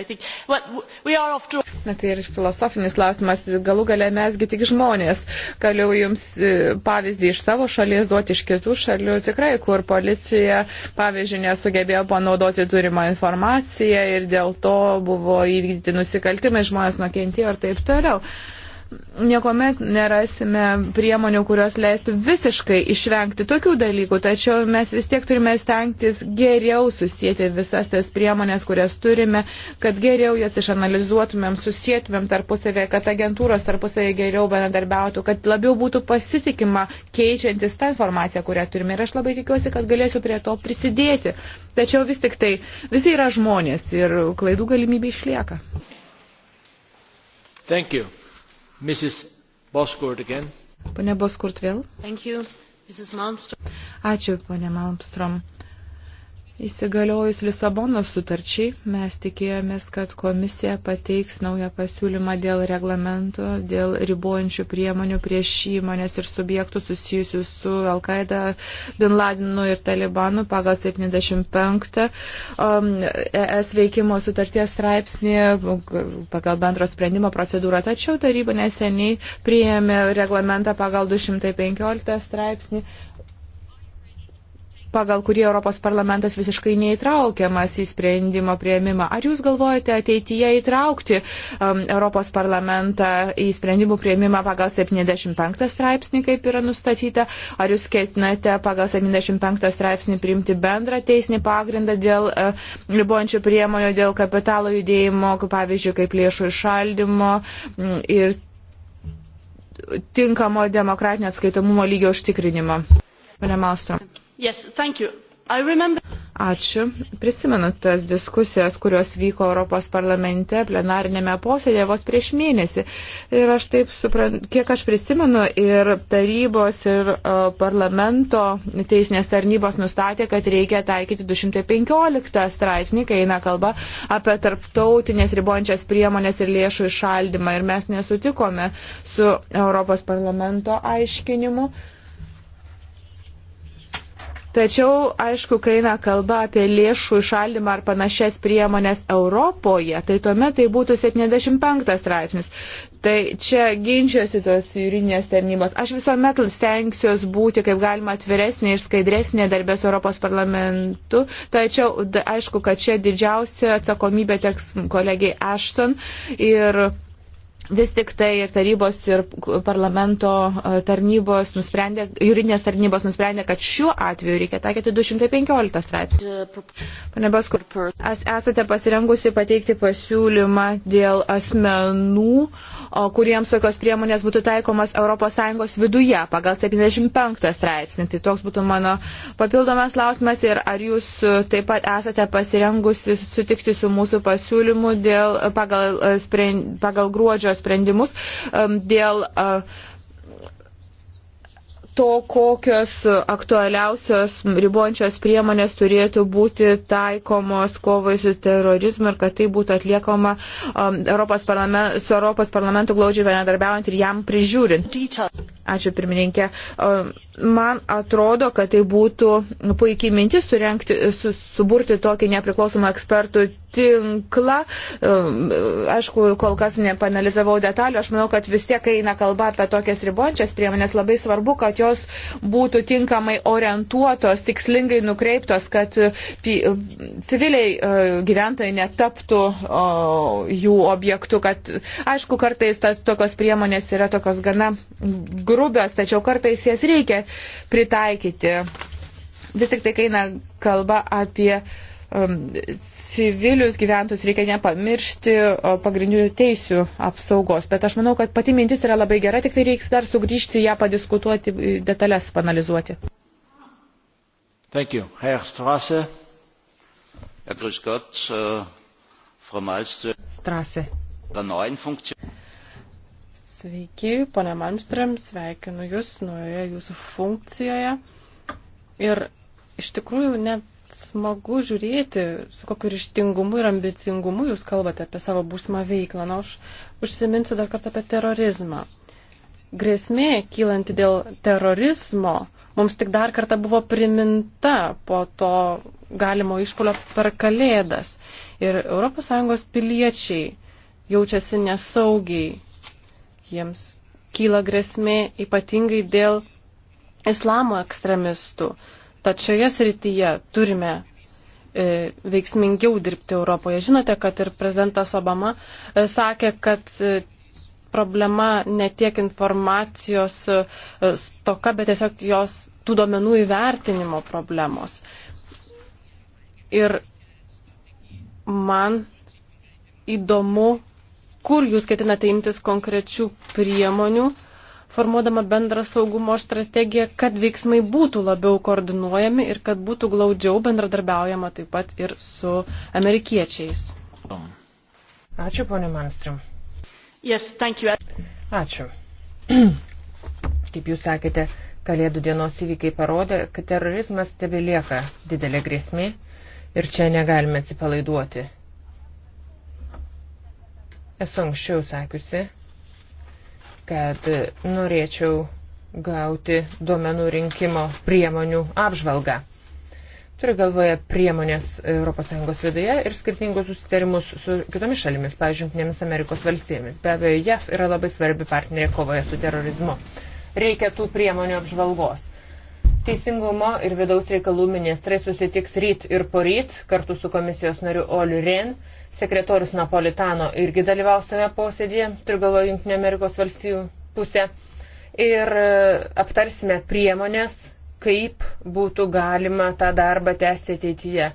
to. Na tai ir filosofinis klausimas, galų gale mesgi tik žmonės. Galiu jums e, pavyzdį iš savo šalies duoti iš kitų šalių, tikrai, kur policija, pavyzdžiui, nesugebėjo panaudoti turimą informaciją ir dėl to buvo įvykdyti nusikaltimai, žmonės nukentėjo ir taip toliau niekuomet nerasime priemonių, kurios leistų visiškai išvengti tokių dalykų, tačiau mes vis tiek turime stengtis geriau susijęti visas tas priemonės, kurias turime, kad geriau jas išanalizuotumėm, susijėtumėm tarpusavėje, kad agentūros tarpusavėje geriau bendradarbiautų, kad labiau būtų pasitikima keičiantis tą informaciją, kurią turime. Ir aš labai tikiuosi, kad galėsiu prie to prisidėti. Tačiau vis tik tai visi yra žmonės ir klaidų galimybė išlieka. Thank you. Mrs. Boskurt again. Pone Boskurt vėl. Thank you, Mrs. Malmstrom. Ačiū, ponė Malmstrom. Įsigaliojus Lisabonos sutarčiai, mes tikėjomės, kad komisija pateiks naują pasiūlymą dėl reglamento, dėl ribojančių priemonių prieš įmonės ir subjektų susijusių su Al-Qaeda, Bin Ladenu ir Talibanu pagal 75 um, ES veikimo sutarties straipsnį pagal bendro sprendimo procedūrą. Tačiau taryba neseniai priėmė reglamentą pagal 215 straipsnį pagal kurį Europos parlamentas visiškai neįtraukiamas į sprendimo prieimimą. Ar jūs galvojate ateityje įtraukti um, Europos parlamentą į sprendimų prieimimą pagal 75 straipsnį, kaip yra nustatyta? Ar jūs ketinate pagal 75 straipsnį priimti bendrą teisinį pagrindą dėl uh, ribojančių priemonių, dėl kapitalo judėjimo, pavyzdžiui, kaip lėšų išaldimo mm, ir tinkamo demokratinio atskaitomumo lygio užtikrinimo? Pane Malstrom. Yes, remember... Ačiū. Prisimenu tas diskusijas, kurios vyko Europos parlamente plenarinėme posėdėje vos prieš mėnesį. Ir aš taip suprantu, kiek aš prisimenu, ir tarybos, ir uh, parlamento teisinės tarnybos nustatė, kad reikia taikyti 215 straipsnį, kai eina kalba apie tarptautinės ribojančias priemonės ir lėšų išaldymą. Ir mes nesutikome su Europos parlamento aiškinimu. Uh, Tačiau, aišku, kai eina kalba apie lėšų išalimą ar panašias priemonės Europoje, tai tuomet tai būtų 75 straipsnis. Tai čia ginčiuosi tos jūrinės tarnybos. Aš visuomet stengsiuosi būti kaip galima atviresnė ir skaidresnė darbės Europos parlamentu, tačiau aišku, kad čia didžiausia atsakomybė teks kolegiai Ashton ir Vis tik tai ir tarybos, ir parlamento e, tarnybos nusprendė, juridinės tarnybos nusprendė, kad šiuo atveju reikia taikyti 215 straipsnį. Pane Baskur, esate pasirengusi pateikti pasiūlymą dėl asmenų, kuriems tokios priemonės būtų taikomas ES viduje pagal 75 straipsnį. Tai toks būtų mano papildomas klausimas ir ar jūs taip pat esate pasirengusi sutikti su mūsų pasiūlymu dėl pagal, e, pagal gruodžio komisijos sprendimus dėl to, kokios aktualiausios ribojančios priemonės turėtų būti taikomos kovai su terorizmu ir kad tai būtų atliekama um, Europos parlament, su Europos parlamentu glaudžiai bendradarbiaujant ir jam prižiūrint. Ačiū pirmininkė. Man atrodo, kad tai būtų puikiai mintis surenkti, su, suburti tokį nepriklausomą ekspertų tinklą. Aišku, kol kas nepanalizavau detalių. Aš manau, kad vis tiek eina kalba apie tokias ribončias priemonės. Labai svarbu, kad jos būtų tinkamai orientuotos, tikslingai nukreiptos, kad civiliai gyventojai netaptų jų objektų. Kad, aišku, kartais tas tokios priemonės yra tokios gana. Gru grubios, tačiau kartais jas reikia pritaikyti. Vis tik tai, kai eina kalba apie um, civilius gyventojus, reikia nepamiršti pagrindinių teisių apsaugos. Bet aš manau, kad pati mintis yra labai gera, tik tai reiks dar sugrįžti ją padiskutuoti, detalės panalizuoti. Thank you. Herr Strasse. Herr Grüß Gott, äh, Frau Malmström. Strasse. Der neuen Funktion Sveiki, ponė Malmström, sveikinu Jūs naujoje Jūsų funkcijoje. Ir iš tikrųjų net smagu žiūrėti, su kokiu ryštingumu ir ambicingumu Jūs kalbate apie savo būsimą veiklą. Na, aš užsiminsiu dar kartą apie terorizmą. Grėsmė kylanti dėl terorizmo mums tik dar kartą buvo priminta po to galimo išpolio per Kalėdas. Ir ES piliečiai jaučiasi nesaugiai jiems kyla grėsmė ypatingai dėl islamo ekstremistų. Tad šioje srityje turime e, veiksmingiau dirbti Europoje. Žinote, kad ir prezidentas Obama e, sakė, kad e, problema ne tiek informacijos e, stoka, bet tiesiog jos tų duomenų įvertinimo problemos. Ir man įdomu kur jūs ketinate imtis konkrečių priemonių, formuodama bendrą saugumo strategiją, kad veiksmai būtų labiau koordinuojami ir kad būtų glaudžiau bendradarbiaujama taip pat ir su amerikiečiais. Ačiū, ponė Manstrom. Yes, Ačiū. Kaip jūs sakėte, Kalėdų dienos įvykiai parodė, kad terorizmas tebelieka didelė grėsmė ir čia negalime atsipalaiduoti. Esu anksčiau sakiusi, kad norėčiau gauti duomenų rinkimo priemonių apžvalgą. Turiu galvoje priemonės ES viduje ir skirtingus susitarimus su kitomis šalimis, pavyzdžiui, Junktinėmis Amerikos valstybėmis. Be abejo, JAF yra labai svarbi partnerė kovoje su terorizmu. Reikia tų priemonių apžvalgos. Teisingumo ir vidaus reikalų ministrai susitiks ryt ir poryt kartu su komisijos nariu Oliu Ren Sekretorius Napolitano irgi dalyvaus tame posėdėje, turiu galvoje Junktinio Amerikos valstijų pusę. Ir e, aptarsime priemonės, kaip būtų galima tą darbą tęsti ateityje.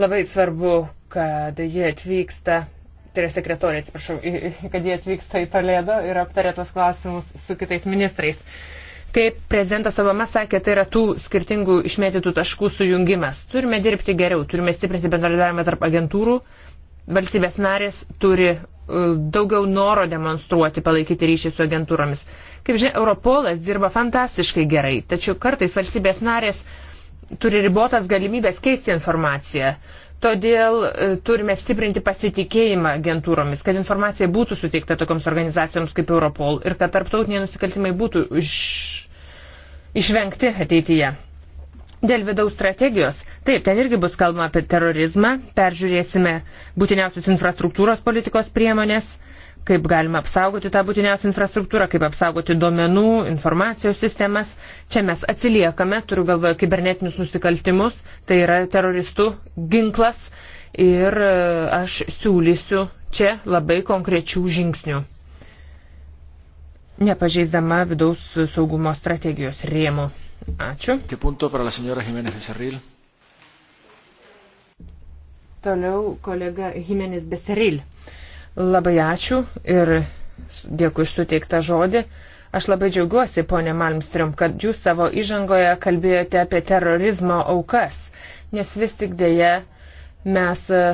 Labai svarbu, kad jie atvyksta, tai yra sekretorija, atsiprašau, kad jie atvyksta į Toledo ir aptarė tos klausimus su kitais ministrais. Kaip prezidentas Obama sakė, tai yra tų skirtingų išmėtytų taškų sujungimas. Turime dirbti geriau, turime stiprinti bendradarbiavimą tarp agentūrų, valstybės narės turi e, daugiau noro demonstruoti, palaikyti ryšį su agentūromis. Kaip žinia, Europolas dirba fantastiškai gerai, tačiau kartais valstybės narės turi ribotas galimybės keisti informaciją. Todėl e, turime stiprinti pasitikėjimą agentūromis, kad informacija būtų suteikta tokioms organizacijoms kaip Europol ir kad tarptautiniai nusikaltimai būtų iš... išvengti ateityje. Dėl vidaus strategijos. Taip, ten irgi bus kalbama apie terorizmą, peržiūrėsime būtiniausius infrastruktūros politikos priemonės, kaip galima apsaugoti tą būtiniausią infrastruktūrą, kaip apsaugoti duomenų, informacijos sistemas. Čia mes atsiliekame, turiu galvoje, kibernetinius nusikaltimus, tai yra teroristų ginklas ir e, aš siūlysiu čia labai konkrečių žingsnių, nepažeisdama vidaus saugumo strategijos rėmų. Ačiū. Tai punto para la señora Jiménez Becerril. Toliau kolega Jiménez Becerril. Labai ačiū ir dėkui iš suteiktą žodį. Aš labai džiaugiuosi, ponė Malmström, kad jūs savo įžangoje kalbėjote apie terorizmo aukas, nes vis tik dėje mes e,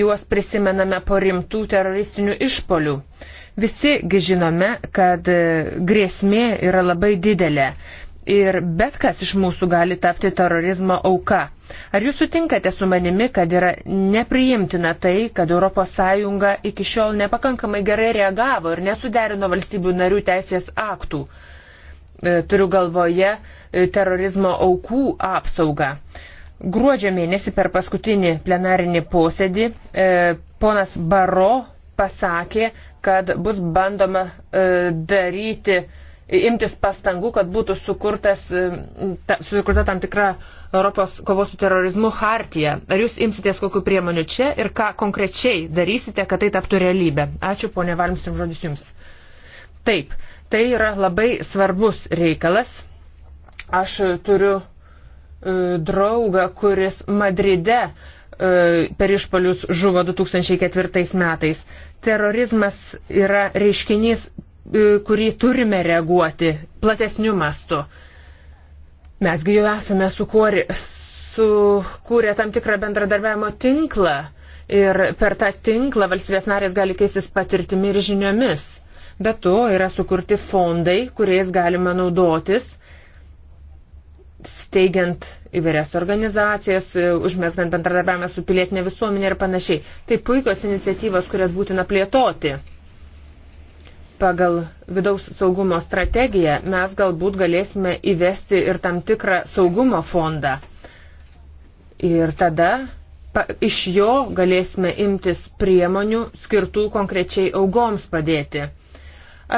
juos prisimename po rimtų teroristinių išpolių. Visigi žinome, kad e, grėsmė yra labai didelė ir bet kas iš mūsų gali tapti terorizmo auka. Ar jūs sutinkate su manimi, kad yra nepriimtina tai, kad ES iki šiol nepakankamai gerai reagavo ir nesuderino valstybių narių teisės aktų? E, turiu galvoje e, terorizmo aukų apsaugą. Gruodžio mėnesį per paskutinį plenarinį posėdį e, ponas Baro pasakė, kad bus bandoma e, daryti e, imtis pastangų, kad būtų sukurtas, e, ta, sukurta tam tikra Europos kovos su terorizmu hartija. Ar jūs imsitės kokiu priemoniu čia ir ką konkrečiai darysite, kad tai taptų realybė? Ačiū, ponė Valmstrim, žodis jums. Taip, tai yra labai svarbus reikalas. Aš turiu e, draugą, kuris Madride e, per išpolius žuvo 2004 metais. Terorizmas yra reiškinys kurį turime reaguoti platesniu mastu. Mesgi jau esame sukūrę, sukūrę tam tikrą bendradarbiavimo tinklą ir per tą tinklą valstybės narės gali keistis patirtimi ir žiniomis. Be to yra sukurti fondai, kuriais galima naudotis, steigiant įvairias organizacijas, užmesgant bendradarbiavimą su pilietinė visuomenė ir panašiai. Tai puikios iniciatyvos, kurias būtina plėtoti pagal vidaus saugumo strategiją mes galbūt galėsime įvesti ir tam tikrą saugumo fondą. Ir tada pa, iš jo galėsime imtis priemonių skirtų konkrečiai augoms padėti.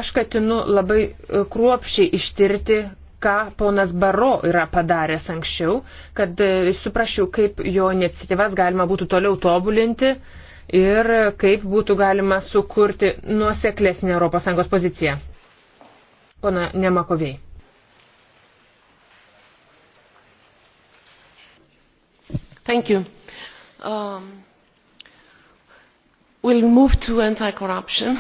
Aš katinu labai e, kruopšiai ištirti, ką ponas Baro yra padaręs anksčiau, kad e, suprasčiau, kaip jo iniciatyvas galima būtų toliau tobulinti ir kaip būtų galima sukurti nuoseklesnį ES poziciją. Pana Nemakoviai. Thank you. Um, we'll move to anti-corruption.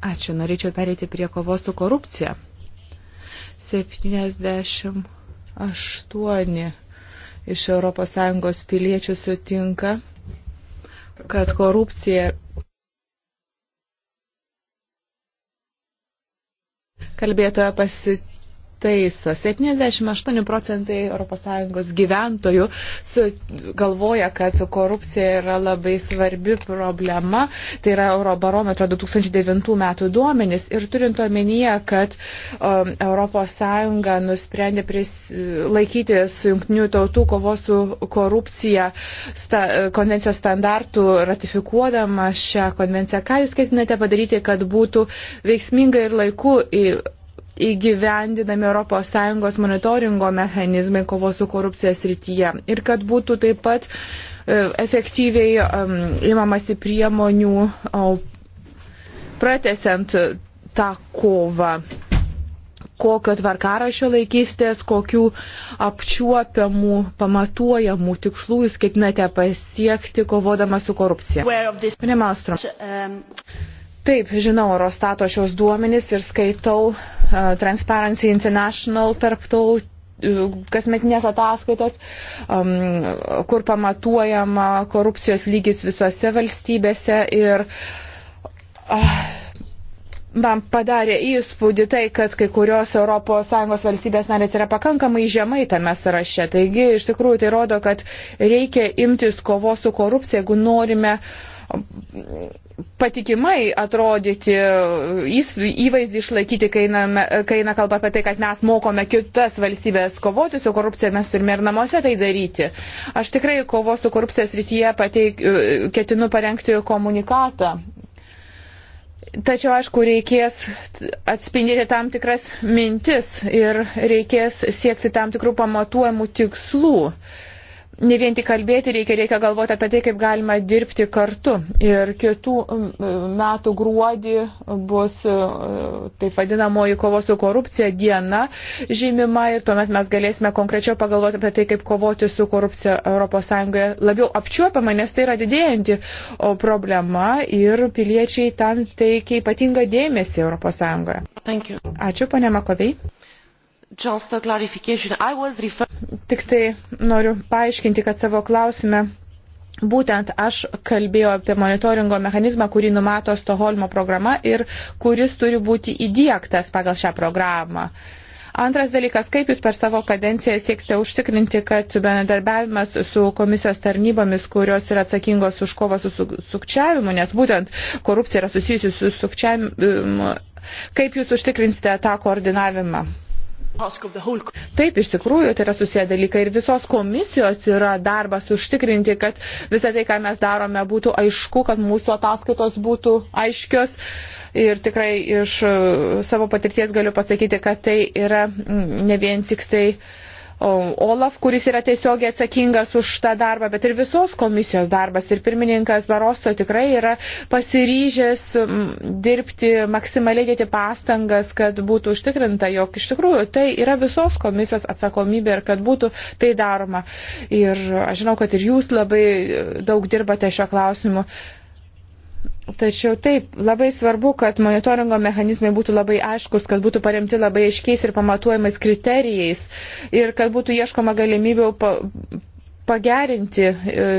Ačiū, norėčiau pereiti prie kovos su korupcija. 78 iš ES piliečių sutinka kad korupcija. Kalbėtoja pasitikė taiso. 78 procentai ES gyventojų su, galvoja, kad korupcija yra labai svarbi problema. Tai yra Eurobarometro 2009 metų duomenys. Ir turint omenyje, kad um, ES nusprendė pris, laikytis jungtinių tautų kovos su korupcija sta, konvencijos standartų ratifikuodama šią konvenciją, ką jūs ketinate padaryti, kad būtų veiksminga ir laiku į įgyvendinami ES monitoringo mechanizmai kovos su korupcija srityje ir kad būtų taip pat e, efektyviai imamasi priemonių pratesiant tą kovą kokio tvarkarašio laikysitės, kokių apčiuopiamų, pamatuojamų tikslų jūs ketinate pasiekti kovodama su korupcija. Pane Malstrom. Um, Taip, žinau Eurostato šios duomenys ir skaitau uh, Transparency International tarptautinį e, kasmetinės ataskaitos, um, kur pamatuojama korupcijos lygis visose valstybėse ir uh, man padarė įspūdį tai, kad kai kurios ES valstybės narės yra pakankamai žemai tame sąraše. Taigi, iš tikrųjų, tai rodo, kad reikia imtis kovos su korupcija, jeigu norime uh, patikimai atrodyti, įvaizdį išlaikyti, kai eina, kai eina kalba apie tai, kad mes mokome kitas valstybės kovoti su korupcija, mes turime ir namuose tai daryti. Aš tikrai kovos su korupcija srityje pateik, ketinu parengti komunikatą. Tačiau, aišku, reikės atspindėti tam tikras mintis ir reikės siekti tam tikrų pamatuojamų tikslų. Uh, ne vien tik kalbėti reikia, reikia galvoti apie tai, kaip galima dirbti kartu. Ir kitų metų gruodį bus e, taip vadinamoji kovos su korupcija diena žymima ir tuomet mes galėsime konkrečiau pagalvoti apie tai, kaip kovoti su korupcija ES. Labiau apčiuopama, nes tai yra didėjanti problema ir piliečiai tam teikia ypatingą dėmesį ES. Ačiū, ponia Makovei. Tik tai noriu paaiškinti, kad savo klausime Būtent aš kalbėjau apie monitoringo mechanizmą, kurį numato Stoholmo programa ir kuris turi būti įdėktas pagal šią programą. Antras dalykas, kaip jūs per savo kadenciją sieksite užtikrinti, kad bendradarbiavimas su komisijos tarnybomis, kurios yra atsakingos už kovą su sukčiavimu, nes būtent korupcija yra susijusi su sukčiavimu, kaip jūs užtikrinsite tą koordinavimą? Taip, iš tikrųjų, tai yra susiję dalykai ir visos komisijos yra darbas užtikrinti, kad visą tai, ką mes darome, būtų aišku, kad mūsų ataskaitos būtų aiškios. Ir tikrai iš e, savo patirties galiu pasakyti, kad tai yra ne vien tik tai uh, Olaf, kuris yra tiesiogiai atsakingas už tą darbą, bet ir visos komisijos darbas. Ir pirmininkas Barosto tikrai yra pasiryžęs dirbti, maksimaliai dėti pastangas, kad būtų užtikrinta, jog iš tikrųjų tai yra visos komisijos atsakomybė ir kad būtų tai daroma. Ir aš žinau, kad ir jūs labai daug dirbate šio klausimu. Tačiau taip, labai svarbu, kad monitoringo mechanizmai būtų labai aiškus, kad būtų paremti labai aiškiais ir pamatuojamais kriterijais ir kad būtų ieškoma galimybių pagerinti e,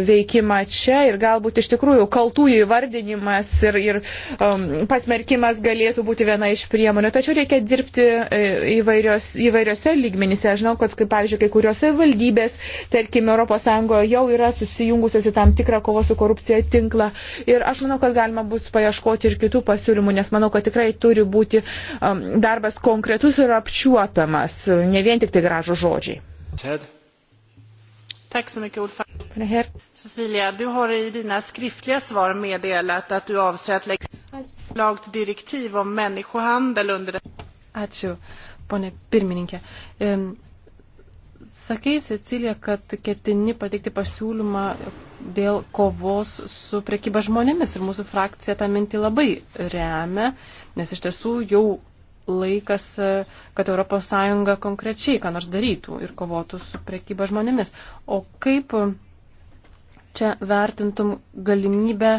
veikimą čia ir galbūt iš tikrųjų kaltųjų įvardinimas ir, ir um, pasmerkimas galėtų būti viena iš priemonių. Tačiau reikia dirbti e, įvairios, įvairiose lygmenyse. Aš žinau, kad, kaip, pavyzdžiui, kai kuriuose valdybės, tarkime, ES jau yra susijungusios į tam tikrą kovos su korupcija tinklą. Ir aš manau, kad galima bus paieškoti ir kitų pasiūlymų, nes manau, kad tikrai turi būti um, darbas konkretus ir apčiuopiamas, ne vien tik tai gražų žodžiai. Ted. Tack så mycket ordförande. Cecilia, du har i dina skriftliga svar meddelat att du avser att lägga lag till direktiv om människohandel under det... Ačiū, ponė pirmininkė. Sakei, Cecilija, kad ketini pateikti pasiūlymą dėl kovos su prekyba žmonėmis ir mūsų frakcija tą mintį labai remia, nes iš tiesų jau laikas, e, kad ES konkrečiai ką nors darytų ir kovotų su prekyba žmonėmis. O kaip čia vertintum galimybę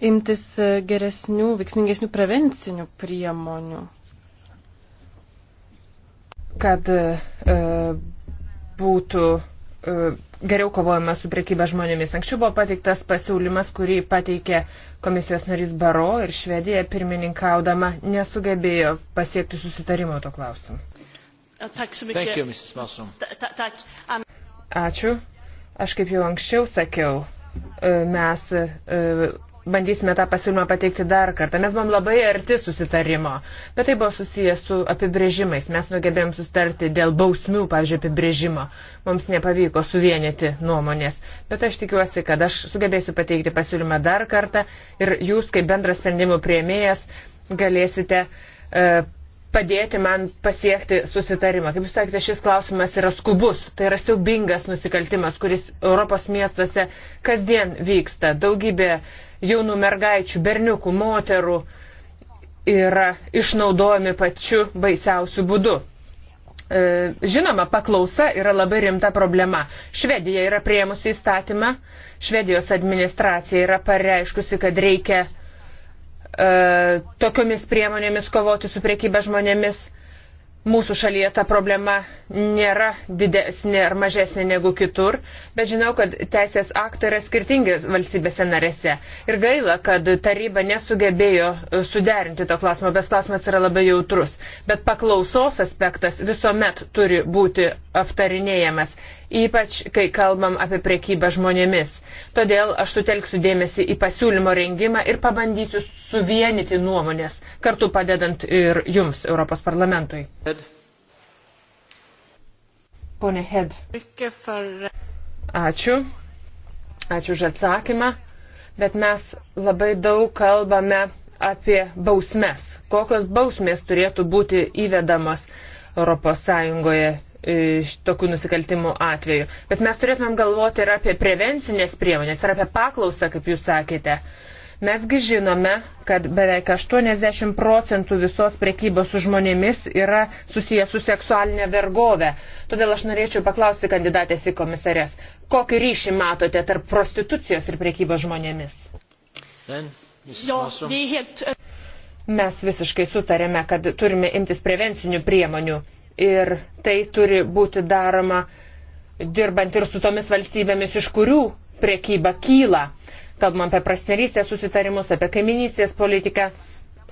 imtis e, geresnių, veiksmingesnių prevencinių priemonių? Kad e, būtų e, geriau kovojama su prekyba žmonėmis. Anksčiau buvo pateiktas pasiūlymas, kurį pateikė Komisijos narys Baro ir Švedija pirmininkaudama nesugebėjo pasiekti susitarimo to klausimu. Ačiū. Aš kaip jau anksčiau sakiau, e, mes e, bandysime tą pasiūlymą pateikti dar kartą. Mes buvom labai arti susitarimo, bet tai buvo susijęs su apibrėžimais. Mes nugebėjom sustarti dėl bausmių, pavyzdžiui, apibrėžimo. Mums nepavyko suvienyti nuomonės, bet aš tikiuosi, kad aš sugebėsiu pateikti pasiūlymą dar kartą ir jūs, kaip bendras sprendimų prieimėjas, galėsite. Uh, padėti man pasiekti susitarimą. Kaip jūs sakėte, šis klausimas yra skubus. Tai yra siaubingas nusikaltimas, kuris Europos miestuose kasdien vyksta. Daugybė jaunų mergaičių, berniukų, moterų yra išnaudojami pačiu baisiausiu būdu. E, žinoma, paklausa yra labai rimta problema. Švedija yra prieimusi įstatymą, Švedijos administracija yra pareiškusi, kad reikia uh, E, tokiomis priemonėmis kovoti su priekyba žmonėmis. Mūsų šalyje ta problema nėra didesnė ar mažesnė negu kitur, bet žinau, kad teisės aktai yra skirtingi valstybėse narėse. Ir gaila, kad taryba nesugebėjo e, suderinti to klausimo, bet klausimas yra labai jautrus. Bet paklausos aspektas visuomet turi būti aptarinėjamas ypač kai kalbam apie priekybą žmonėmis. Todėl aš sutelksiu dėmesį į pasiūlymo rengimą ir pabandysiu suvienyti nuomonės, kartu padedant ir jums, Europos parlamentui. Pone Hed. Ačiū. Ačiū už atsakymą. Bet mes labai daug kalbame apie bausmes. Kokios bausmės turėtų būti įvedamos ES tokių nusikaltimų atveju. Bet mes turėtumėm galvoti ir apie prevencinės priemonės, ir apie paklausą, kaip jūs sakėte. Mesgi žinome, kad beveik 80 procentų visos prekybos su žmonėmis yra susijęs su seksualinė vergovė. Todėl aš norėčiau paklausti kandidatės į komisarės, kokį ryšį matote tarp prostitucijos ir prekybos žmonėmis? Then, e- Mes visiškai sutarėme, kad turime imtis prevencinių priemonių ir tai turi būti daroma dirbant ir su tomis valstybėmis, iš kurių priekyba kyla. Kalbam apie prasnerystės susitarimus, apie kaiminystės politiką,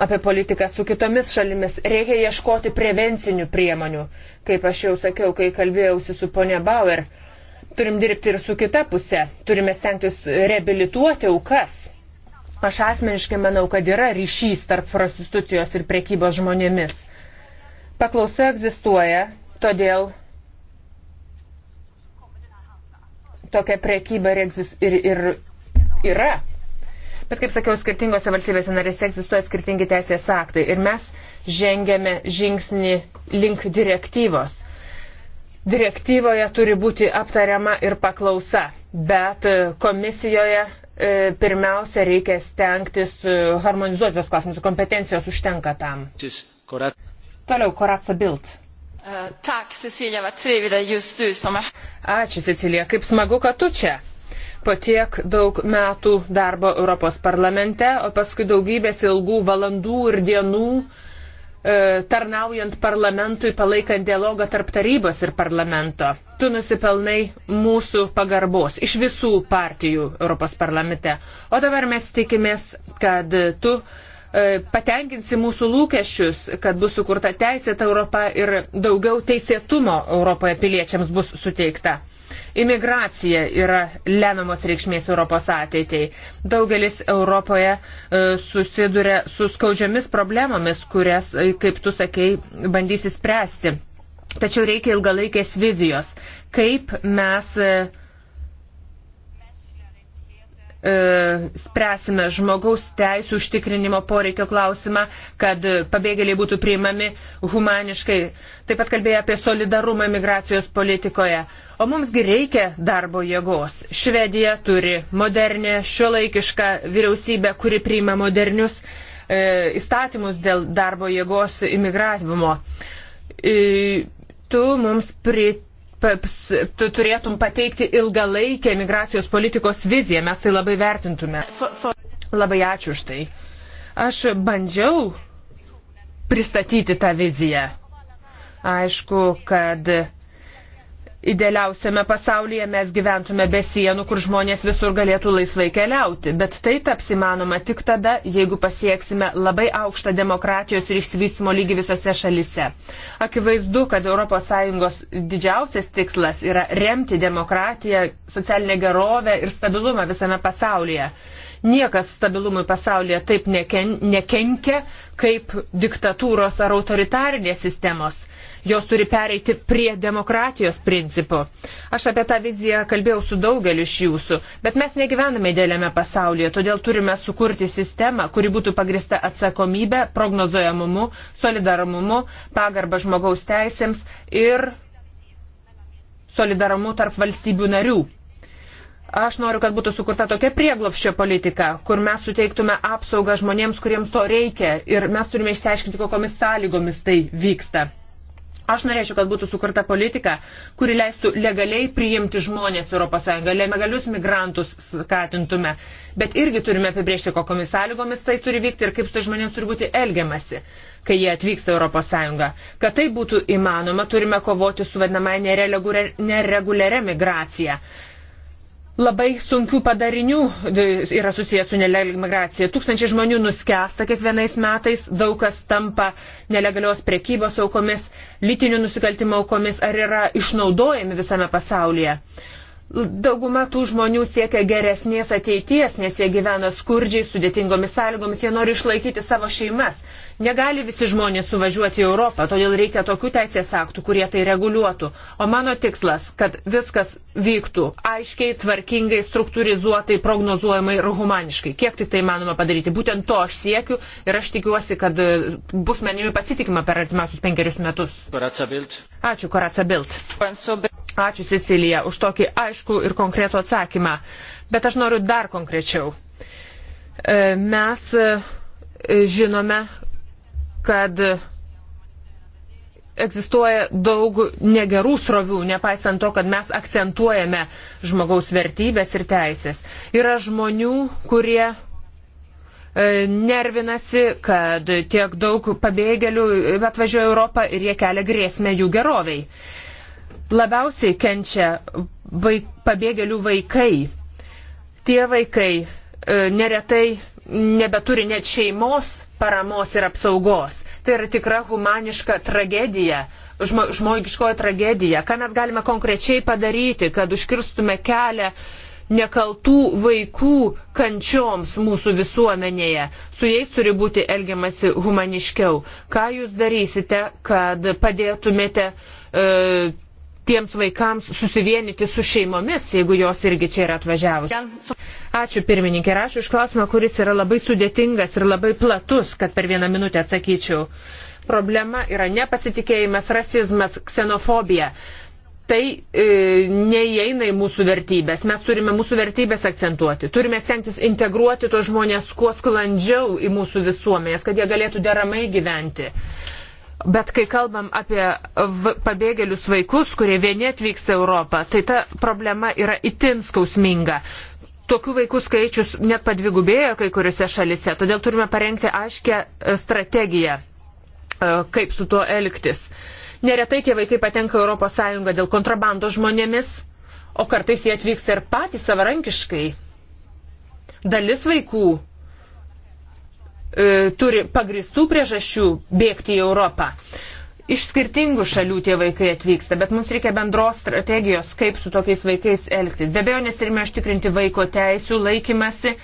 apie politiką su kitomis šalimis. Reikia ieškoti prevencinių priemonių. Kaip aš jau sakiau, kai kalbėjausi su ponia Bauer, turim dirbti ir su kita pusė. Turime stengtis reabilituoti aukas. Aš asmeniškai manau, kad yra ryšys tarp prostitucijos ir priekybos žmonėmis Paklausa egzistuoja, todėl tokia prekyba ir, ir, ir yra. Bet, kaip sakiau, skirtingose valstybėse narėse egzistuoja skirtingi teisės aktai ir mes žengėme žingsnį link direktyvos. Direktyvoje turi būti aptariama ir paklausa, bet e, komisijoje e, pirmiausia reikia stengtis e, harmonizuoti tos klausimus, kompetencijos užtenka tam. Toliau Koratsa Bild. Uh, tak, Cecilija, va trivida jūs tu įsome. Ačiū, Cecilija, kaip smagu, kad tu čia. Po tiek daug metų darbo Europos parlamente, o paskui daugybės ilgų valandų ir dienų e, tarnaujant parlamentui, palaikant dialogą tarp tarybos ir parlamento. Tu nusipelnai mūsų pagarbos iš visų partijų Europos parlamente. O dabar mes tikimės, kad tu E, patenkinsi mūsų lūkesčius, kad bus sukurta teisėta Europa ir daugiau teisėtumo Europoje piliečiams bus suteikta. Imigracija yra lemiamos reikšmės Europos ateitiai. Daugelis Europoje e, susiduria su skaudžiomis problemomis, kurias, e, kaip tu sakei, bandys įspręsti. Tačiau reikia ilgalaikės vizijos, kaip mes uh, E, spręsime žmogaus teisų užtikrinimo poreikio klausimą, kad pabėgėliai būtų priimami humaniškai. Taip pat kalbėjo apie solidarumą migracijos politikoje. O mumsgi reikia darbo jėgos. Švedija turi modernę, šiuolaikišką vyriausybę, kuri priima modernius e, įstatymus dėl darbo jėgos imigravimo. E, tu mums pritarė tu turėtum pateikti ilgalaikę migracijos politikos viziją, mes tai labai vertintume. Labai ačiū už tai. Aš bandžiau pristatyti tą viziją. Aišku, kad idealiausiame pasaulyje mes gyventume be sienų, kur žmonės visur galėtų laisvai keliauti. Bet tai taps įmanoma tik tada, jeigu pasieksime labai aukštą demokratijos ir išsivystimo lygį visose šalise. Akivaizdu, kad ES didžiausias tikslas yra remti demokratiją, socialinę gerovę ir stabilumą visame pasaulyje. Niekas stabilumui pasaulyje taip neken, nekenkia kaip diktatūros ar autoritarinės sistemos. Jos turi pereiti prie demokratijos principų. Aš apie tą viziją kalbėjau su daugeliu iš jūsų, bet mes negyvename dėlėme pasaulyje, todėl turime sukurti sistemą, kuri būtų pagrista atsakomybė, prognozuojamumu, solidarumumu, pagarba žmogaus teisėms ir solidarumu tarp valstybių narių. Aš noriu, kad būtų sukurta tokia prieglopščio politika, kur mes suteiktume apsaugą žmonėms, kuriems to reikia ir mes turime išsiaiškinti, kokiamis sąlygomis tai vyksta. Aš norėčiau, kad būtų sukurta politika, kuri leistų legaliai priimti žmonės ES, legalius migrantus skatintume, bet irgi turime apibriežti, kokiamis sąlygomis tai turi vykti ir kaip su žmonėms turi būti elgiamasi, kai jie atvyksta ES. Kad tai būtų įmanoma, turime kovoti su vadinamąją nereguliaria migracija labai sunkių padarinių e, yra susijęs su nelegalia migracija. Tūkstančiai žmonių nuskęsta kiekvienais metais, daug kas tampa nelegalios priekybos aukomis, lytinių nusikaltimo aukomis ar yra išnaudojami visame pasaulyje. Dauguma tų žmonių siekia geresnės ateities, nes jie gyvena skurdžiai, sudėtingomis sąlygomis, jie nori išlaikyti savo šeimas. Negali visi žmonės suvažiuoti į Europą, todėl reikia tokių teisės aktų, kurie tai reguliuotų. O mano tikslas, kad viskas vyktų aiškiai, tvarkingai, struktūrizuotai, prognozuojamai ir humaniškai. Kiek tik tai manoma padaryti. Būtent to aš siekiu ir aš tikiuosi, kad e, bus manimi pasitikima per artimiausius penkerius metus. Ačiū, Koraca Bilt. Ačiū, Cecilija, už tokį aišku ir konkretų atsakymą. Bet aš noriu dar konkrečiau. E, mes e, žinome, kad egzistuoja daug negerų srovių, nepaisant to, kad mes akcentuojame žmogaus vertybės ir teisės. Yra žmonių, kurie e, nervinasi, kad tiek daug pabėgėlių atvažiuoja Europą ir jie kelia grėsmę jų geroviai. Labiausiai kenčia vaik, pabėgėlių vaikai. Tie vaikai e, neretai nebeturi net šeimos paramos ir apsaugos. Tai yra tikra humaniška tragedija, žmo, žmogiškoji tragedija. Ką mes galime konkrečiai padaryti, kad užkirstume kelią nekaltų vaikų kančioms mūsų visuomenėje. Su jais turi būti elgiamasi humaniškiau. Ką jūs darysite, kad padėtumėte e, tiems vaikams susivienyti su šeimomis, jeigu jos irgi čia yra atvažiavusi. Ačiū pirmininkė ir ačiū iš klausimą, kuris yra labai sudėtingas ir labai platus, kad per vieną minutę atsakyčiau. Problema yra nepasitikėjimas, rasizmas, ksenofobija. Tai e, neįeina į mūsų vertybės. Mes turime mūsų vertybės akcentuoti. Turime stengtis integruoti tos žmonės kuo sklandžiau į mūsų visuomenės, kad jie galėtų deramai gyventi. Bet kai kalbam apie pabėgėlius vaikus, kurie vieni atvyksta Europą, tai ta problema yra itin skausminga. Tokių vaikų skaičius net padvigubėjo kai kuriuose šalise, todėl turime parengti aiškę e, strategiją, e, kaip su tuo elgtis. Neretai tie vaikai patenka ES dėl kontrabandos žmonėmis, o kartais jie atvyksta ir patys savarankiškai. Dalis vaikų E, turi pagristų priežasčių bėgti į Europą. Iš skirtingų šalių tie vaikai atvyksta, bet mums reikia bendros strategijos, kaip su tokiais vaikais elgtis. Be abejo, nes turime užtikrinti vaiko teisų laikymasi,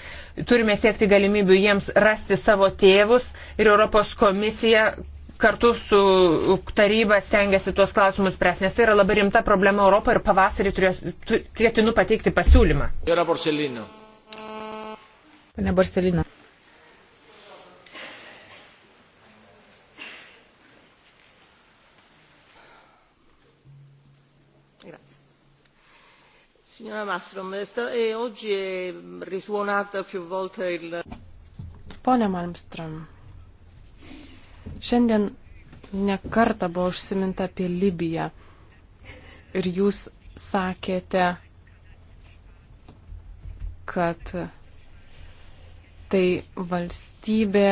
turime siekti galimybių jiems rasti savo tėvus ir Europos komisija kartu su taryba stengiasi tuos klausimus spręs, nes tai yra labai rimta problema Europoje ir pavasarį turės, ketinu pateikti pasiūlymą. Pane Borselino. Signora Malmström, e oggi è risuonata più volte il... Pone Malmström, šiandien nekarta buvo užsiminta apie Libiją ir jūs sakėte, kad tai valstybė,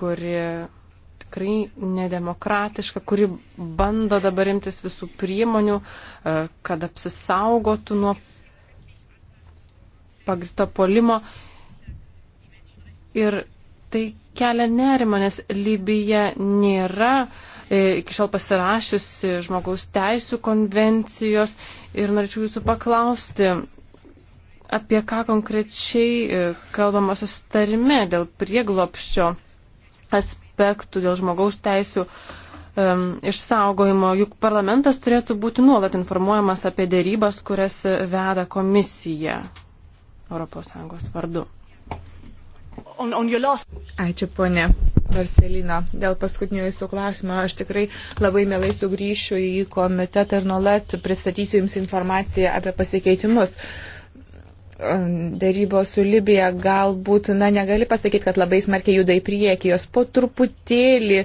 kuri tikrai nedemokratiška, kuri bando dabar imtis visų priemonių, e, kad apsisaugotų nuo pagristo polimo. Ir tai kelia nerima, nes Libija nėra e, iki šiol pasirašiusi žmogaus teisų konvencijos ir norėčiau jūsų paklausti, apie ką konkrečiai e, kalbama sustarime dėl prieglopščio aspektų, dėl žmogaus teisų um, išsaugojimo, juk parlamentas turėtų būti nuolat informuojamas apie dėrybas, kurias veda komisija. ES vardu. On, on last... Ačiū, ponė Marcelina. Dėl paskutinio jūsų klausimo aš tikrai labai mielai sugrįšiu į komitetą ir nuolat pristatysiu jums informaciją apie pasikeitimus. Uh, darybos su Libija galbūt, na, negali pasakyti, kad labai smarkiai juda į priekį, jos po truputėlį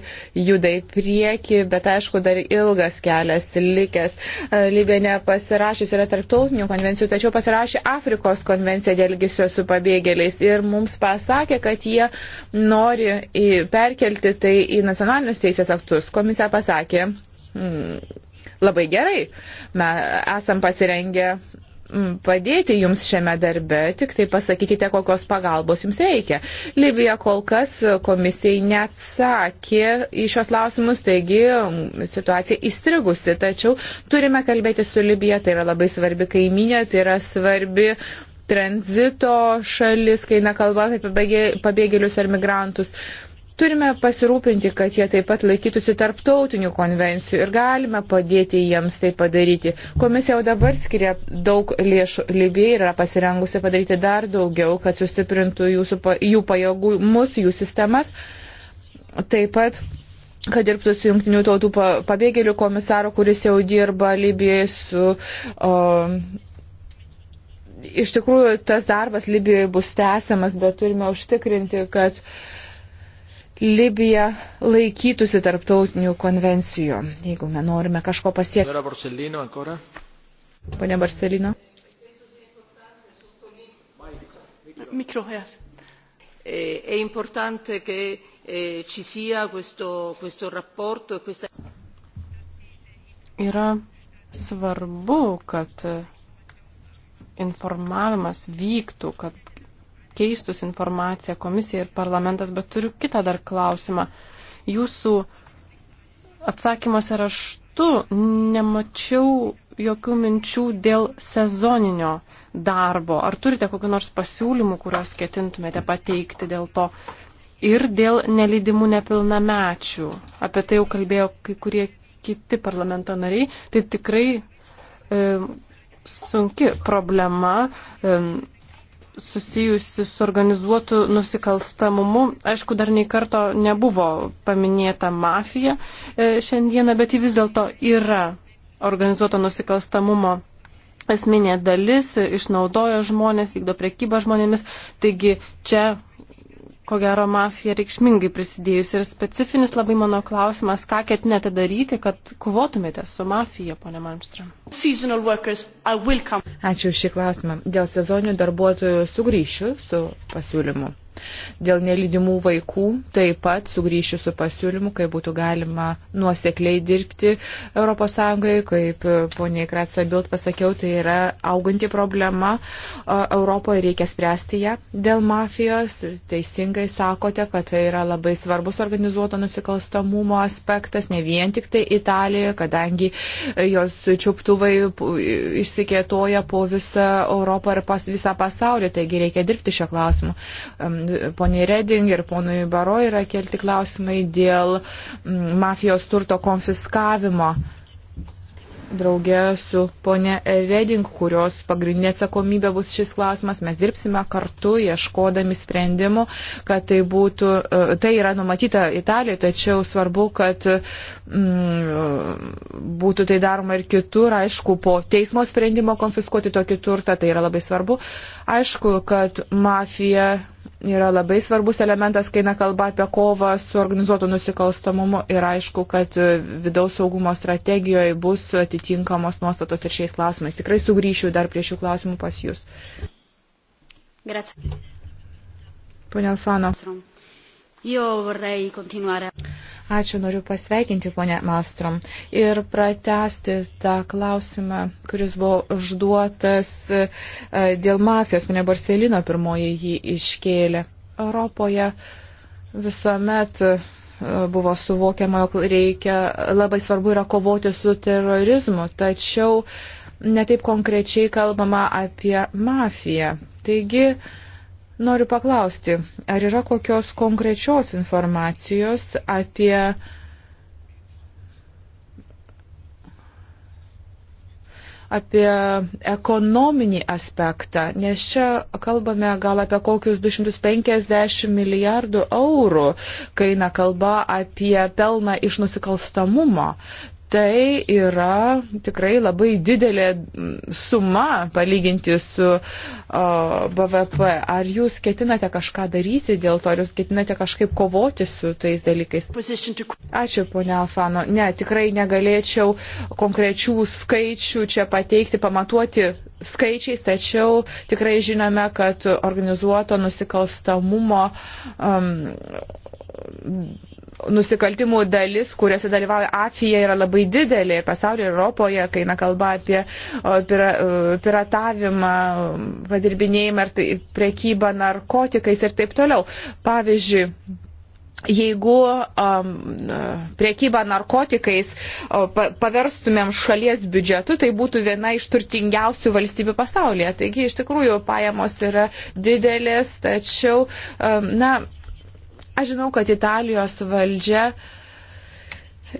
juda į priekį, bet aišku, dar ilgas kelias likęs. E, Libija nepasirašys yra tarptautinių konvencijų, tačiau pasirašė Afrikos konvenciją dėl gisio su pabėgėliais ir mums pasakė, kad jie nori perkelti tai į nacionalinius teisės aktus. Komisija pasakė. Hmm, labai gerai. Mes esam pasirengę padėti jums šiame darbe, tik tai pasakykite, kokios pagalbos jums reikia. Libija kol kas komisijai neatsakė į šios klausimus, taigi situacija įstrigusi, tačiau turime kalbėti su Libija, tai yra labai svarbi kaiminė, tai yra svarbi tranzito šalis, kai nekalba apie pabėgėlius ar migrantus. Uh, Turime pasirūpinti, kad jie taip pat laikytųsi tarptautinių konvencijų ir galime padėti jiems tai padaryti. Komisija jau dabar skiria daug lėšų Libijai ir yra pasirengusi padaryti dar daugiau, kad sustiprintų jūsų, jų pajėgumus, jų sistemas. Taip pat kad dirbtų su jungtinių tautų pabėgėlių komisaru, kuris jau dirba Libijai su. O, iš tikrųjų, tas darbas Libijoje bus tęsiamas, bet turime užtikrinti, kad uh, Libija laikytųsi tarptautinių konvencijų, jeigu mes norime kažko pasiekti. Pone Barcelino. Eh. Eh, è importante che eh, ci sia questo, questo rapporto e questa. Yra svarbu, kad eh, informavimas vyktų, kad keistus informaciją komisija ir parlamentas, bet turiu kitą dar klausimą. Jūsų atsakymuose raštu nemačiau jokių minčių dėl sezoninio darbo. Ar turite kokiu nors pasiūlymų, kuriuos ketintumėte pateikti dėl to? Ir dėl nelydimų nepilnamečių. Apie tai jau kalbėjo kai kurie kiti parlamento nariai. Tai tikrai e, sunki problema. E, susijusi su organizuotu nusikalstamumu. Aišku, dar nei karto nebuvo paminėta mafija e, šiandieną, bet ji vis dėlto yra organizuoto nusikalstamumo esminė dalis, išnaudoja žmonės, vykdo prekybą žmonėmis. Taigi čia ko gero mafija reikšmingai prisidėjus. Ir specifinis labai mano klausimas, ką ketinate daryti, kad kovotumėte su mafija, ponė Malmström? Ačiū šį klausimą. Dėl sezoninių darbuotojų sugrįšiu su pasiūlymu. Dėl nelydimų vaikų taip pat sugrįšiu su pasiūlymu, kaip būtų galima nuosekliai dirbti ES, kaip e, ponė Kratsa Bild pasakiau, tai yra auganti problema e, Europoje, reikia spręsti ją dėl mafijos. Teisingai sakote, kad tai yra labai svarbus organizuoto nusikalstamumo aspektas, ne vien tik tai Italijoje, kadangi e, jos čiuptuvai išsikėtoja po visą Europą ir pas visą pasaulį, taigi reikia dirbti šio klausimu poniai Reding ir ponui Baro yra kelti klausimai dėl mm, mafijos turto konfiskavimo. Draugė su ponė Reding, kurios pagrindinė atsakomybė bus šis klausimas, mes dirbsime kartu, ieškodami sprendimų, kad tai būtų, e, tai yra numatyta Italijoje, tačiau svarbu, kad mm, būtų tai daroma ir kitur, aišku, po teismo sprendimo konfiskuoti tokį turtą, tai yra labai svarbu. Aišku, kad mafija yra labai svarbus elementas, kai nekalba apie kovą su organizuotu nusikalstamumu ir aišku, kad e, vidaus saugumo strategijoje bus atitinkamos nuostatos ir šiais klausimais. Tikrai sugrįšiu dar prie šių klausimų pas Jūs. Grazie. Pone Alfano. Io vorrei continuare. Ačiū, noriu pasveikinti ponę Malstrom ir pratesti tą klausimą, kuris buvo užduotas e, dėl mafijos, ponė Barcelino pirmoji jį iškėlė. Europoje visuomet e, buvo suvokiama, jog reikia, labai svarbu yra kovoti su terorizmu, tačiau netaip konkrečiai kalbama apie mafiją. Taigi, uh, Noriu paklausti, ar yra kokios konkrečios informacijos apie apie ekonominį aspektą, nes čia kalbame gal apie kokius 250 milijardų eurų, kai eina kalba apie pelną iš nusikalstamumo tai yra tikrai labai didelė suma palyginti su o, BVP. Ar jūs ketinate kažką daryti dėl to, ar jūs ketinate kažkaip kovoti su tais dalykais? Ačiū, ponia Alfano. Ne, tikrai negalėčiau konkrečių skaičių čia pateikti, pamatuoti skaičiais, tačiau tikrai žinome, kad organizuoto nusikalstamumo um, nusikaltimų dalis, kuriuose dalyvauja Afija, yra labai didelė ir pasaulyje, ir Europoje, kai eina kalba apie pira, piratavimą, padirbinėjimą ir tai, prekybą narkotikais ir taip toliau. Pavyzdžiui, jeigu um, priekybą narkotikais pa, paverstumėm šalies biudžetu, tai būtų viena iš turtingiausių valstybių pasaulyje. Taigi iš tikrųjų pajamos yra didelės, tačiau um, na, Aš žinau, kad Italijos valdžia uh,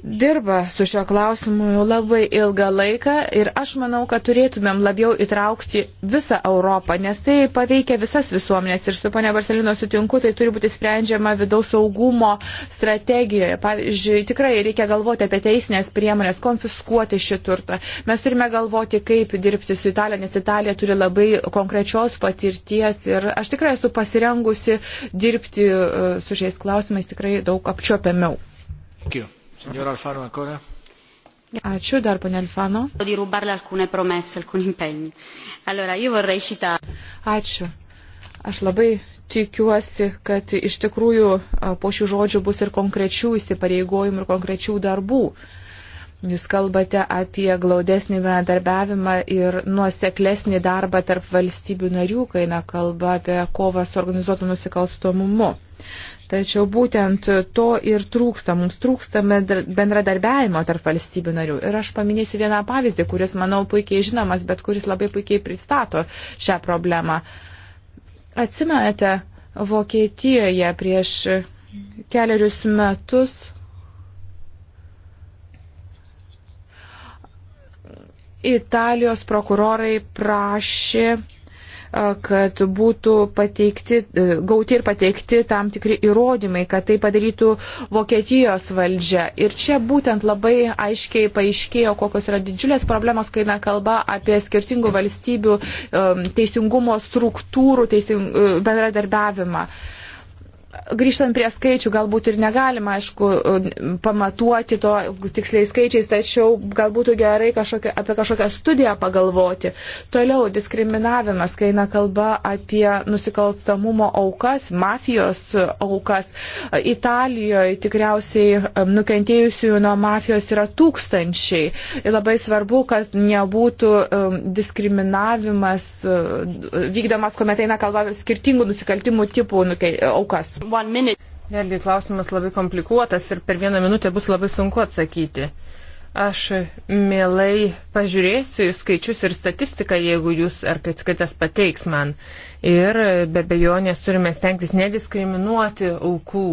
dirba su šio klausimu jau labai ilgą laiką ir aš manau, kad turėtumėm labiau įtraukti visą Europą, nes tai paveikia visas visuomenės ir su ponia Barcelino sutinku, tai turi būti sprendžiama vidaus saugumo strategijoje. Pavyzdžiui, tikrai reikia galvoti apie teisinės priemonės, konfiskuoti šį turtą. Mes turime galvoti, kaip dirbti su Italija, nes Italija turi labai konkrečios patirties ir aš tikrai esu pasirengusi dirbti e, su šiais klausimais tikrai daug apčiopiamiau. Thank you. Signora Alfano ancora. Ačiū dar, ponė Alfano. Di rubarle alcune promesse, alcuni impegni. Allora, io vorrei citare. Ačiū. Aš labai tikiuosi, kad iš tikrųjų po šių žodžių bus ir konkrečių įsipareigojimų ir konkrečių darbų. Jūs kalbate apie glaudesnį bendarbiavimą ir nuoseklesnį darbą tarp valstybių narių, kai eina kalba apie kovą su organizuotu nusikalstomumu. Tačiau būtent to ir trūksta. Mums trūksta bendradarbiavimo tarp valstybių narių. Ir aš paminėsiu vieną pavyzdį, kuris, manau, puikiai žinomas, bet kuris labai puikiai pristato šią problemą. Atsimenate, Vokietijoje prieš keliarius metus Italijos prokurorai prašė kad būtų pateikti, e, gauti ir pateikti tam tikri įrodymai, kad tai padarytų Vokietijos valdžia. Ir čia būtent labai aiškiai paaiškėjo, kokios yra didžiulės problemos, kai na kalba apie skirtingų valstybių e, teisingumo struktūrų teising, e, bendradarbiavimą. Uh, Grįžtant prie skaičių, galbūt ir negalima, aišku, pamatuoti to tiksliai skaičiais, tačiau galbūt gerai kažkokia, apie kažkokią studiją pagalvoti. Toliau diskriminavimas, kai eina kalba apie nusikalstamumo aukas, mafijos aukas. Italijoje tikriausiai nukentėjusiųjų nuo mafijos yra tūkstančiai. Ir labai svarbu, kad nebūtų diskriminavimas vykdomas, kuomet eina kalba skirtingų nusikaltimų tipų aukas. Vėlgi klausimas labai komplikuotas ir per vieną minutę bus labai sunku atsakyti. Aš mielai pažiūrėsiu į skaičius ir statistiką, jeigu jūs ar kad skaitas pateiks man. Ir be bejonės turime stengtis nediskriminuoti aukų.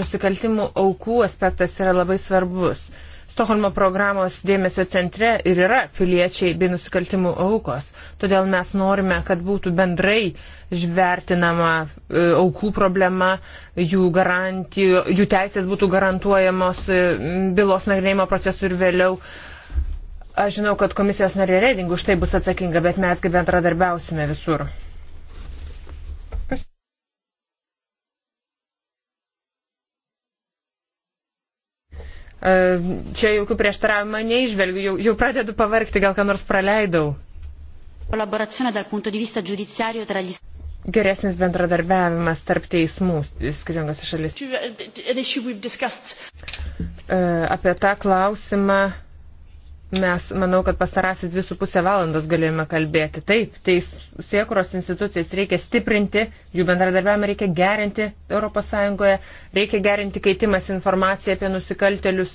Nusikaltimų aukų aspektas yra labai svarbus. Stoholmo programos dėmesio centre ir yra piliečiai bei nusikaltimų aukos. Todėl mes norime, kad būtų bendrai žvertinama e, aukų problema, jų, garantijų, jų teisės būtų garantuojamos e, bylos nagrinėjimo procesų ir vėliau. Aš žinau, kad komisijos narė Reding už tai bus atsakinga, bet mesgi bendradarbiausime visur. E, čia jokių prieštaravimą neižvelgiu, jau, jau pradedu pavarkti, gal ką nors praleidau. Geresnis bendradarbiavimas tarp teismų skirtingose šalis. Uh, e, apie tą klausimą Mes, manau, kad pasarasis dvi su pusę valandos galėjome kalbėti. Taip, teis siekros institucijas reikia stiprinti, jų bendradarbiavimą reikia gerinti ES, reikia gerinti keitimas informaciją apie nusikaltelius.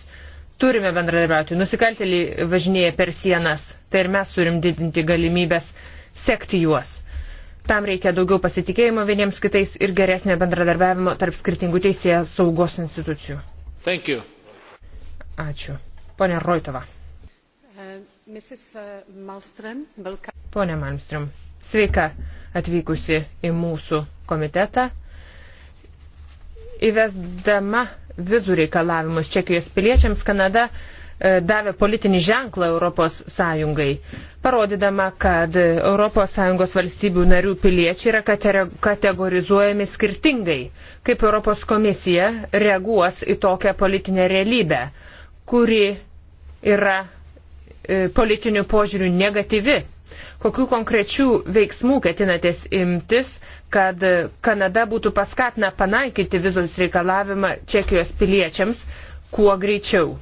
Turime bendradarbiauti. Nusikalteliai važinėja per sienas, tai ir mes turim didinti galimybės sekti juos. Tam reikia daugiau pasitikėjimo vieniems kitais ir geresnio bendradarbiavimo tarp skirtingų teisėjų saugos institucijų. Ačiū. Pone Roitova. Uh, Pone Malmström, sveika atvykusi į mūsų komitetą. Įvesdama vizų reikalavimus Čekijos piliečiams, Kanada e, davė politinį ženklą Europos Sąjungai, parodydama, kad Europos Sąjungos valstybių narių piliečiai yra kategorizuojami skirtingai, kaip Europos komisija reaguos į tokią politinę realybę, kuri yra E, politiniu požiūriu negatyvi. Kokių konkrečių veiksmų ketinatės imtis, kad Kanada būtų paskatina panaikinti vizos reikalavimą Čekijos piliečiams kuo greičiau?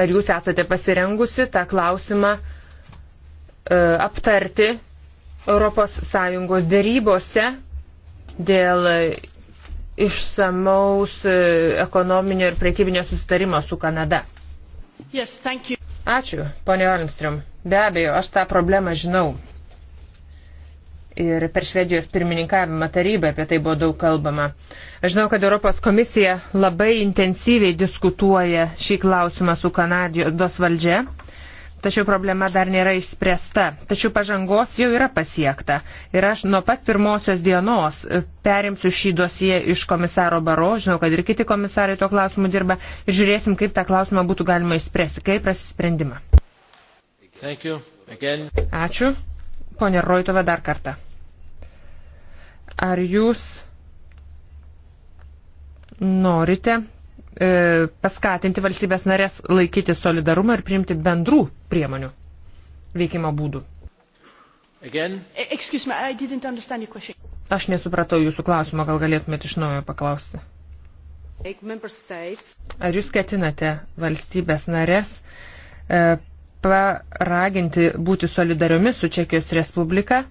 Ar jūs esate pasirengusi tą klausimą e, aptarti ES dėrybose dėl išsamaus e, ekonominio ir prekybinio susitarimo su Kanada? Yes, Ačiū, ponė Olimstrom. Be abejo, aš tą problemą žinau. Ir per Švedijos pirmininkavimą tarybą apie tai buvo daug kalbama. Aš žinau, kad Europos komisija labai intensyviai diskutuoja šį klausimą su Kanados valdžia. Tačiau problema dar nėra išspręsta. Tačiau pažangos jau yra pasiekta. Ir aš nuo pat pirmosios dienos e, perimsiu šį dosiją iš komisaro Baro, žinau, kad ir kiti komisarai tuo klausimu dirba, ir žiūrėsim, kaip tą klausimą būtų galima išspręsti, kaip rasti sprendimą. Ačiū. Pone Roitova dar kartą. Ar jūs norite E, paskatinti valstybės narės laikyti solidarumą ir priimti bendrų priemonių veikimo būdų. E, Aš nesupratau jūsų klausimo, gal galėtumėte iš naujo paklausti. Ar jūs ketinate valstybės narės e, paraginti būti solidariomis su Čekijos Respublika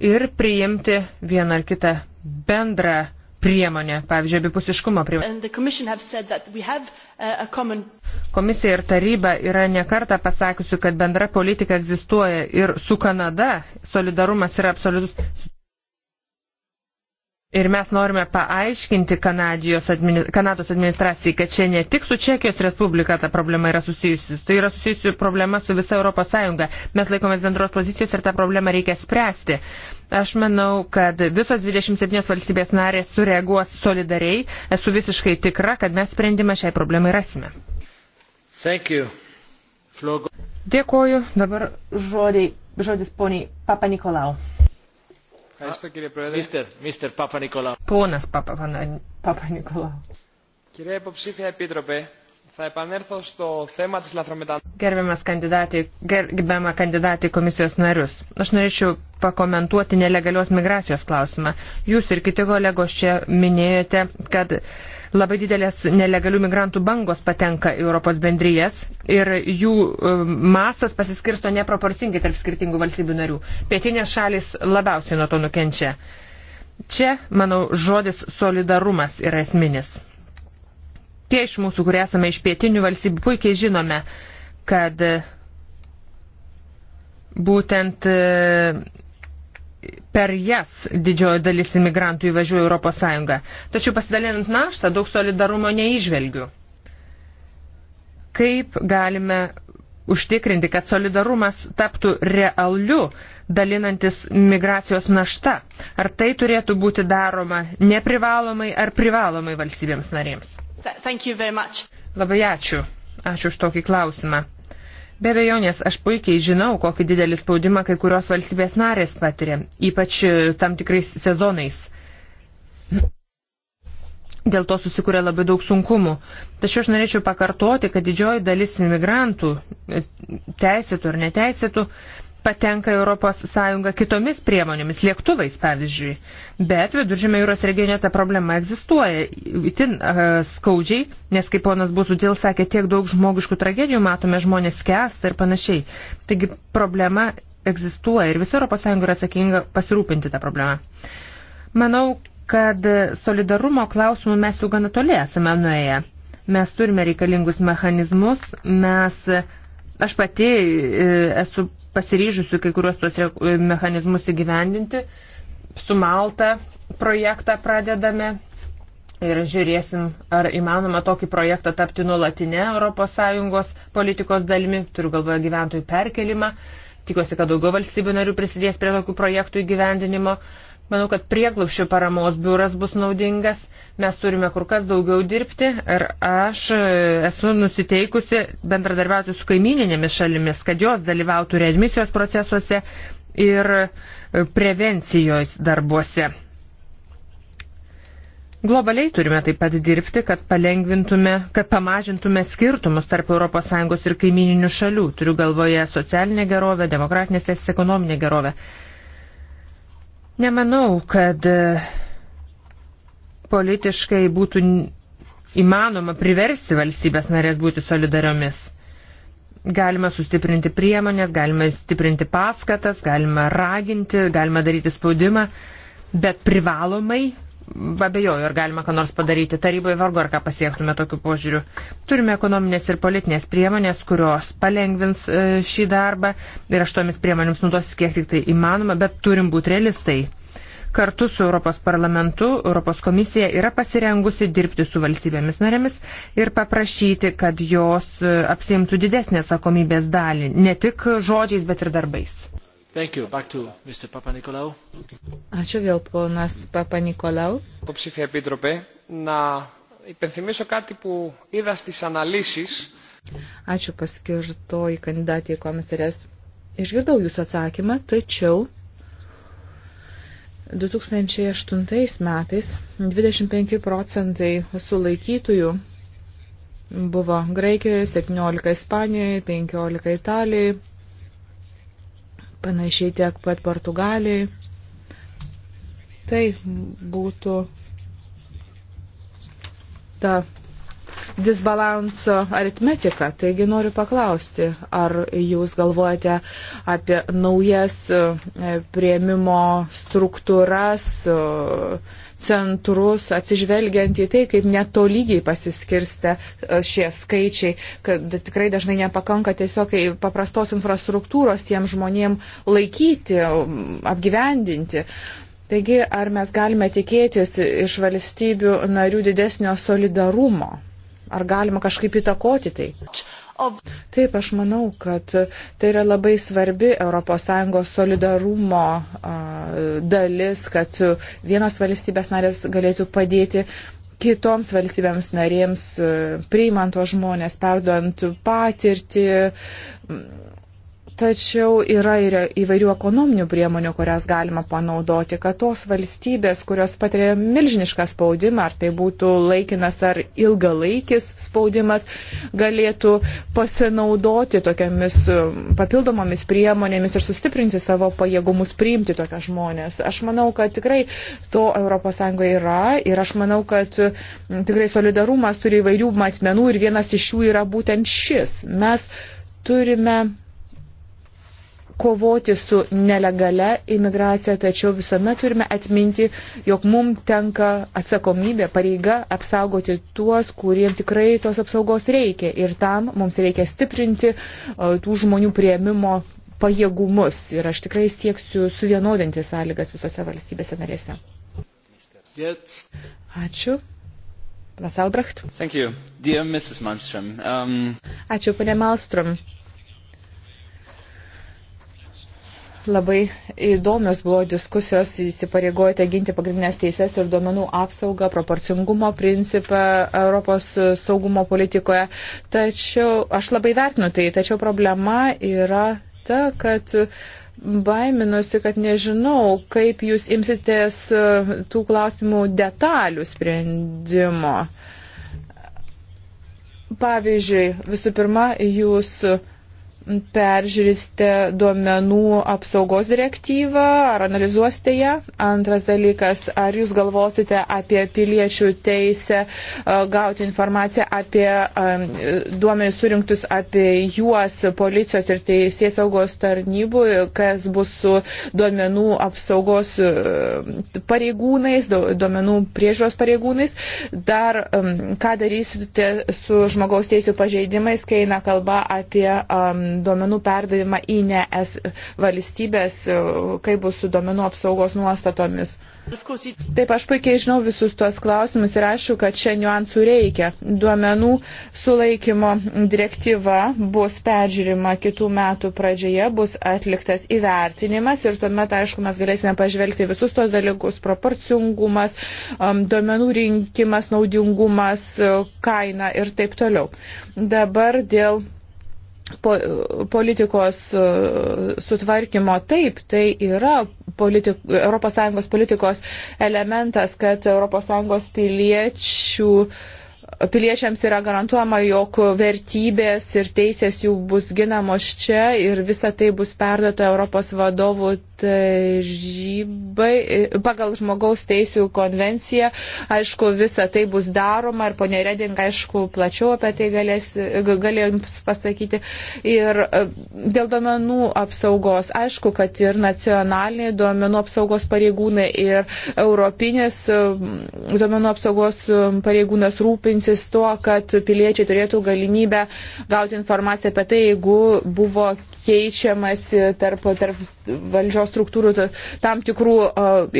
ir priimti vieną ar kitą bendrą priemonė, pavyzdžiui, abipusiškumo priemonė. Uh, Komisija ir taryba yra nekarta pasakiusi, kad bendra politika egzistuoja ir su Kanada solidarumas yra absoliutus. Ir mes norime paaiškinti administ... Kanados administracijai, kad čia ne tik su Čekijos Respublika ta problema yra susijusi, tai yra susijusi problema su visa Europos Sąjunga. Mes laikomės bendros pozicijos ir tą problemą reikia spręsti. Aš manau, kad visos 27 valstybės narės sureaguos solidariai. Esu visiškai tikra, kad mes sprendimą šiai problemai rasime. Dėkoju. Dabar žodį, žodis poniai Papa Nikolau. Ευχαριστώ κύριε Πρόεδρε. Μίστερ, Μίστερ Πάπα Νικολάου. Πόνας Πάπα, Πάπα Νικολάου. Κυρία Υποψήφια Επίτροπε, θα επανέλθω στο θέμα της λαθρομετανάστευσης. Gerbiamas kandidatai, gerbiama kandidatai komisijos narius, aš norėčiau pakomentuoti nelegalios migracijos klausimą. Jūs ir kiti kolegos čia minėjote, kad uh, Labai didelės nelegalių migrantų bangos patenka į Europos bendryjas ir jų e, masas pasiskirsto neproporcingai tarp skirtingų valstybių narių. Pietinės šalis labiausiai nuo to nukenčia. Čia, manau, žodis solidarumas yra esminis. Tie iš mūsų, kurie esame iš pietinių valstybių, puikiai žinome, kad būtent e, per jas didžioji dalis imigrantų įvažiuoja Europos Sąjungą. Tačiau pasidalinant naštą daug solidarumo neižvelgiu. Kaip galime užtikrinti, kad solidarumas taptų realiu, dalinantis migracijos našta? Ar tai turėtų būti daroma neprivalomai ar privalomai valstybėms narėms? Labai ačiū. Ačiū už tokį klausimą. Be bejonės, aš puikiai žinau, kokį didelį spaudimą kai kurios valstybės narės patiria, ypač e, tam tikrais sezonais. Dėl to susikuria labai daug sunkumų. Tačiau aš norėčiau pakartoti, kad didžioji dalis imigrantų, e, teisėtų ar neteisėtų, patenka ES kitomis priemonėmis, lėktuvais pavyzdžiui. Bet viduržėmio jūros regione ta problema egzistuoja itin uh, skaudžiai, nes kaip ponas Busutil sakė, tiek daug žmogiškų tragedijų matome, žmonės skęsta ir panašiai. Taigi problema egzistuoja ir visa ES yra atsakinga pasirūpinti tą problemą. Manau, kad solidarumo klausimų mes jau gana toli esame nuėję. Mes turime reikalingus mechanizmus, mes, aš pati e, esu pasiryžusių kai kuriuos tuos e, mechanizmus įgyvendinti. Su Malta projektą pradedame ir žiūrėsim, ar įmanoma tokį projektą tapti nuolatinę ES politikos dalimi, turiu galvoje gyventojų perkelimą. Tikiuosi, kad daugiau valstybių narių prisidės prie tokių projektų įgyvendinimo. Manau, kad prieglupščių paramos biuras bus naudingas. Mes turime kur kas daugiau dirbti ir aš e, esu nusiteikusi bendradarbiauti su kaimininėmis šalimis, kad jos dalyvautų readmisijos procesuose ir e, prevencijos darbuose. Globaliai turime taip pat dirbti, kad palengvintume, kad pamažintume skirtumus tarp ES ir kaimininių šalių. Turiu galvoje socialinę gerovę, demokratinės teisės ekonominę gerovę. Nemanau, kad e, politiškai būtų įmanoma priversti valstybės narės būti solidariomis. Galima sustiprinti priemonės, galima stiprinti paskatas, galima raginti, galima daryti spaudimą, bet privalomai, abejoju, ar galima ką nors padaryti. Taryboje vargu ar ką pasiektume tokiu požiūriu. Turime ekonominės ir politinės priemonės, kurios palengvins e, šį darbą ir aš tomis priemonėms naudosis kiek tik tai įmanoma, bet turim būti realistai kartu su Europos parlamentu, Europos komisija yra pasirengusi dirbti su valstybėmis narėmis ir paprašyti, kad jos e, apsimtų didesnį atsakomybės dalį, ne tik žodžiais, bet ir darbais. Ačiū vėl ponas Papa Nikolau. Υποψήφια επίτροπε, να υπενθυμίσω κάτι που είδα στις αναλύσεις. Ačiū paskirtoji kandidatė į komisarės. Išgirdau jūsų atsakymą, tačiau 2008 metais 25 procentai sulaikytųjų buvo Graikijoje, 17 Ispanijoje, 15 Italijoje, panašiai tiek pat Portugalijoje. Tai būtų ta disbalanso aritmetiką. Taigi noriu paklausti, ar jūs galvojate apie naujas e, prieimimo struktūras, e, centrus, atsižvelgiant į tai, kaip netolygiai pasiskirsta e, šie skaičiai, kad tikrai dažnai nepakanka tiesiog paprastos infrastruktūros tiem žmonėm laikyti, apgyvendinti. Taigi, ar mes galime tikėtis iš valstybių narių didesnio solidarumo? Ar galima kažkaip įtakoti tai? Taip, aš manau, kad tai yra labai svarbi ES solidarumo dalis, kad vienos valstybės narės galėtų padėti kitoms valstybėms narėms, priimant tos žmonės, perduodant patirtį, Tačiau yra ir įvairių ekonominių priemonių, kurias galima panaudoti, kad tos valstybės, kurios patiria milžinišką spaudimą, ar tai būtų laikinas ar ilgalaikis spaudimas, galėtų pasinaudoti tokiamis um, papildomomis priemonėmis ir sustiprinti savo pajėgumus priimti tokias žmonės. Aš manau, kad tikrai to ES yra ir aš manau, kad um, tikrai solidarumas turi įvairių matmenų ir vienas iš jų yra būtent šis. Mes turime kovoti su nelegale imigracija, tačiau visuomet turime atminti, jog mums tenka atsakomybė, pareiga apsaugoti tuos, kuriems tikrai tos apsaugos reikia. Ir tam mums reikia stiprinti tų žmonių prieimimo pajėgumus. Ir aš tikrai sieksiu suvienodinti sąlygas visose valstybėse narėse. Ačiū. Vasalbracht. Um... Ačiū, ponė Malstrom. Labai įdomios buvo diskusijos, įsipareigojote ginti pagrindinės teises ir duomenų apsaugą, proporcingumo principą Europos saugumo politikoje. Tačiau aš labai vertinu tai, tačiau problema yra ta, kad baiminuosi, kad nežinau, kaip jūs imsitės e, tų klausimų detalių sprendimo. Pavyzdžiui, visų pirma, jūs peržiūrėsite duomenų apsaugos direktyvą, ar analizuosite ją? Antras dalykas, ar jūs galvosite apie piliečių teisę e, gauti informaciją apie e, duomenys surinktus apie juos policijos ir teisės saugos tarnybų, kas bus su duomenų apsaugos e, pareigūnais, duomenų priežos pareigūnais, dar ką darysite su žmogaus teisų pažeidimais, kai eina kalba apie um, duomenų perdavimą į ne es valstybės, kaip bus su duomenų apsaugos nuostatomis. Taip, aš puikiai žinau visus tuos klausimus ir aišku, kad čia niuansų reikia. Duomenų sulaikymo direktyva bus peržiūrima kitų metų pradžioje, bus atliktas įvertinimas ir tuomet, aišku, mes galėsime pažvelgti visus tuos dalykus - proporcingumas, um, duomenų rinkimas, naudingumas, kaina ir taip toliau. Dabar dėl po, politikos e, sutvarkymo. Taip, tai yra politik, ES politikos elementas, kad ES piliečių piliečiams yra garantuojama, jog vertybės ir teisės jų bus ginamos čia ir visa tai bus perdata Europos vadovų taržybai, pagal žmogaus teisų konvenciją, aišku, visa tai bus daroma ir ponė Reding, aišku, plačiau apie tai galės, galėjo jums pasakyti. Ir e, dėl duomenų apsaugos, aišku, kad ir nacionaliniai duomenų apsaugos pareigūnai ir europinis e, duomenų apsaugos pareigūnas rūpinsis tuo, kad piliečiai turėtų galimybę gauti informaciją apie tai, jeigu buvo keičiamasi tarp, tarp valdžios struktūrų tam tikrų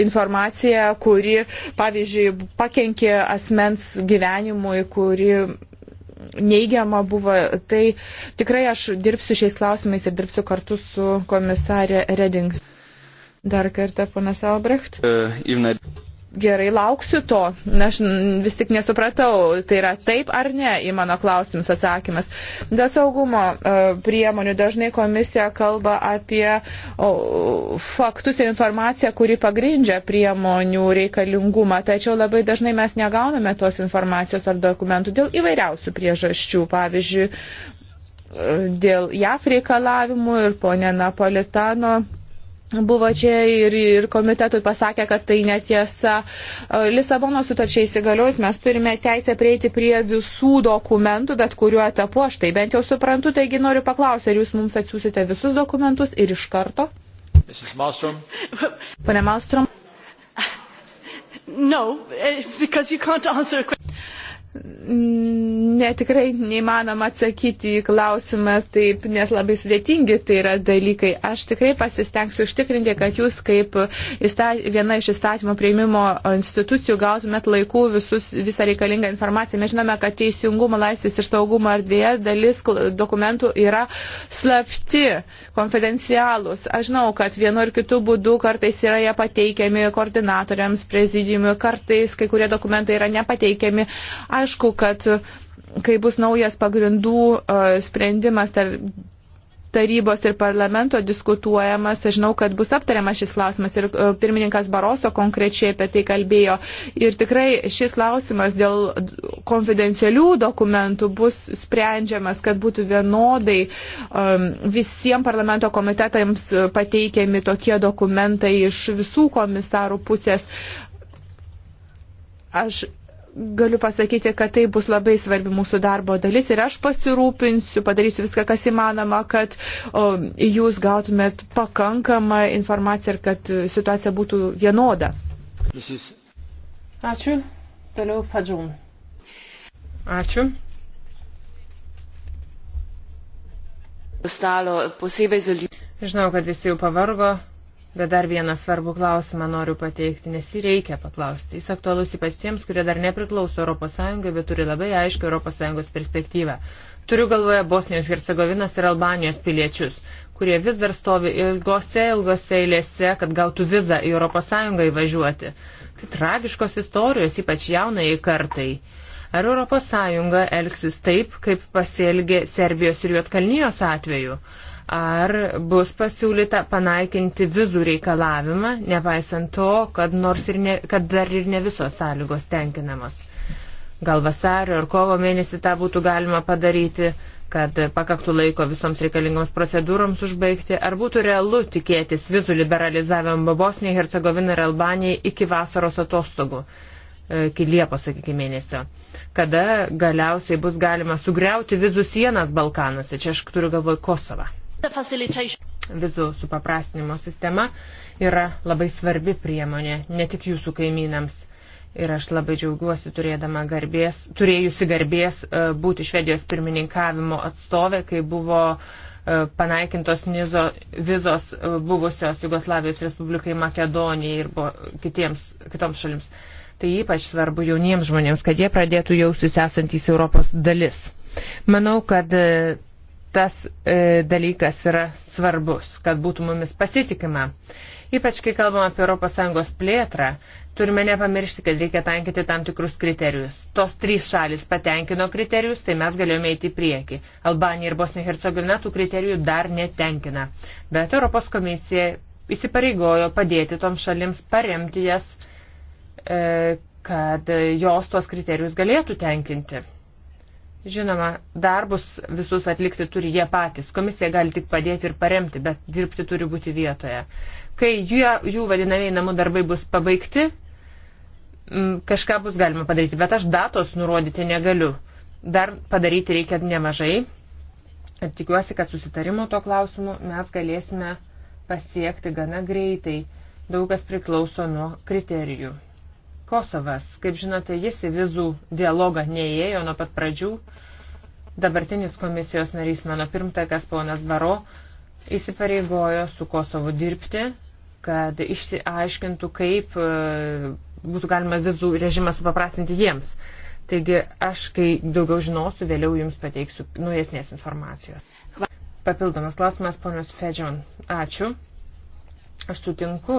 informaciją, kuri, pavyzdžiui, pakenkė asmens gyvenimui, kuri neigiama buvo. Tai tikrai aš dirbsiu šiais klausimais ir dirbsiu kartu su komisarė Reding. Dar kartą, ponas Albrecht. Uh, Gerai, lauksiu to. Aš vis tik nesupratau, tai yra taip ar ne į mano klausimus atsakymas. Dėl saugumo e, priemonių dažnai komisija kalba apie faktus ir informaciją, kuri pagrindžia priemonių reikalingumą, tačiau labai dažnai mes negauname tos informacijos ar dokumentų dėl įvairiausių priežasčių. Pavyzdžiui, e, dėl JAF reikalavimų ir ponė Napolitano buvo čia ir, ir komitetui pasakė, kad tai netiesa. E, Lisabono sutarčiai įsigaliojus mes turime teisę prieiti prie visų dokumentų, bet kuriuo etapu aš tai bent jau suprantu, taigi noriu paklausti, ar jūs mums atsiūsite visus dokumentus ir iš karto? Malmström. Pane Malstrom. No, eh, because you can't answer a question. Netikrai neįmanoma atsakyti į klausimą taip, nes labai sudėtingi tai yra dalykai. Aš tikrai pasistengsiu užtikrinti, kad jūs kaip viena iš įstatymo prieimimo institucijų gautumėt laikų visus, visą reikalingą informaciją. Mes žinome, kad teisingumo laisvės ir saugumo erdvėje dalis dokumentų yra slapti, konfidencialūs. Aš žinau, kad vienu ar kitu būdu kartais yra jie pateikiami koordinatoriams, prezidijumi, kartais kai kurie dokumentai yra nepateikiami. Aš aišku, kad kai bus naujas pagrindų e, sprendimas tarp tarybos ir parlamento diskutuojamas. Aš žinau, kad bus aptariamas šis klausimas ir e, pirmininkas Baroso konkrečiai apie tai kalbėjo. Ir tikrai šis klausimas dėl konfidencialių dokumentų bus sprendžiamas, kad būtų vienodai um, e, visiems parlamento komitetams pateikiami tokie dokumentai iš visų komisarų pusės. Aš galiu pasakyti, kad tai bus labai svarbi mūsų darbo dalis ir aš pasirūpinsiu, padarysiu viską, kas įmanoma, kad o, jūs gautumėt pakankamą informaciją ir kad situacija būtų vienoda. Ačiū. Toliau Fadžun. Ačiū. Žinau, kad visi jau pavargo Bet dar vieną svarbų klausimą noriu pateikti, nes jį reikia paklausti. Jis aktualus ypač tiems, kurie dar nepriklauso ES, bet turi labai aiškę ES perspektyvą. Turiu galvoje Bosnijos, Hercegovinas ir Albanijos piliečius, kurie vis dar stovi ilgose, ilgose eilėse, kad gautų vizą į ES įvažiuoti. Tai tragiškos istorijos, ypač jaunai kartai. Ar ES elgsis taip, kaip pasielgė Serbijos ir Juotkalnijos atveju? ar bus pasiūlyta panaikinti vizų reikalavimą, nepaisant to, kad, ne, kad dar ir ne visos sąlygos tenkinamos. Gal vasario ar kovo mėnesį tą būtų galima padaryti, kad pakaktų laiko visoms reikalingoms procedūroms užbaigti, ar būtų realu tikėtis vizų liberalizavimo Bosnijai, Hercegovinai ir Albanijai iki vasaros atostogų, e, iki Liepos, sakykime, mėnesio, kada galiausiai bus galima sugriauti vizų sienas Balkanuose, čia aš turiu galvoj Kosovą. Vizų supaprastinimo sistema yra labai svarbi priemonė, ne tik jūsų kaimynams. Ir aš labai džiaugiuosi turėdama garbės, turėjusi garbės e, būti Švedijos pirmininkavimo atstovė, kai buvo e, panaikintos nizo, vizos e, buvusios Jugoslavijos Respublikai Makedonijai ir kitiems, kitoms šalims. Tai ypač svarbu jauniems žmonėms, kad jie pradėtų jaustis esantys Europos dalis. Manau, kad tas e, dalykas yra svarbus, kad būtų mumis pasitikima. Ypač kai kalbam apie ES plėtrą, turime nepamiršti, kad reikia tankyti tam tikrus kriterijus. Tos trys šalis patenkino kriterijus, tai mes galėjome eiti į priekį. Albanija ir Bosnija Hercegovina tų kriterijų dar netenkina. Bet Europos komisija įsipareigojo padėti toms šalims, paremti jas, e, kad jos tuos kriterijus galėtų tenkinti. Žinoma, darbus visus atlikti turi jie patys. Komisija gali tik padėti ir paremti, bet dirbti turi būti vietoje. Kai jų, jų vadinamiai namų darbai bus pabaigti, kažką bus galima padaryti, bet aš datos nurodyti negaliu. Dar padaryti reikia nemažai. Ir tikiuosi, kad susitarimo to klausimu mes galėsime pasiekti gana greitai. Daug kas priklauso nuo kriterijų. Kosovas, kaip žinote, jis į vizų dialogą neįėjo nuo pat pradžių. Dabartinis komisijos narys mano pirmtakas ponas Baro įsipareigojo su Kosovu dirbti, kad išsiaiškintų, kaip e, būtų galima vizų režimą supaprastinti jiems. Taigi aš, kai daugiau žinosiu, vėliau jums pateiksiu nuėsnės informacijos. Papildomas klausimas, ponios Fedžion. Ačiū. Aš sutinku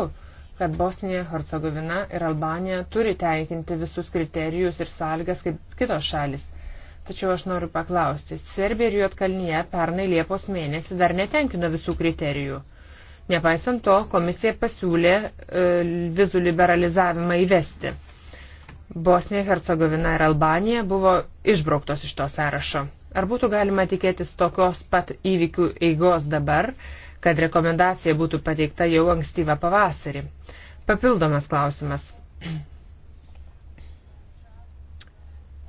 kad Bosnija, Hercegovina ir Albanija turi tenkinti visus kriterijus ir sąlygas kaip kitos šalis. Tačiau aš noriu paklausti, Serbija ir Juotkalnyje pernai Liepos mėnesį dar netenkino visų kriterijų. Nepaisant to, komisija pasiūlė e, vizų liberalizavimą įvesti. Bosnija, Hercegovina ir Albanija buvo išbrauktos iš to sąrašo. Ar būtų galima tikėtis tokios pat įvykių eigos dabar, kad rekomendacija būtų pateikta jau ankstyvą pavasarį. Papildomas klausimas.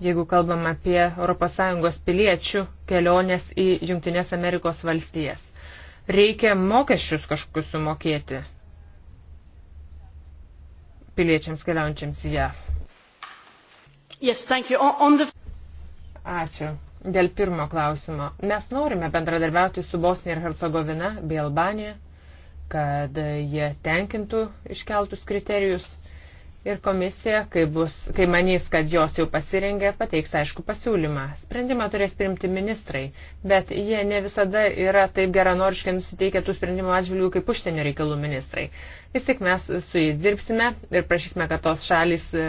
Jeigu kalbam apie ES piliečių kelionės į Junktinės Amerikos valstijas, reikia mokesčius kažkokius sumokėti piliečiams keliaujančiams į JAV. Yes, the... Ačiū. Dėl pirmo klausimo. Mes norime bendradarbiauti su Bosnija ir Hercegovina bei Albanija, kad jie tenkintų iškeltus kriterijus ir komisija, kai, bus, kai manys, kad jos jau pasirengė, pateiks aišku pasiūlymą. Sprendimą turės priimti ministrai, bet jie ne visada yra taip geranoriškai nusiteikę tų sprendimų atžvilgių kaip užsienio reikalų ministrai. Vis tik mes su jais dirbsime ir prašysime, kad tos šalis e,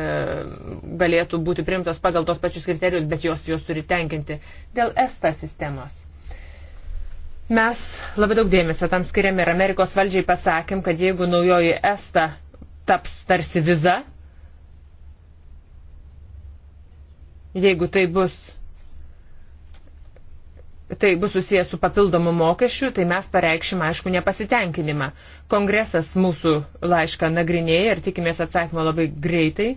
galėtų būti priimtos pagal tos pačius kriterijus, bet jos juos turi tenkinti dėl ESTA sistemos. Mes labai daug dėmesio tam skiriam ir Amerikos valdžiai pasakėm, kad jeigu naujoji ESTA taps tarsi viza. Jeigu tai bus, tai bus susijęs su papildomu mokesčiu, tai mes pareikšim, aišku, nepasitenkinimą. Kongresas mūsų laišką nagrinėja ir tikimės atsakymo labai greitai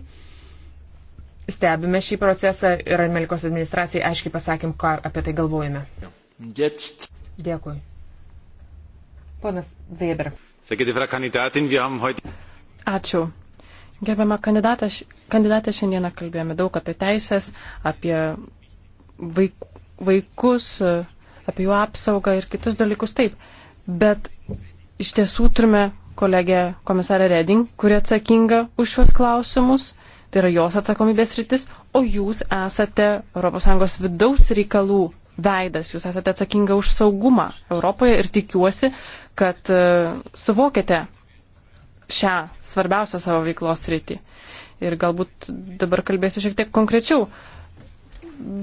stebime šį procesą ir Amerikos administracijai aiškiai pasakėm, ką apie tai galvojame. Jetzt. Dėkui. Ponas Weber. Sehr geehrte Frau Kandidatin, wir haben heute. Ačiū. Gerbiama kandidatė, kandidatė šiandieną kalbėjome daug apie teisės, apie vaik, vaikus, apie jų apsaugą ir kitus dalykus taip. Bet iš tiesų turime kolegę komisarę Reding, kuri atsakinga už šiuos klausimus, tai yra jos atsakomybės rytis, o jūs esate ES vidaus reikalų veidas, jūs esate atsakinga už saugumą Europoje ir tikiuosi, kad uh, e, suvokėte šią svarbiausią savo veiklos rytį. Ir galbūt dabar kalbėsiu šiek tiek konkrečiau.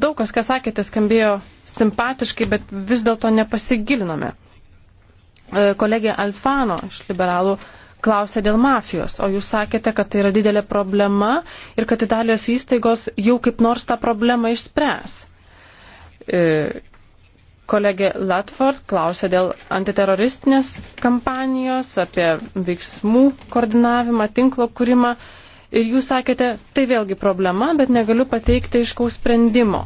Daug kas, ką sakėte, skambėjo simpatiškai, bet vis dėlto nepasigilinome. E, kolegė Alfano iš liberalų klausė dėl mafijos, o jūs sakėte, kad tai yra didelė problema ir kad Italijos įstaigos jau kaip nors tą problemą išspręs. E, kolegė Latford klausė dėl antiteroristinės kampanijos, apie veiksmų koordinavimą, tinklo kūrimą. Ir jūs sakėte, tai vėlgi problema, bet negaliu pateikti iškaus sprendimo.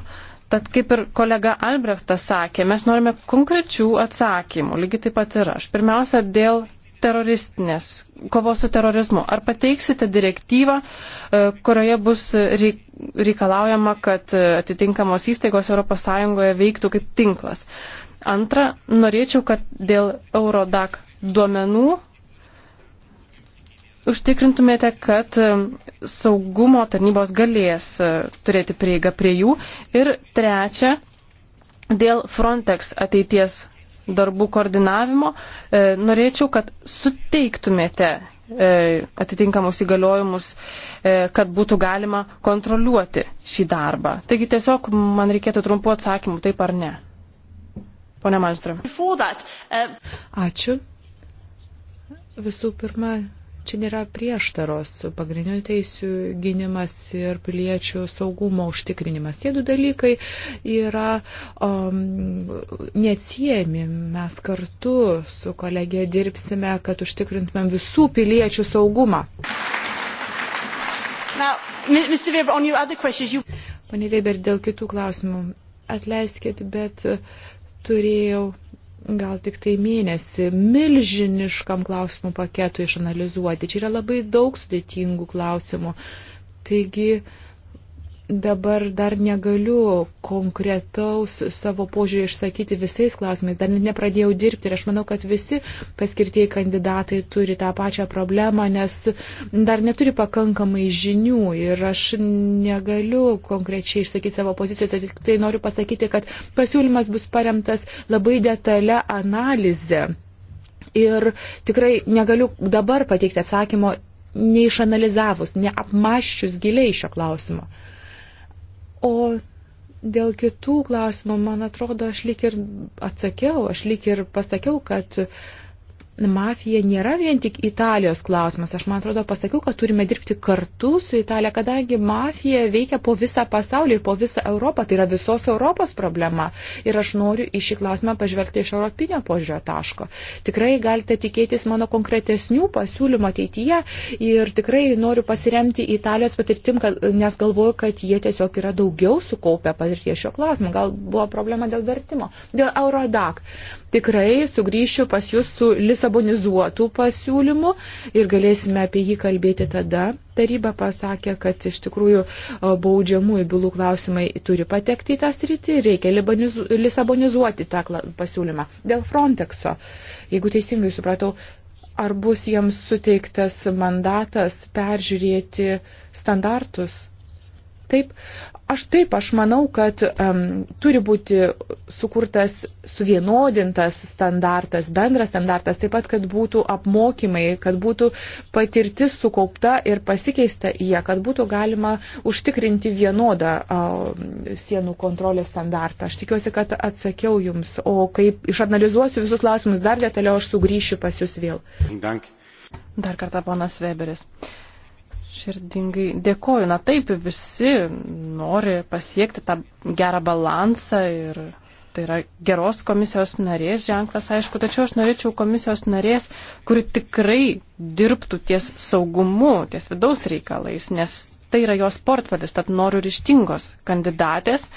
Tad kaip ir kolega Albrechtas sakė, mes norime konkrečių atsakymų, lygiai taip pat ir aš. Pirmiausia, dėl teroristinės, kovos su terorizmu. Ar pateiksite direktyvą, e, kurioje bus reikalaujama, kad atitinkamos įstaigos ES veiktų kaip tinklas? Antra, norėčiau, kad dėl Eurodac duomenų užtikrintumėte, kad e, saugumo tarnybos galės e, turėti prieigą prie jų. Ir trečia, dėl Frontex ateities darbų koordinavimo, e, norėčiau, kad suteiktumėte e, atitinkamus įgaliojimus, e, kad būtų galima kontroliuoti šį darbą. Taigi tiesiog man reikėtų trumpų atsakymų, taip ar ne. Pone Malmström. Uh, Ačiū. Visų pirma, Čia nėra prieštaros pagrindinių teisių gynimas ir piliečių saugumo užtikrinimas. Tie du dalykai yra um, neatsiemi. Mes kartu su kolegija dirbsime, kad užtikrintumėm visų piliečių saugumą. Now, Mr. Weber, on your other questions, you... Pane Weber, dėl kitų klausimų. Atleiskit, bet turėjau gal tik tai mėnesį milžiniškam klausimų paketui išanalizuoti. Čia yra labai daug sudėtingų klausimų. Taigi, uh, dabar dar negaliu konkretaus savo požiūrį išsakyti visais klausimais, dar nepradėjau dirbti ir aš manau, kad visi paskirtieji kandidatai turi tą pačią problemą, nes dar neturi pakankamai žinių ir aš negaliu konkrečiai išsakyti savo poziciją, tai tik tai noriu pasakyti, kad pasiūlymas bus paremtas labai detalę analizę. Ir tikrai negaliu dabar pateikti atsakymo neišanalizavus, neapmaščius giliai šio klausimo. O dėl kitų klausimų, man atrodo, aš lik ir atsakiau, aš lik ir pasakiau, kad mafija nėra vien tik Italijos klausimas. Aš man atrodo pasakiau, kad turime dirbti kartu su Italija, kadangi mafija veikia po visą pasaulį ir po visą Europą. Tai yra visos Europos problema. Ir aš noriu į šį klausimą pažvelgti iš europinio požiūrio taško. Tikrai galite tikėtis mano konkretesnių pasiūlymų ateityje ir tikrai noriu pasiremti Italijos patirtim, kad, nes galvoju, kad jie tiesiog yra daugiau sukaupę patirties šio klausimo. Gal buvo problema dėl vertimo. Dėl Eurodak tikrai sugrįšiu pas jūs su lisabonizuotų pasiūlymu ir galėsime apie jį kalbėti tada. Taryba pasakė, kad iš tikrųjų baudžiamųjų bylų klausimai turi patekti į tą sritį ir reikia lisabonizuoti tą pasiūlymą. Dėl Frontexo, jeigu teisingai supratau, ar bus jiems suteiktas mandatas peržiūrėti standartus? Taip, Aš taip, aš manau, kad um, turi būti sukurtas suvienodintas standartas, bendras standartas, taip pat, kad būtų apmokymai, kad būtų patirtis sukaupta ir pasikeista į ją, kad būtų galima užtikrinti vienodą um, sienų kontrolės standartą. Aš tikiuosi, kad atsakiau Jums, o kaip išanalizuosiu visus klausimus dar detaliau, aš sugrįšiu pas Jūs vėl. Dank. Dar kartą ponas Weberis. Uh, širdingai dėkoju. Na taip, visi nori pasiekti tą gerą balansą ir tai yra geros komisijos narės ženklas, aišku, tačiau aš norėčiau komisijos narės, kuri tikrai dirbtų ties saugumu, ties vidaus reikalais, nes tai yra jos portfelis, tad noriu ryštingos kandidatės.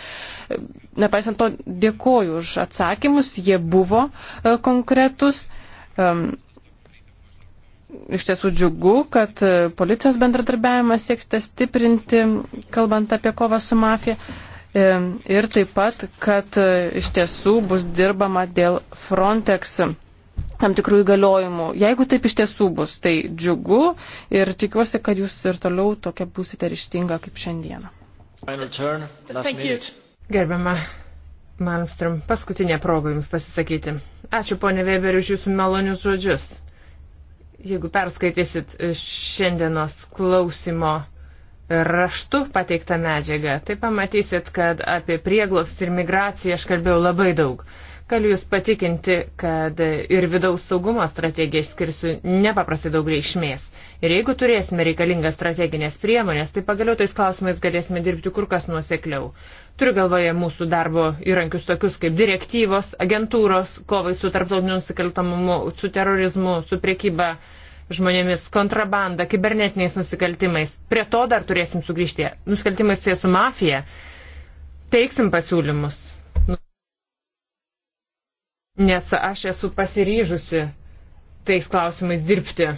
Nepaisant to, dėkoju už atsakymus, jie buvo e, konkretus. Um, iš tiesų džiugu, kad e, policijos bendradarbiavimą sieksite stiprinti, kalbant apie kovą su mafija. E, ir taip pat, kad e, iš tiesų bus dirbama dėl Frontex tam tikrų įgaliojimų. Jeigu taip iš tiesų bus, tai džiugu ir tikiuosi, kad jūs ir toliau tokia būsite ryštinga kaip šiandieną. Gerbiama Malmström, paskutinė proga jums pasisakyti. Ačiū ponė Weber už jūsų malonius žodžius. Jeigu perskaitysit šiandienos klausimo raštu pateiktą medžiagą, tai pamatysit, kad apie prieglops ir migraciją aš kalbėjau labai daug. Galiu Jūs patikinti, kad ir vidaus saugumo strategijai skirsiu nepaprastai daug reikšmės. Ir jeigu turėsime reikalingas strateginės priemonės, tai pagaliau tais klausimais galėsime dirbti kur kas nuosekliau. Turiu galvoje mūsų darbo įrankius tokius kaip direktyvos, agentūros, kovai su tarptautiniu nusikaltamumu, su terorizmu, su priekyba žmonėmis, kontrabanda, kibernetiniais nusikaltimais. Prie to dar turėsim sugrįžti. Nusikaltimai su su mafija. Teiksim pasiūlymus. Nes aš esu pasiryžusi tais klausimais dirbti.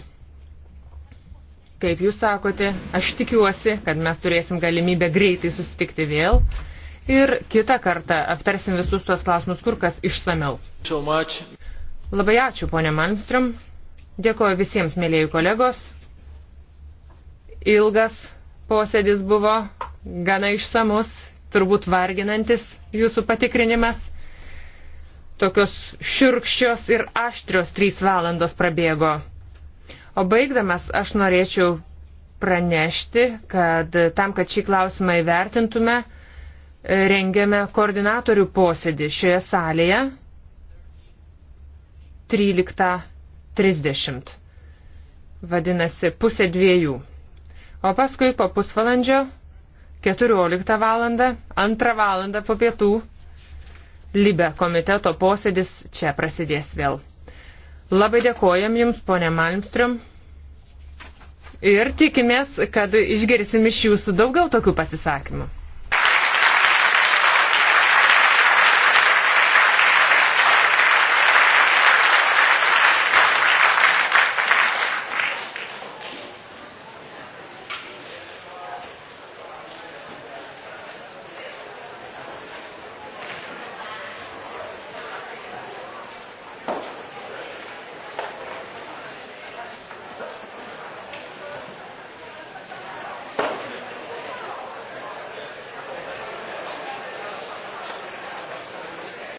Kaip jūs sakote, aš tikiuosi, kad mes turėsim galimybę greitai susitikti vėl ir kitą kartą aptarsim visus tuos klausimus kur kas išsameu. So Labai ačiū, ponė Malmström. Dėkoju visiems, mėlyjei kolegos. Ilgas posėdis buvo, gana išsamus, turbūt varginantis jūsų patikrinimas. Tokios širkščios ir aštrios trys valandos prabėgo. O baigdamas aš norėčiau pranešti, kad tam, kad šį klausimą įvertintume, rengiame koordinatorių posėdį šioje salėje 13.30. Vadinasi, pusė dviejų. O paskui po pusvalandžio 14 val. 2 val. po pietų Libe komiteto posėdis čia prasidės vėl. Labai dėkojam Jums, ponė Malmström. Ir tikimės, kad išgirsim iš Jūsų daugiau tokių pasisakymų.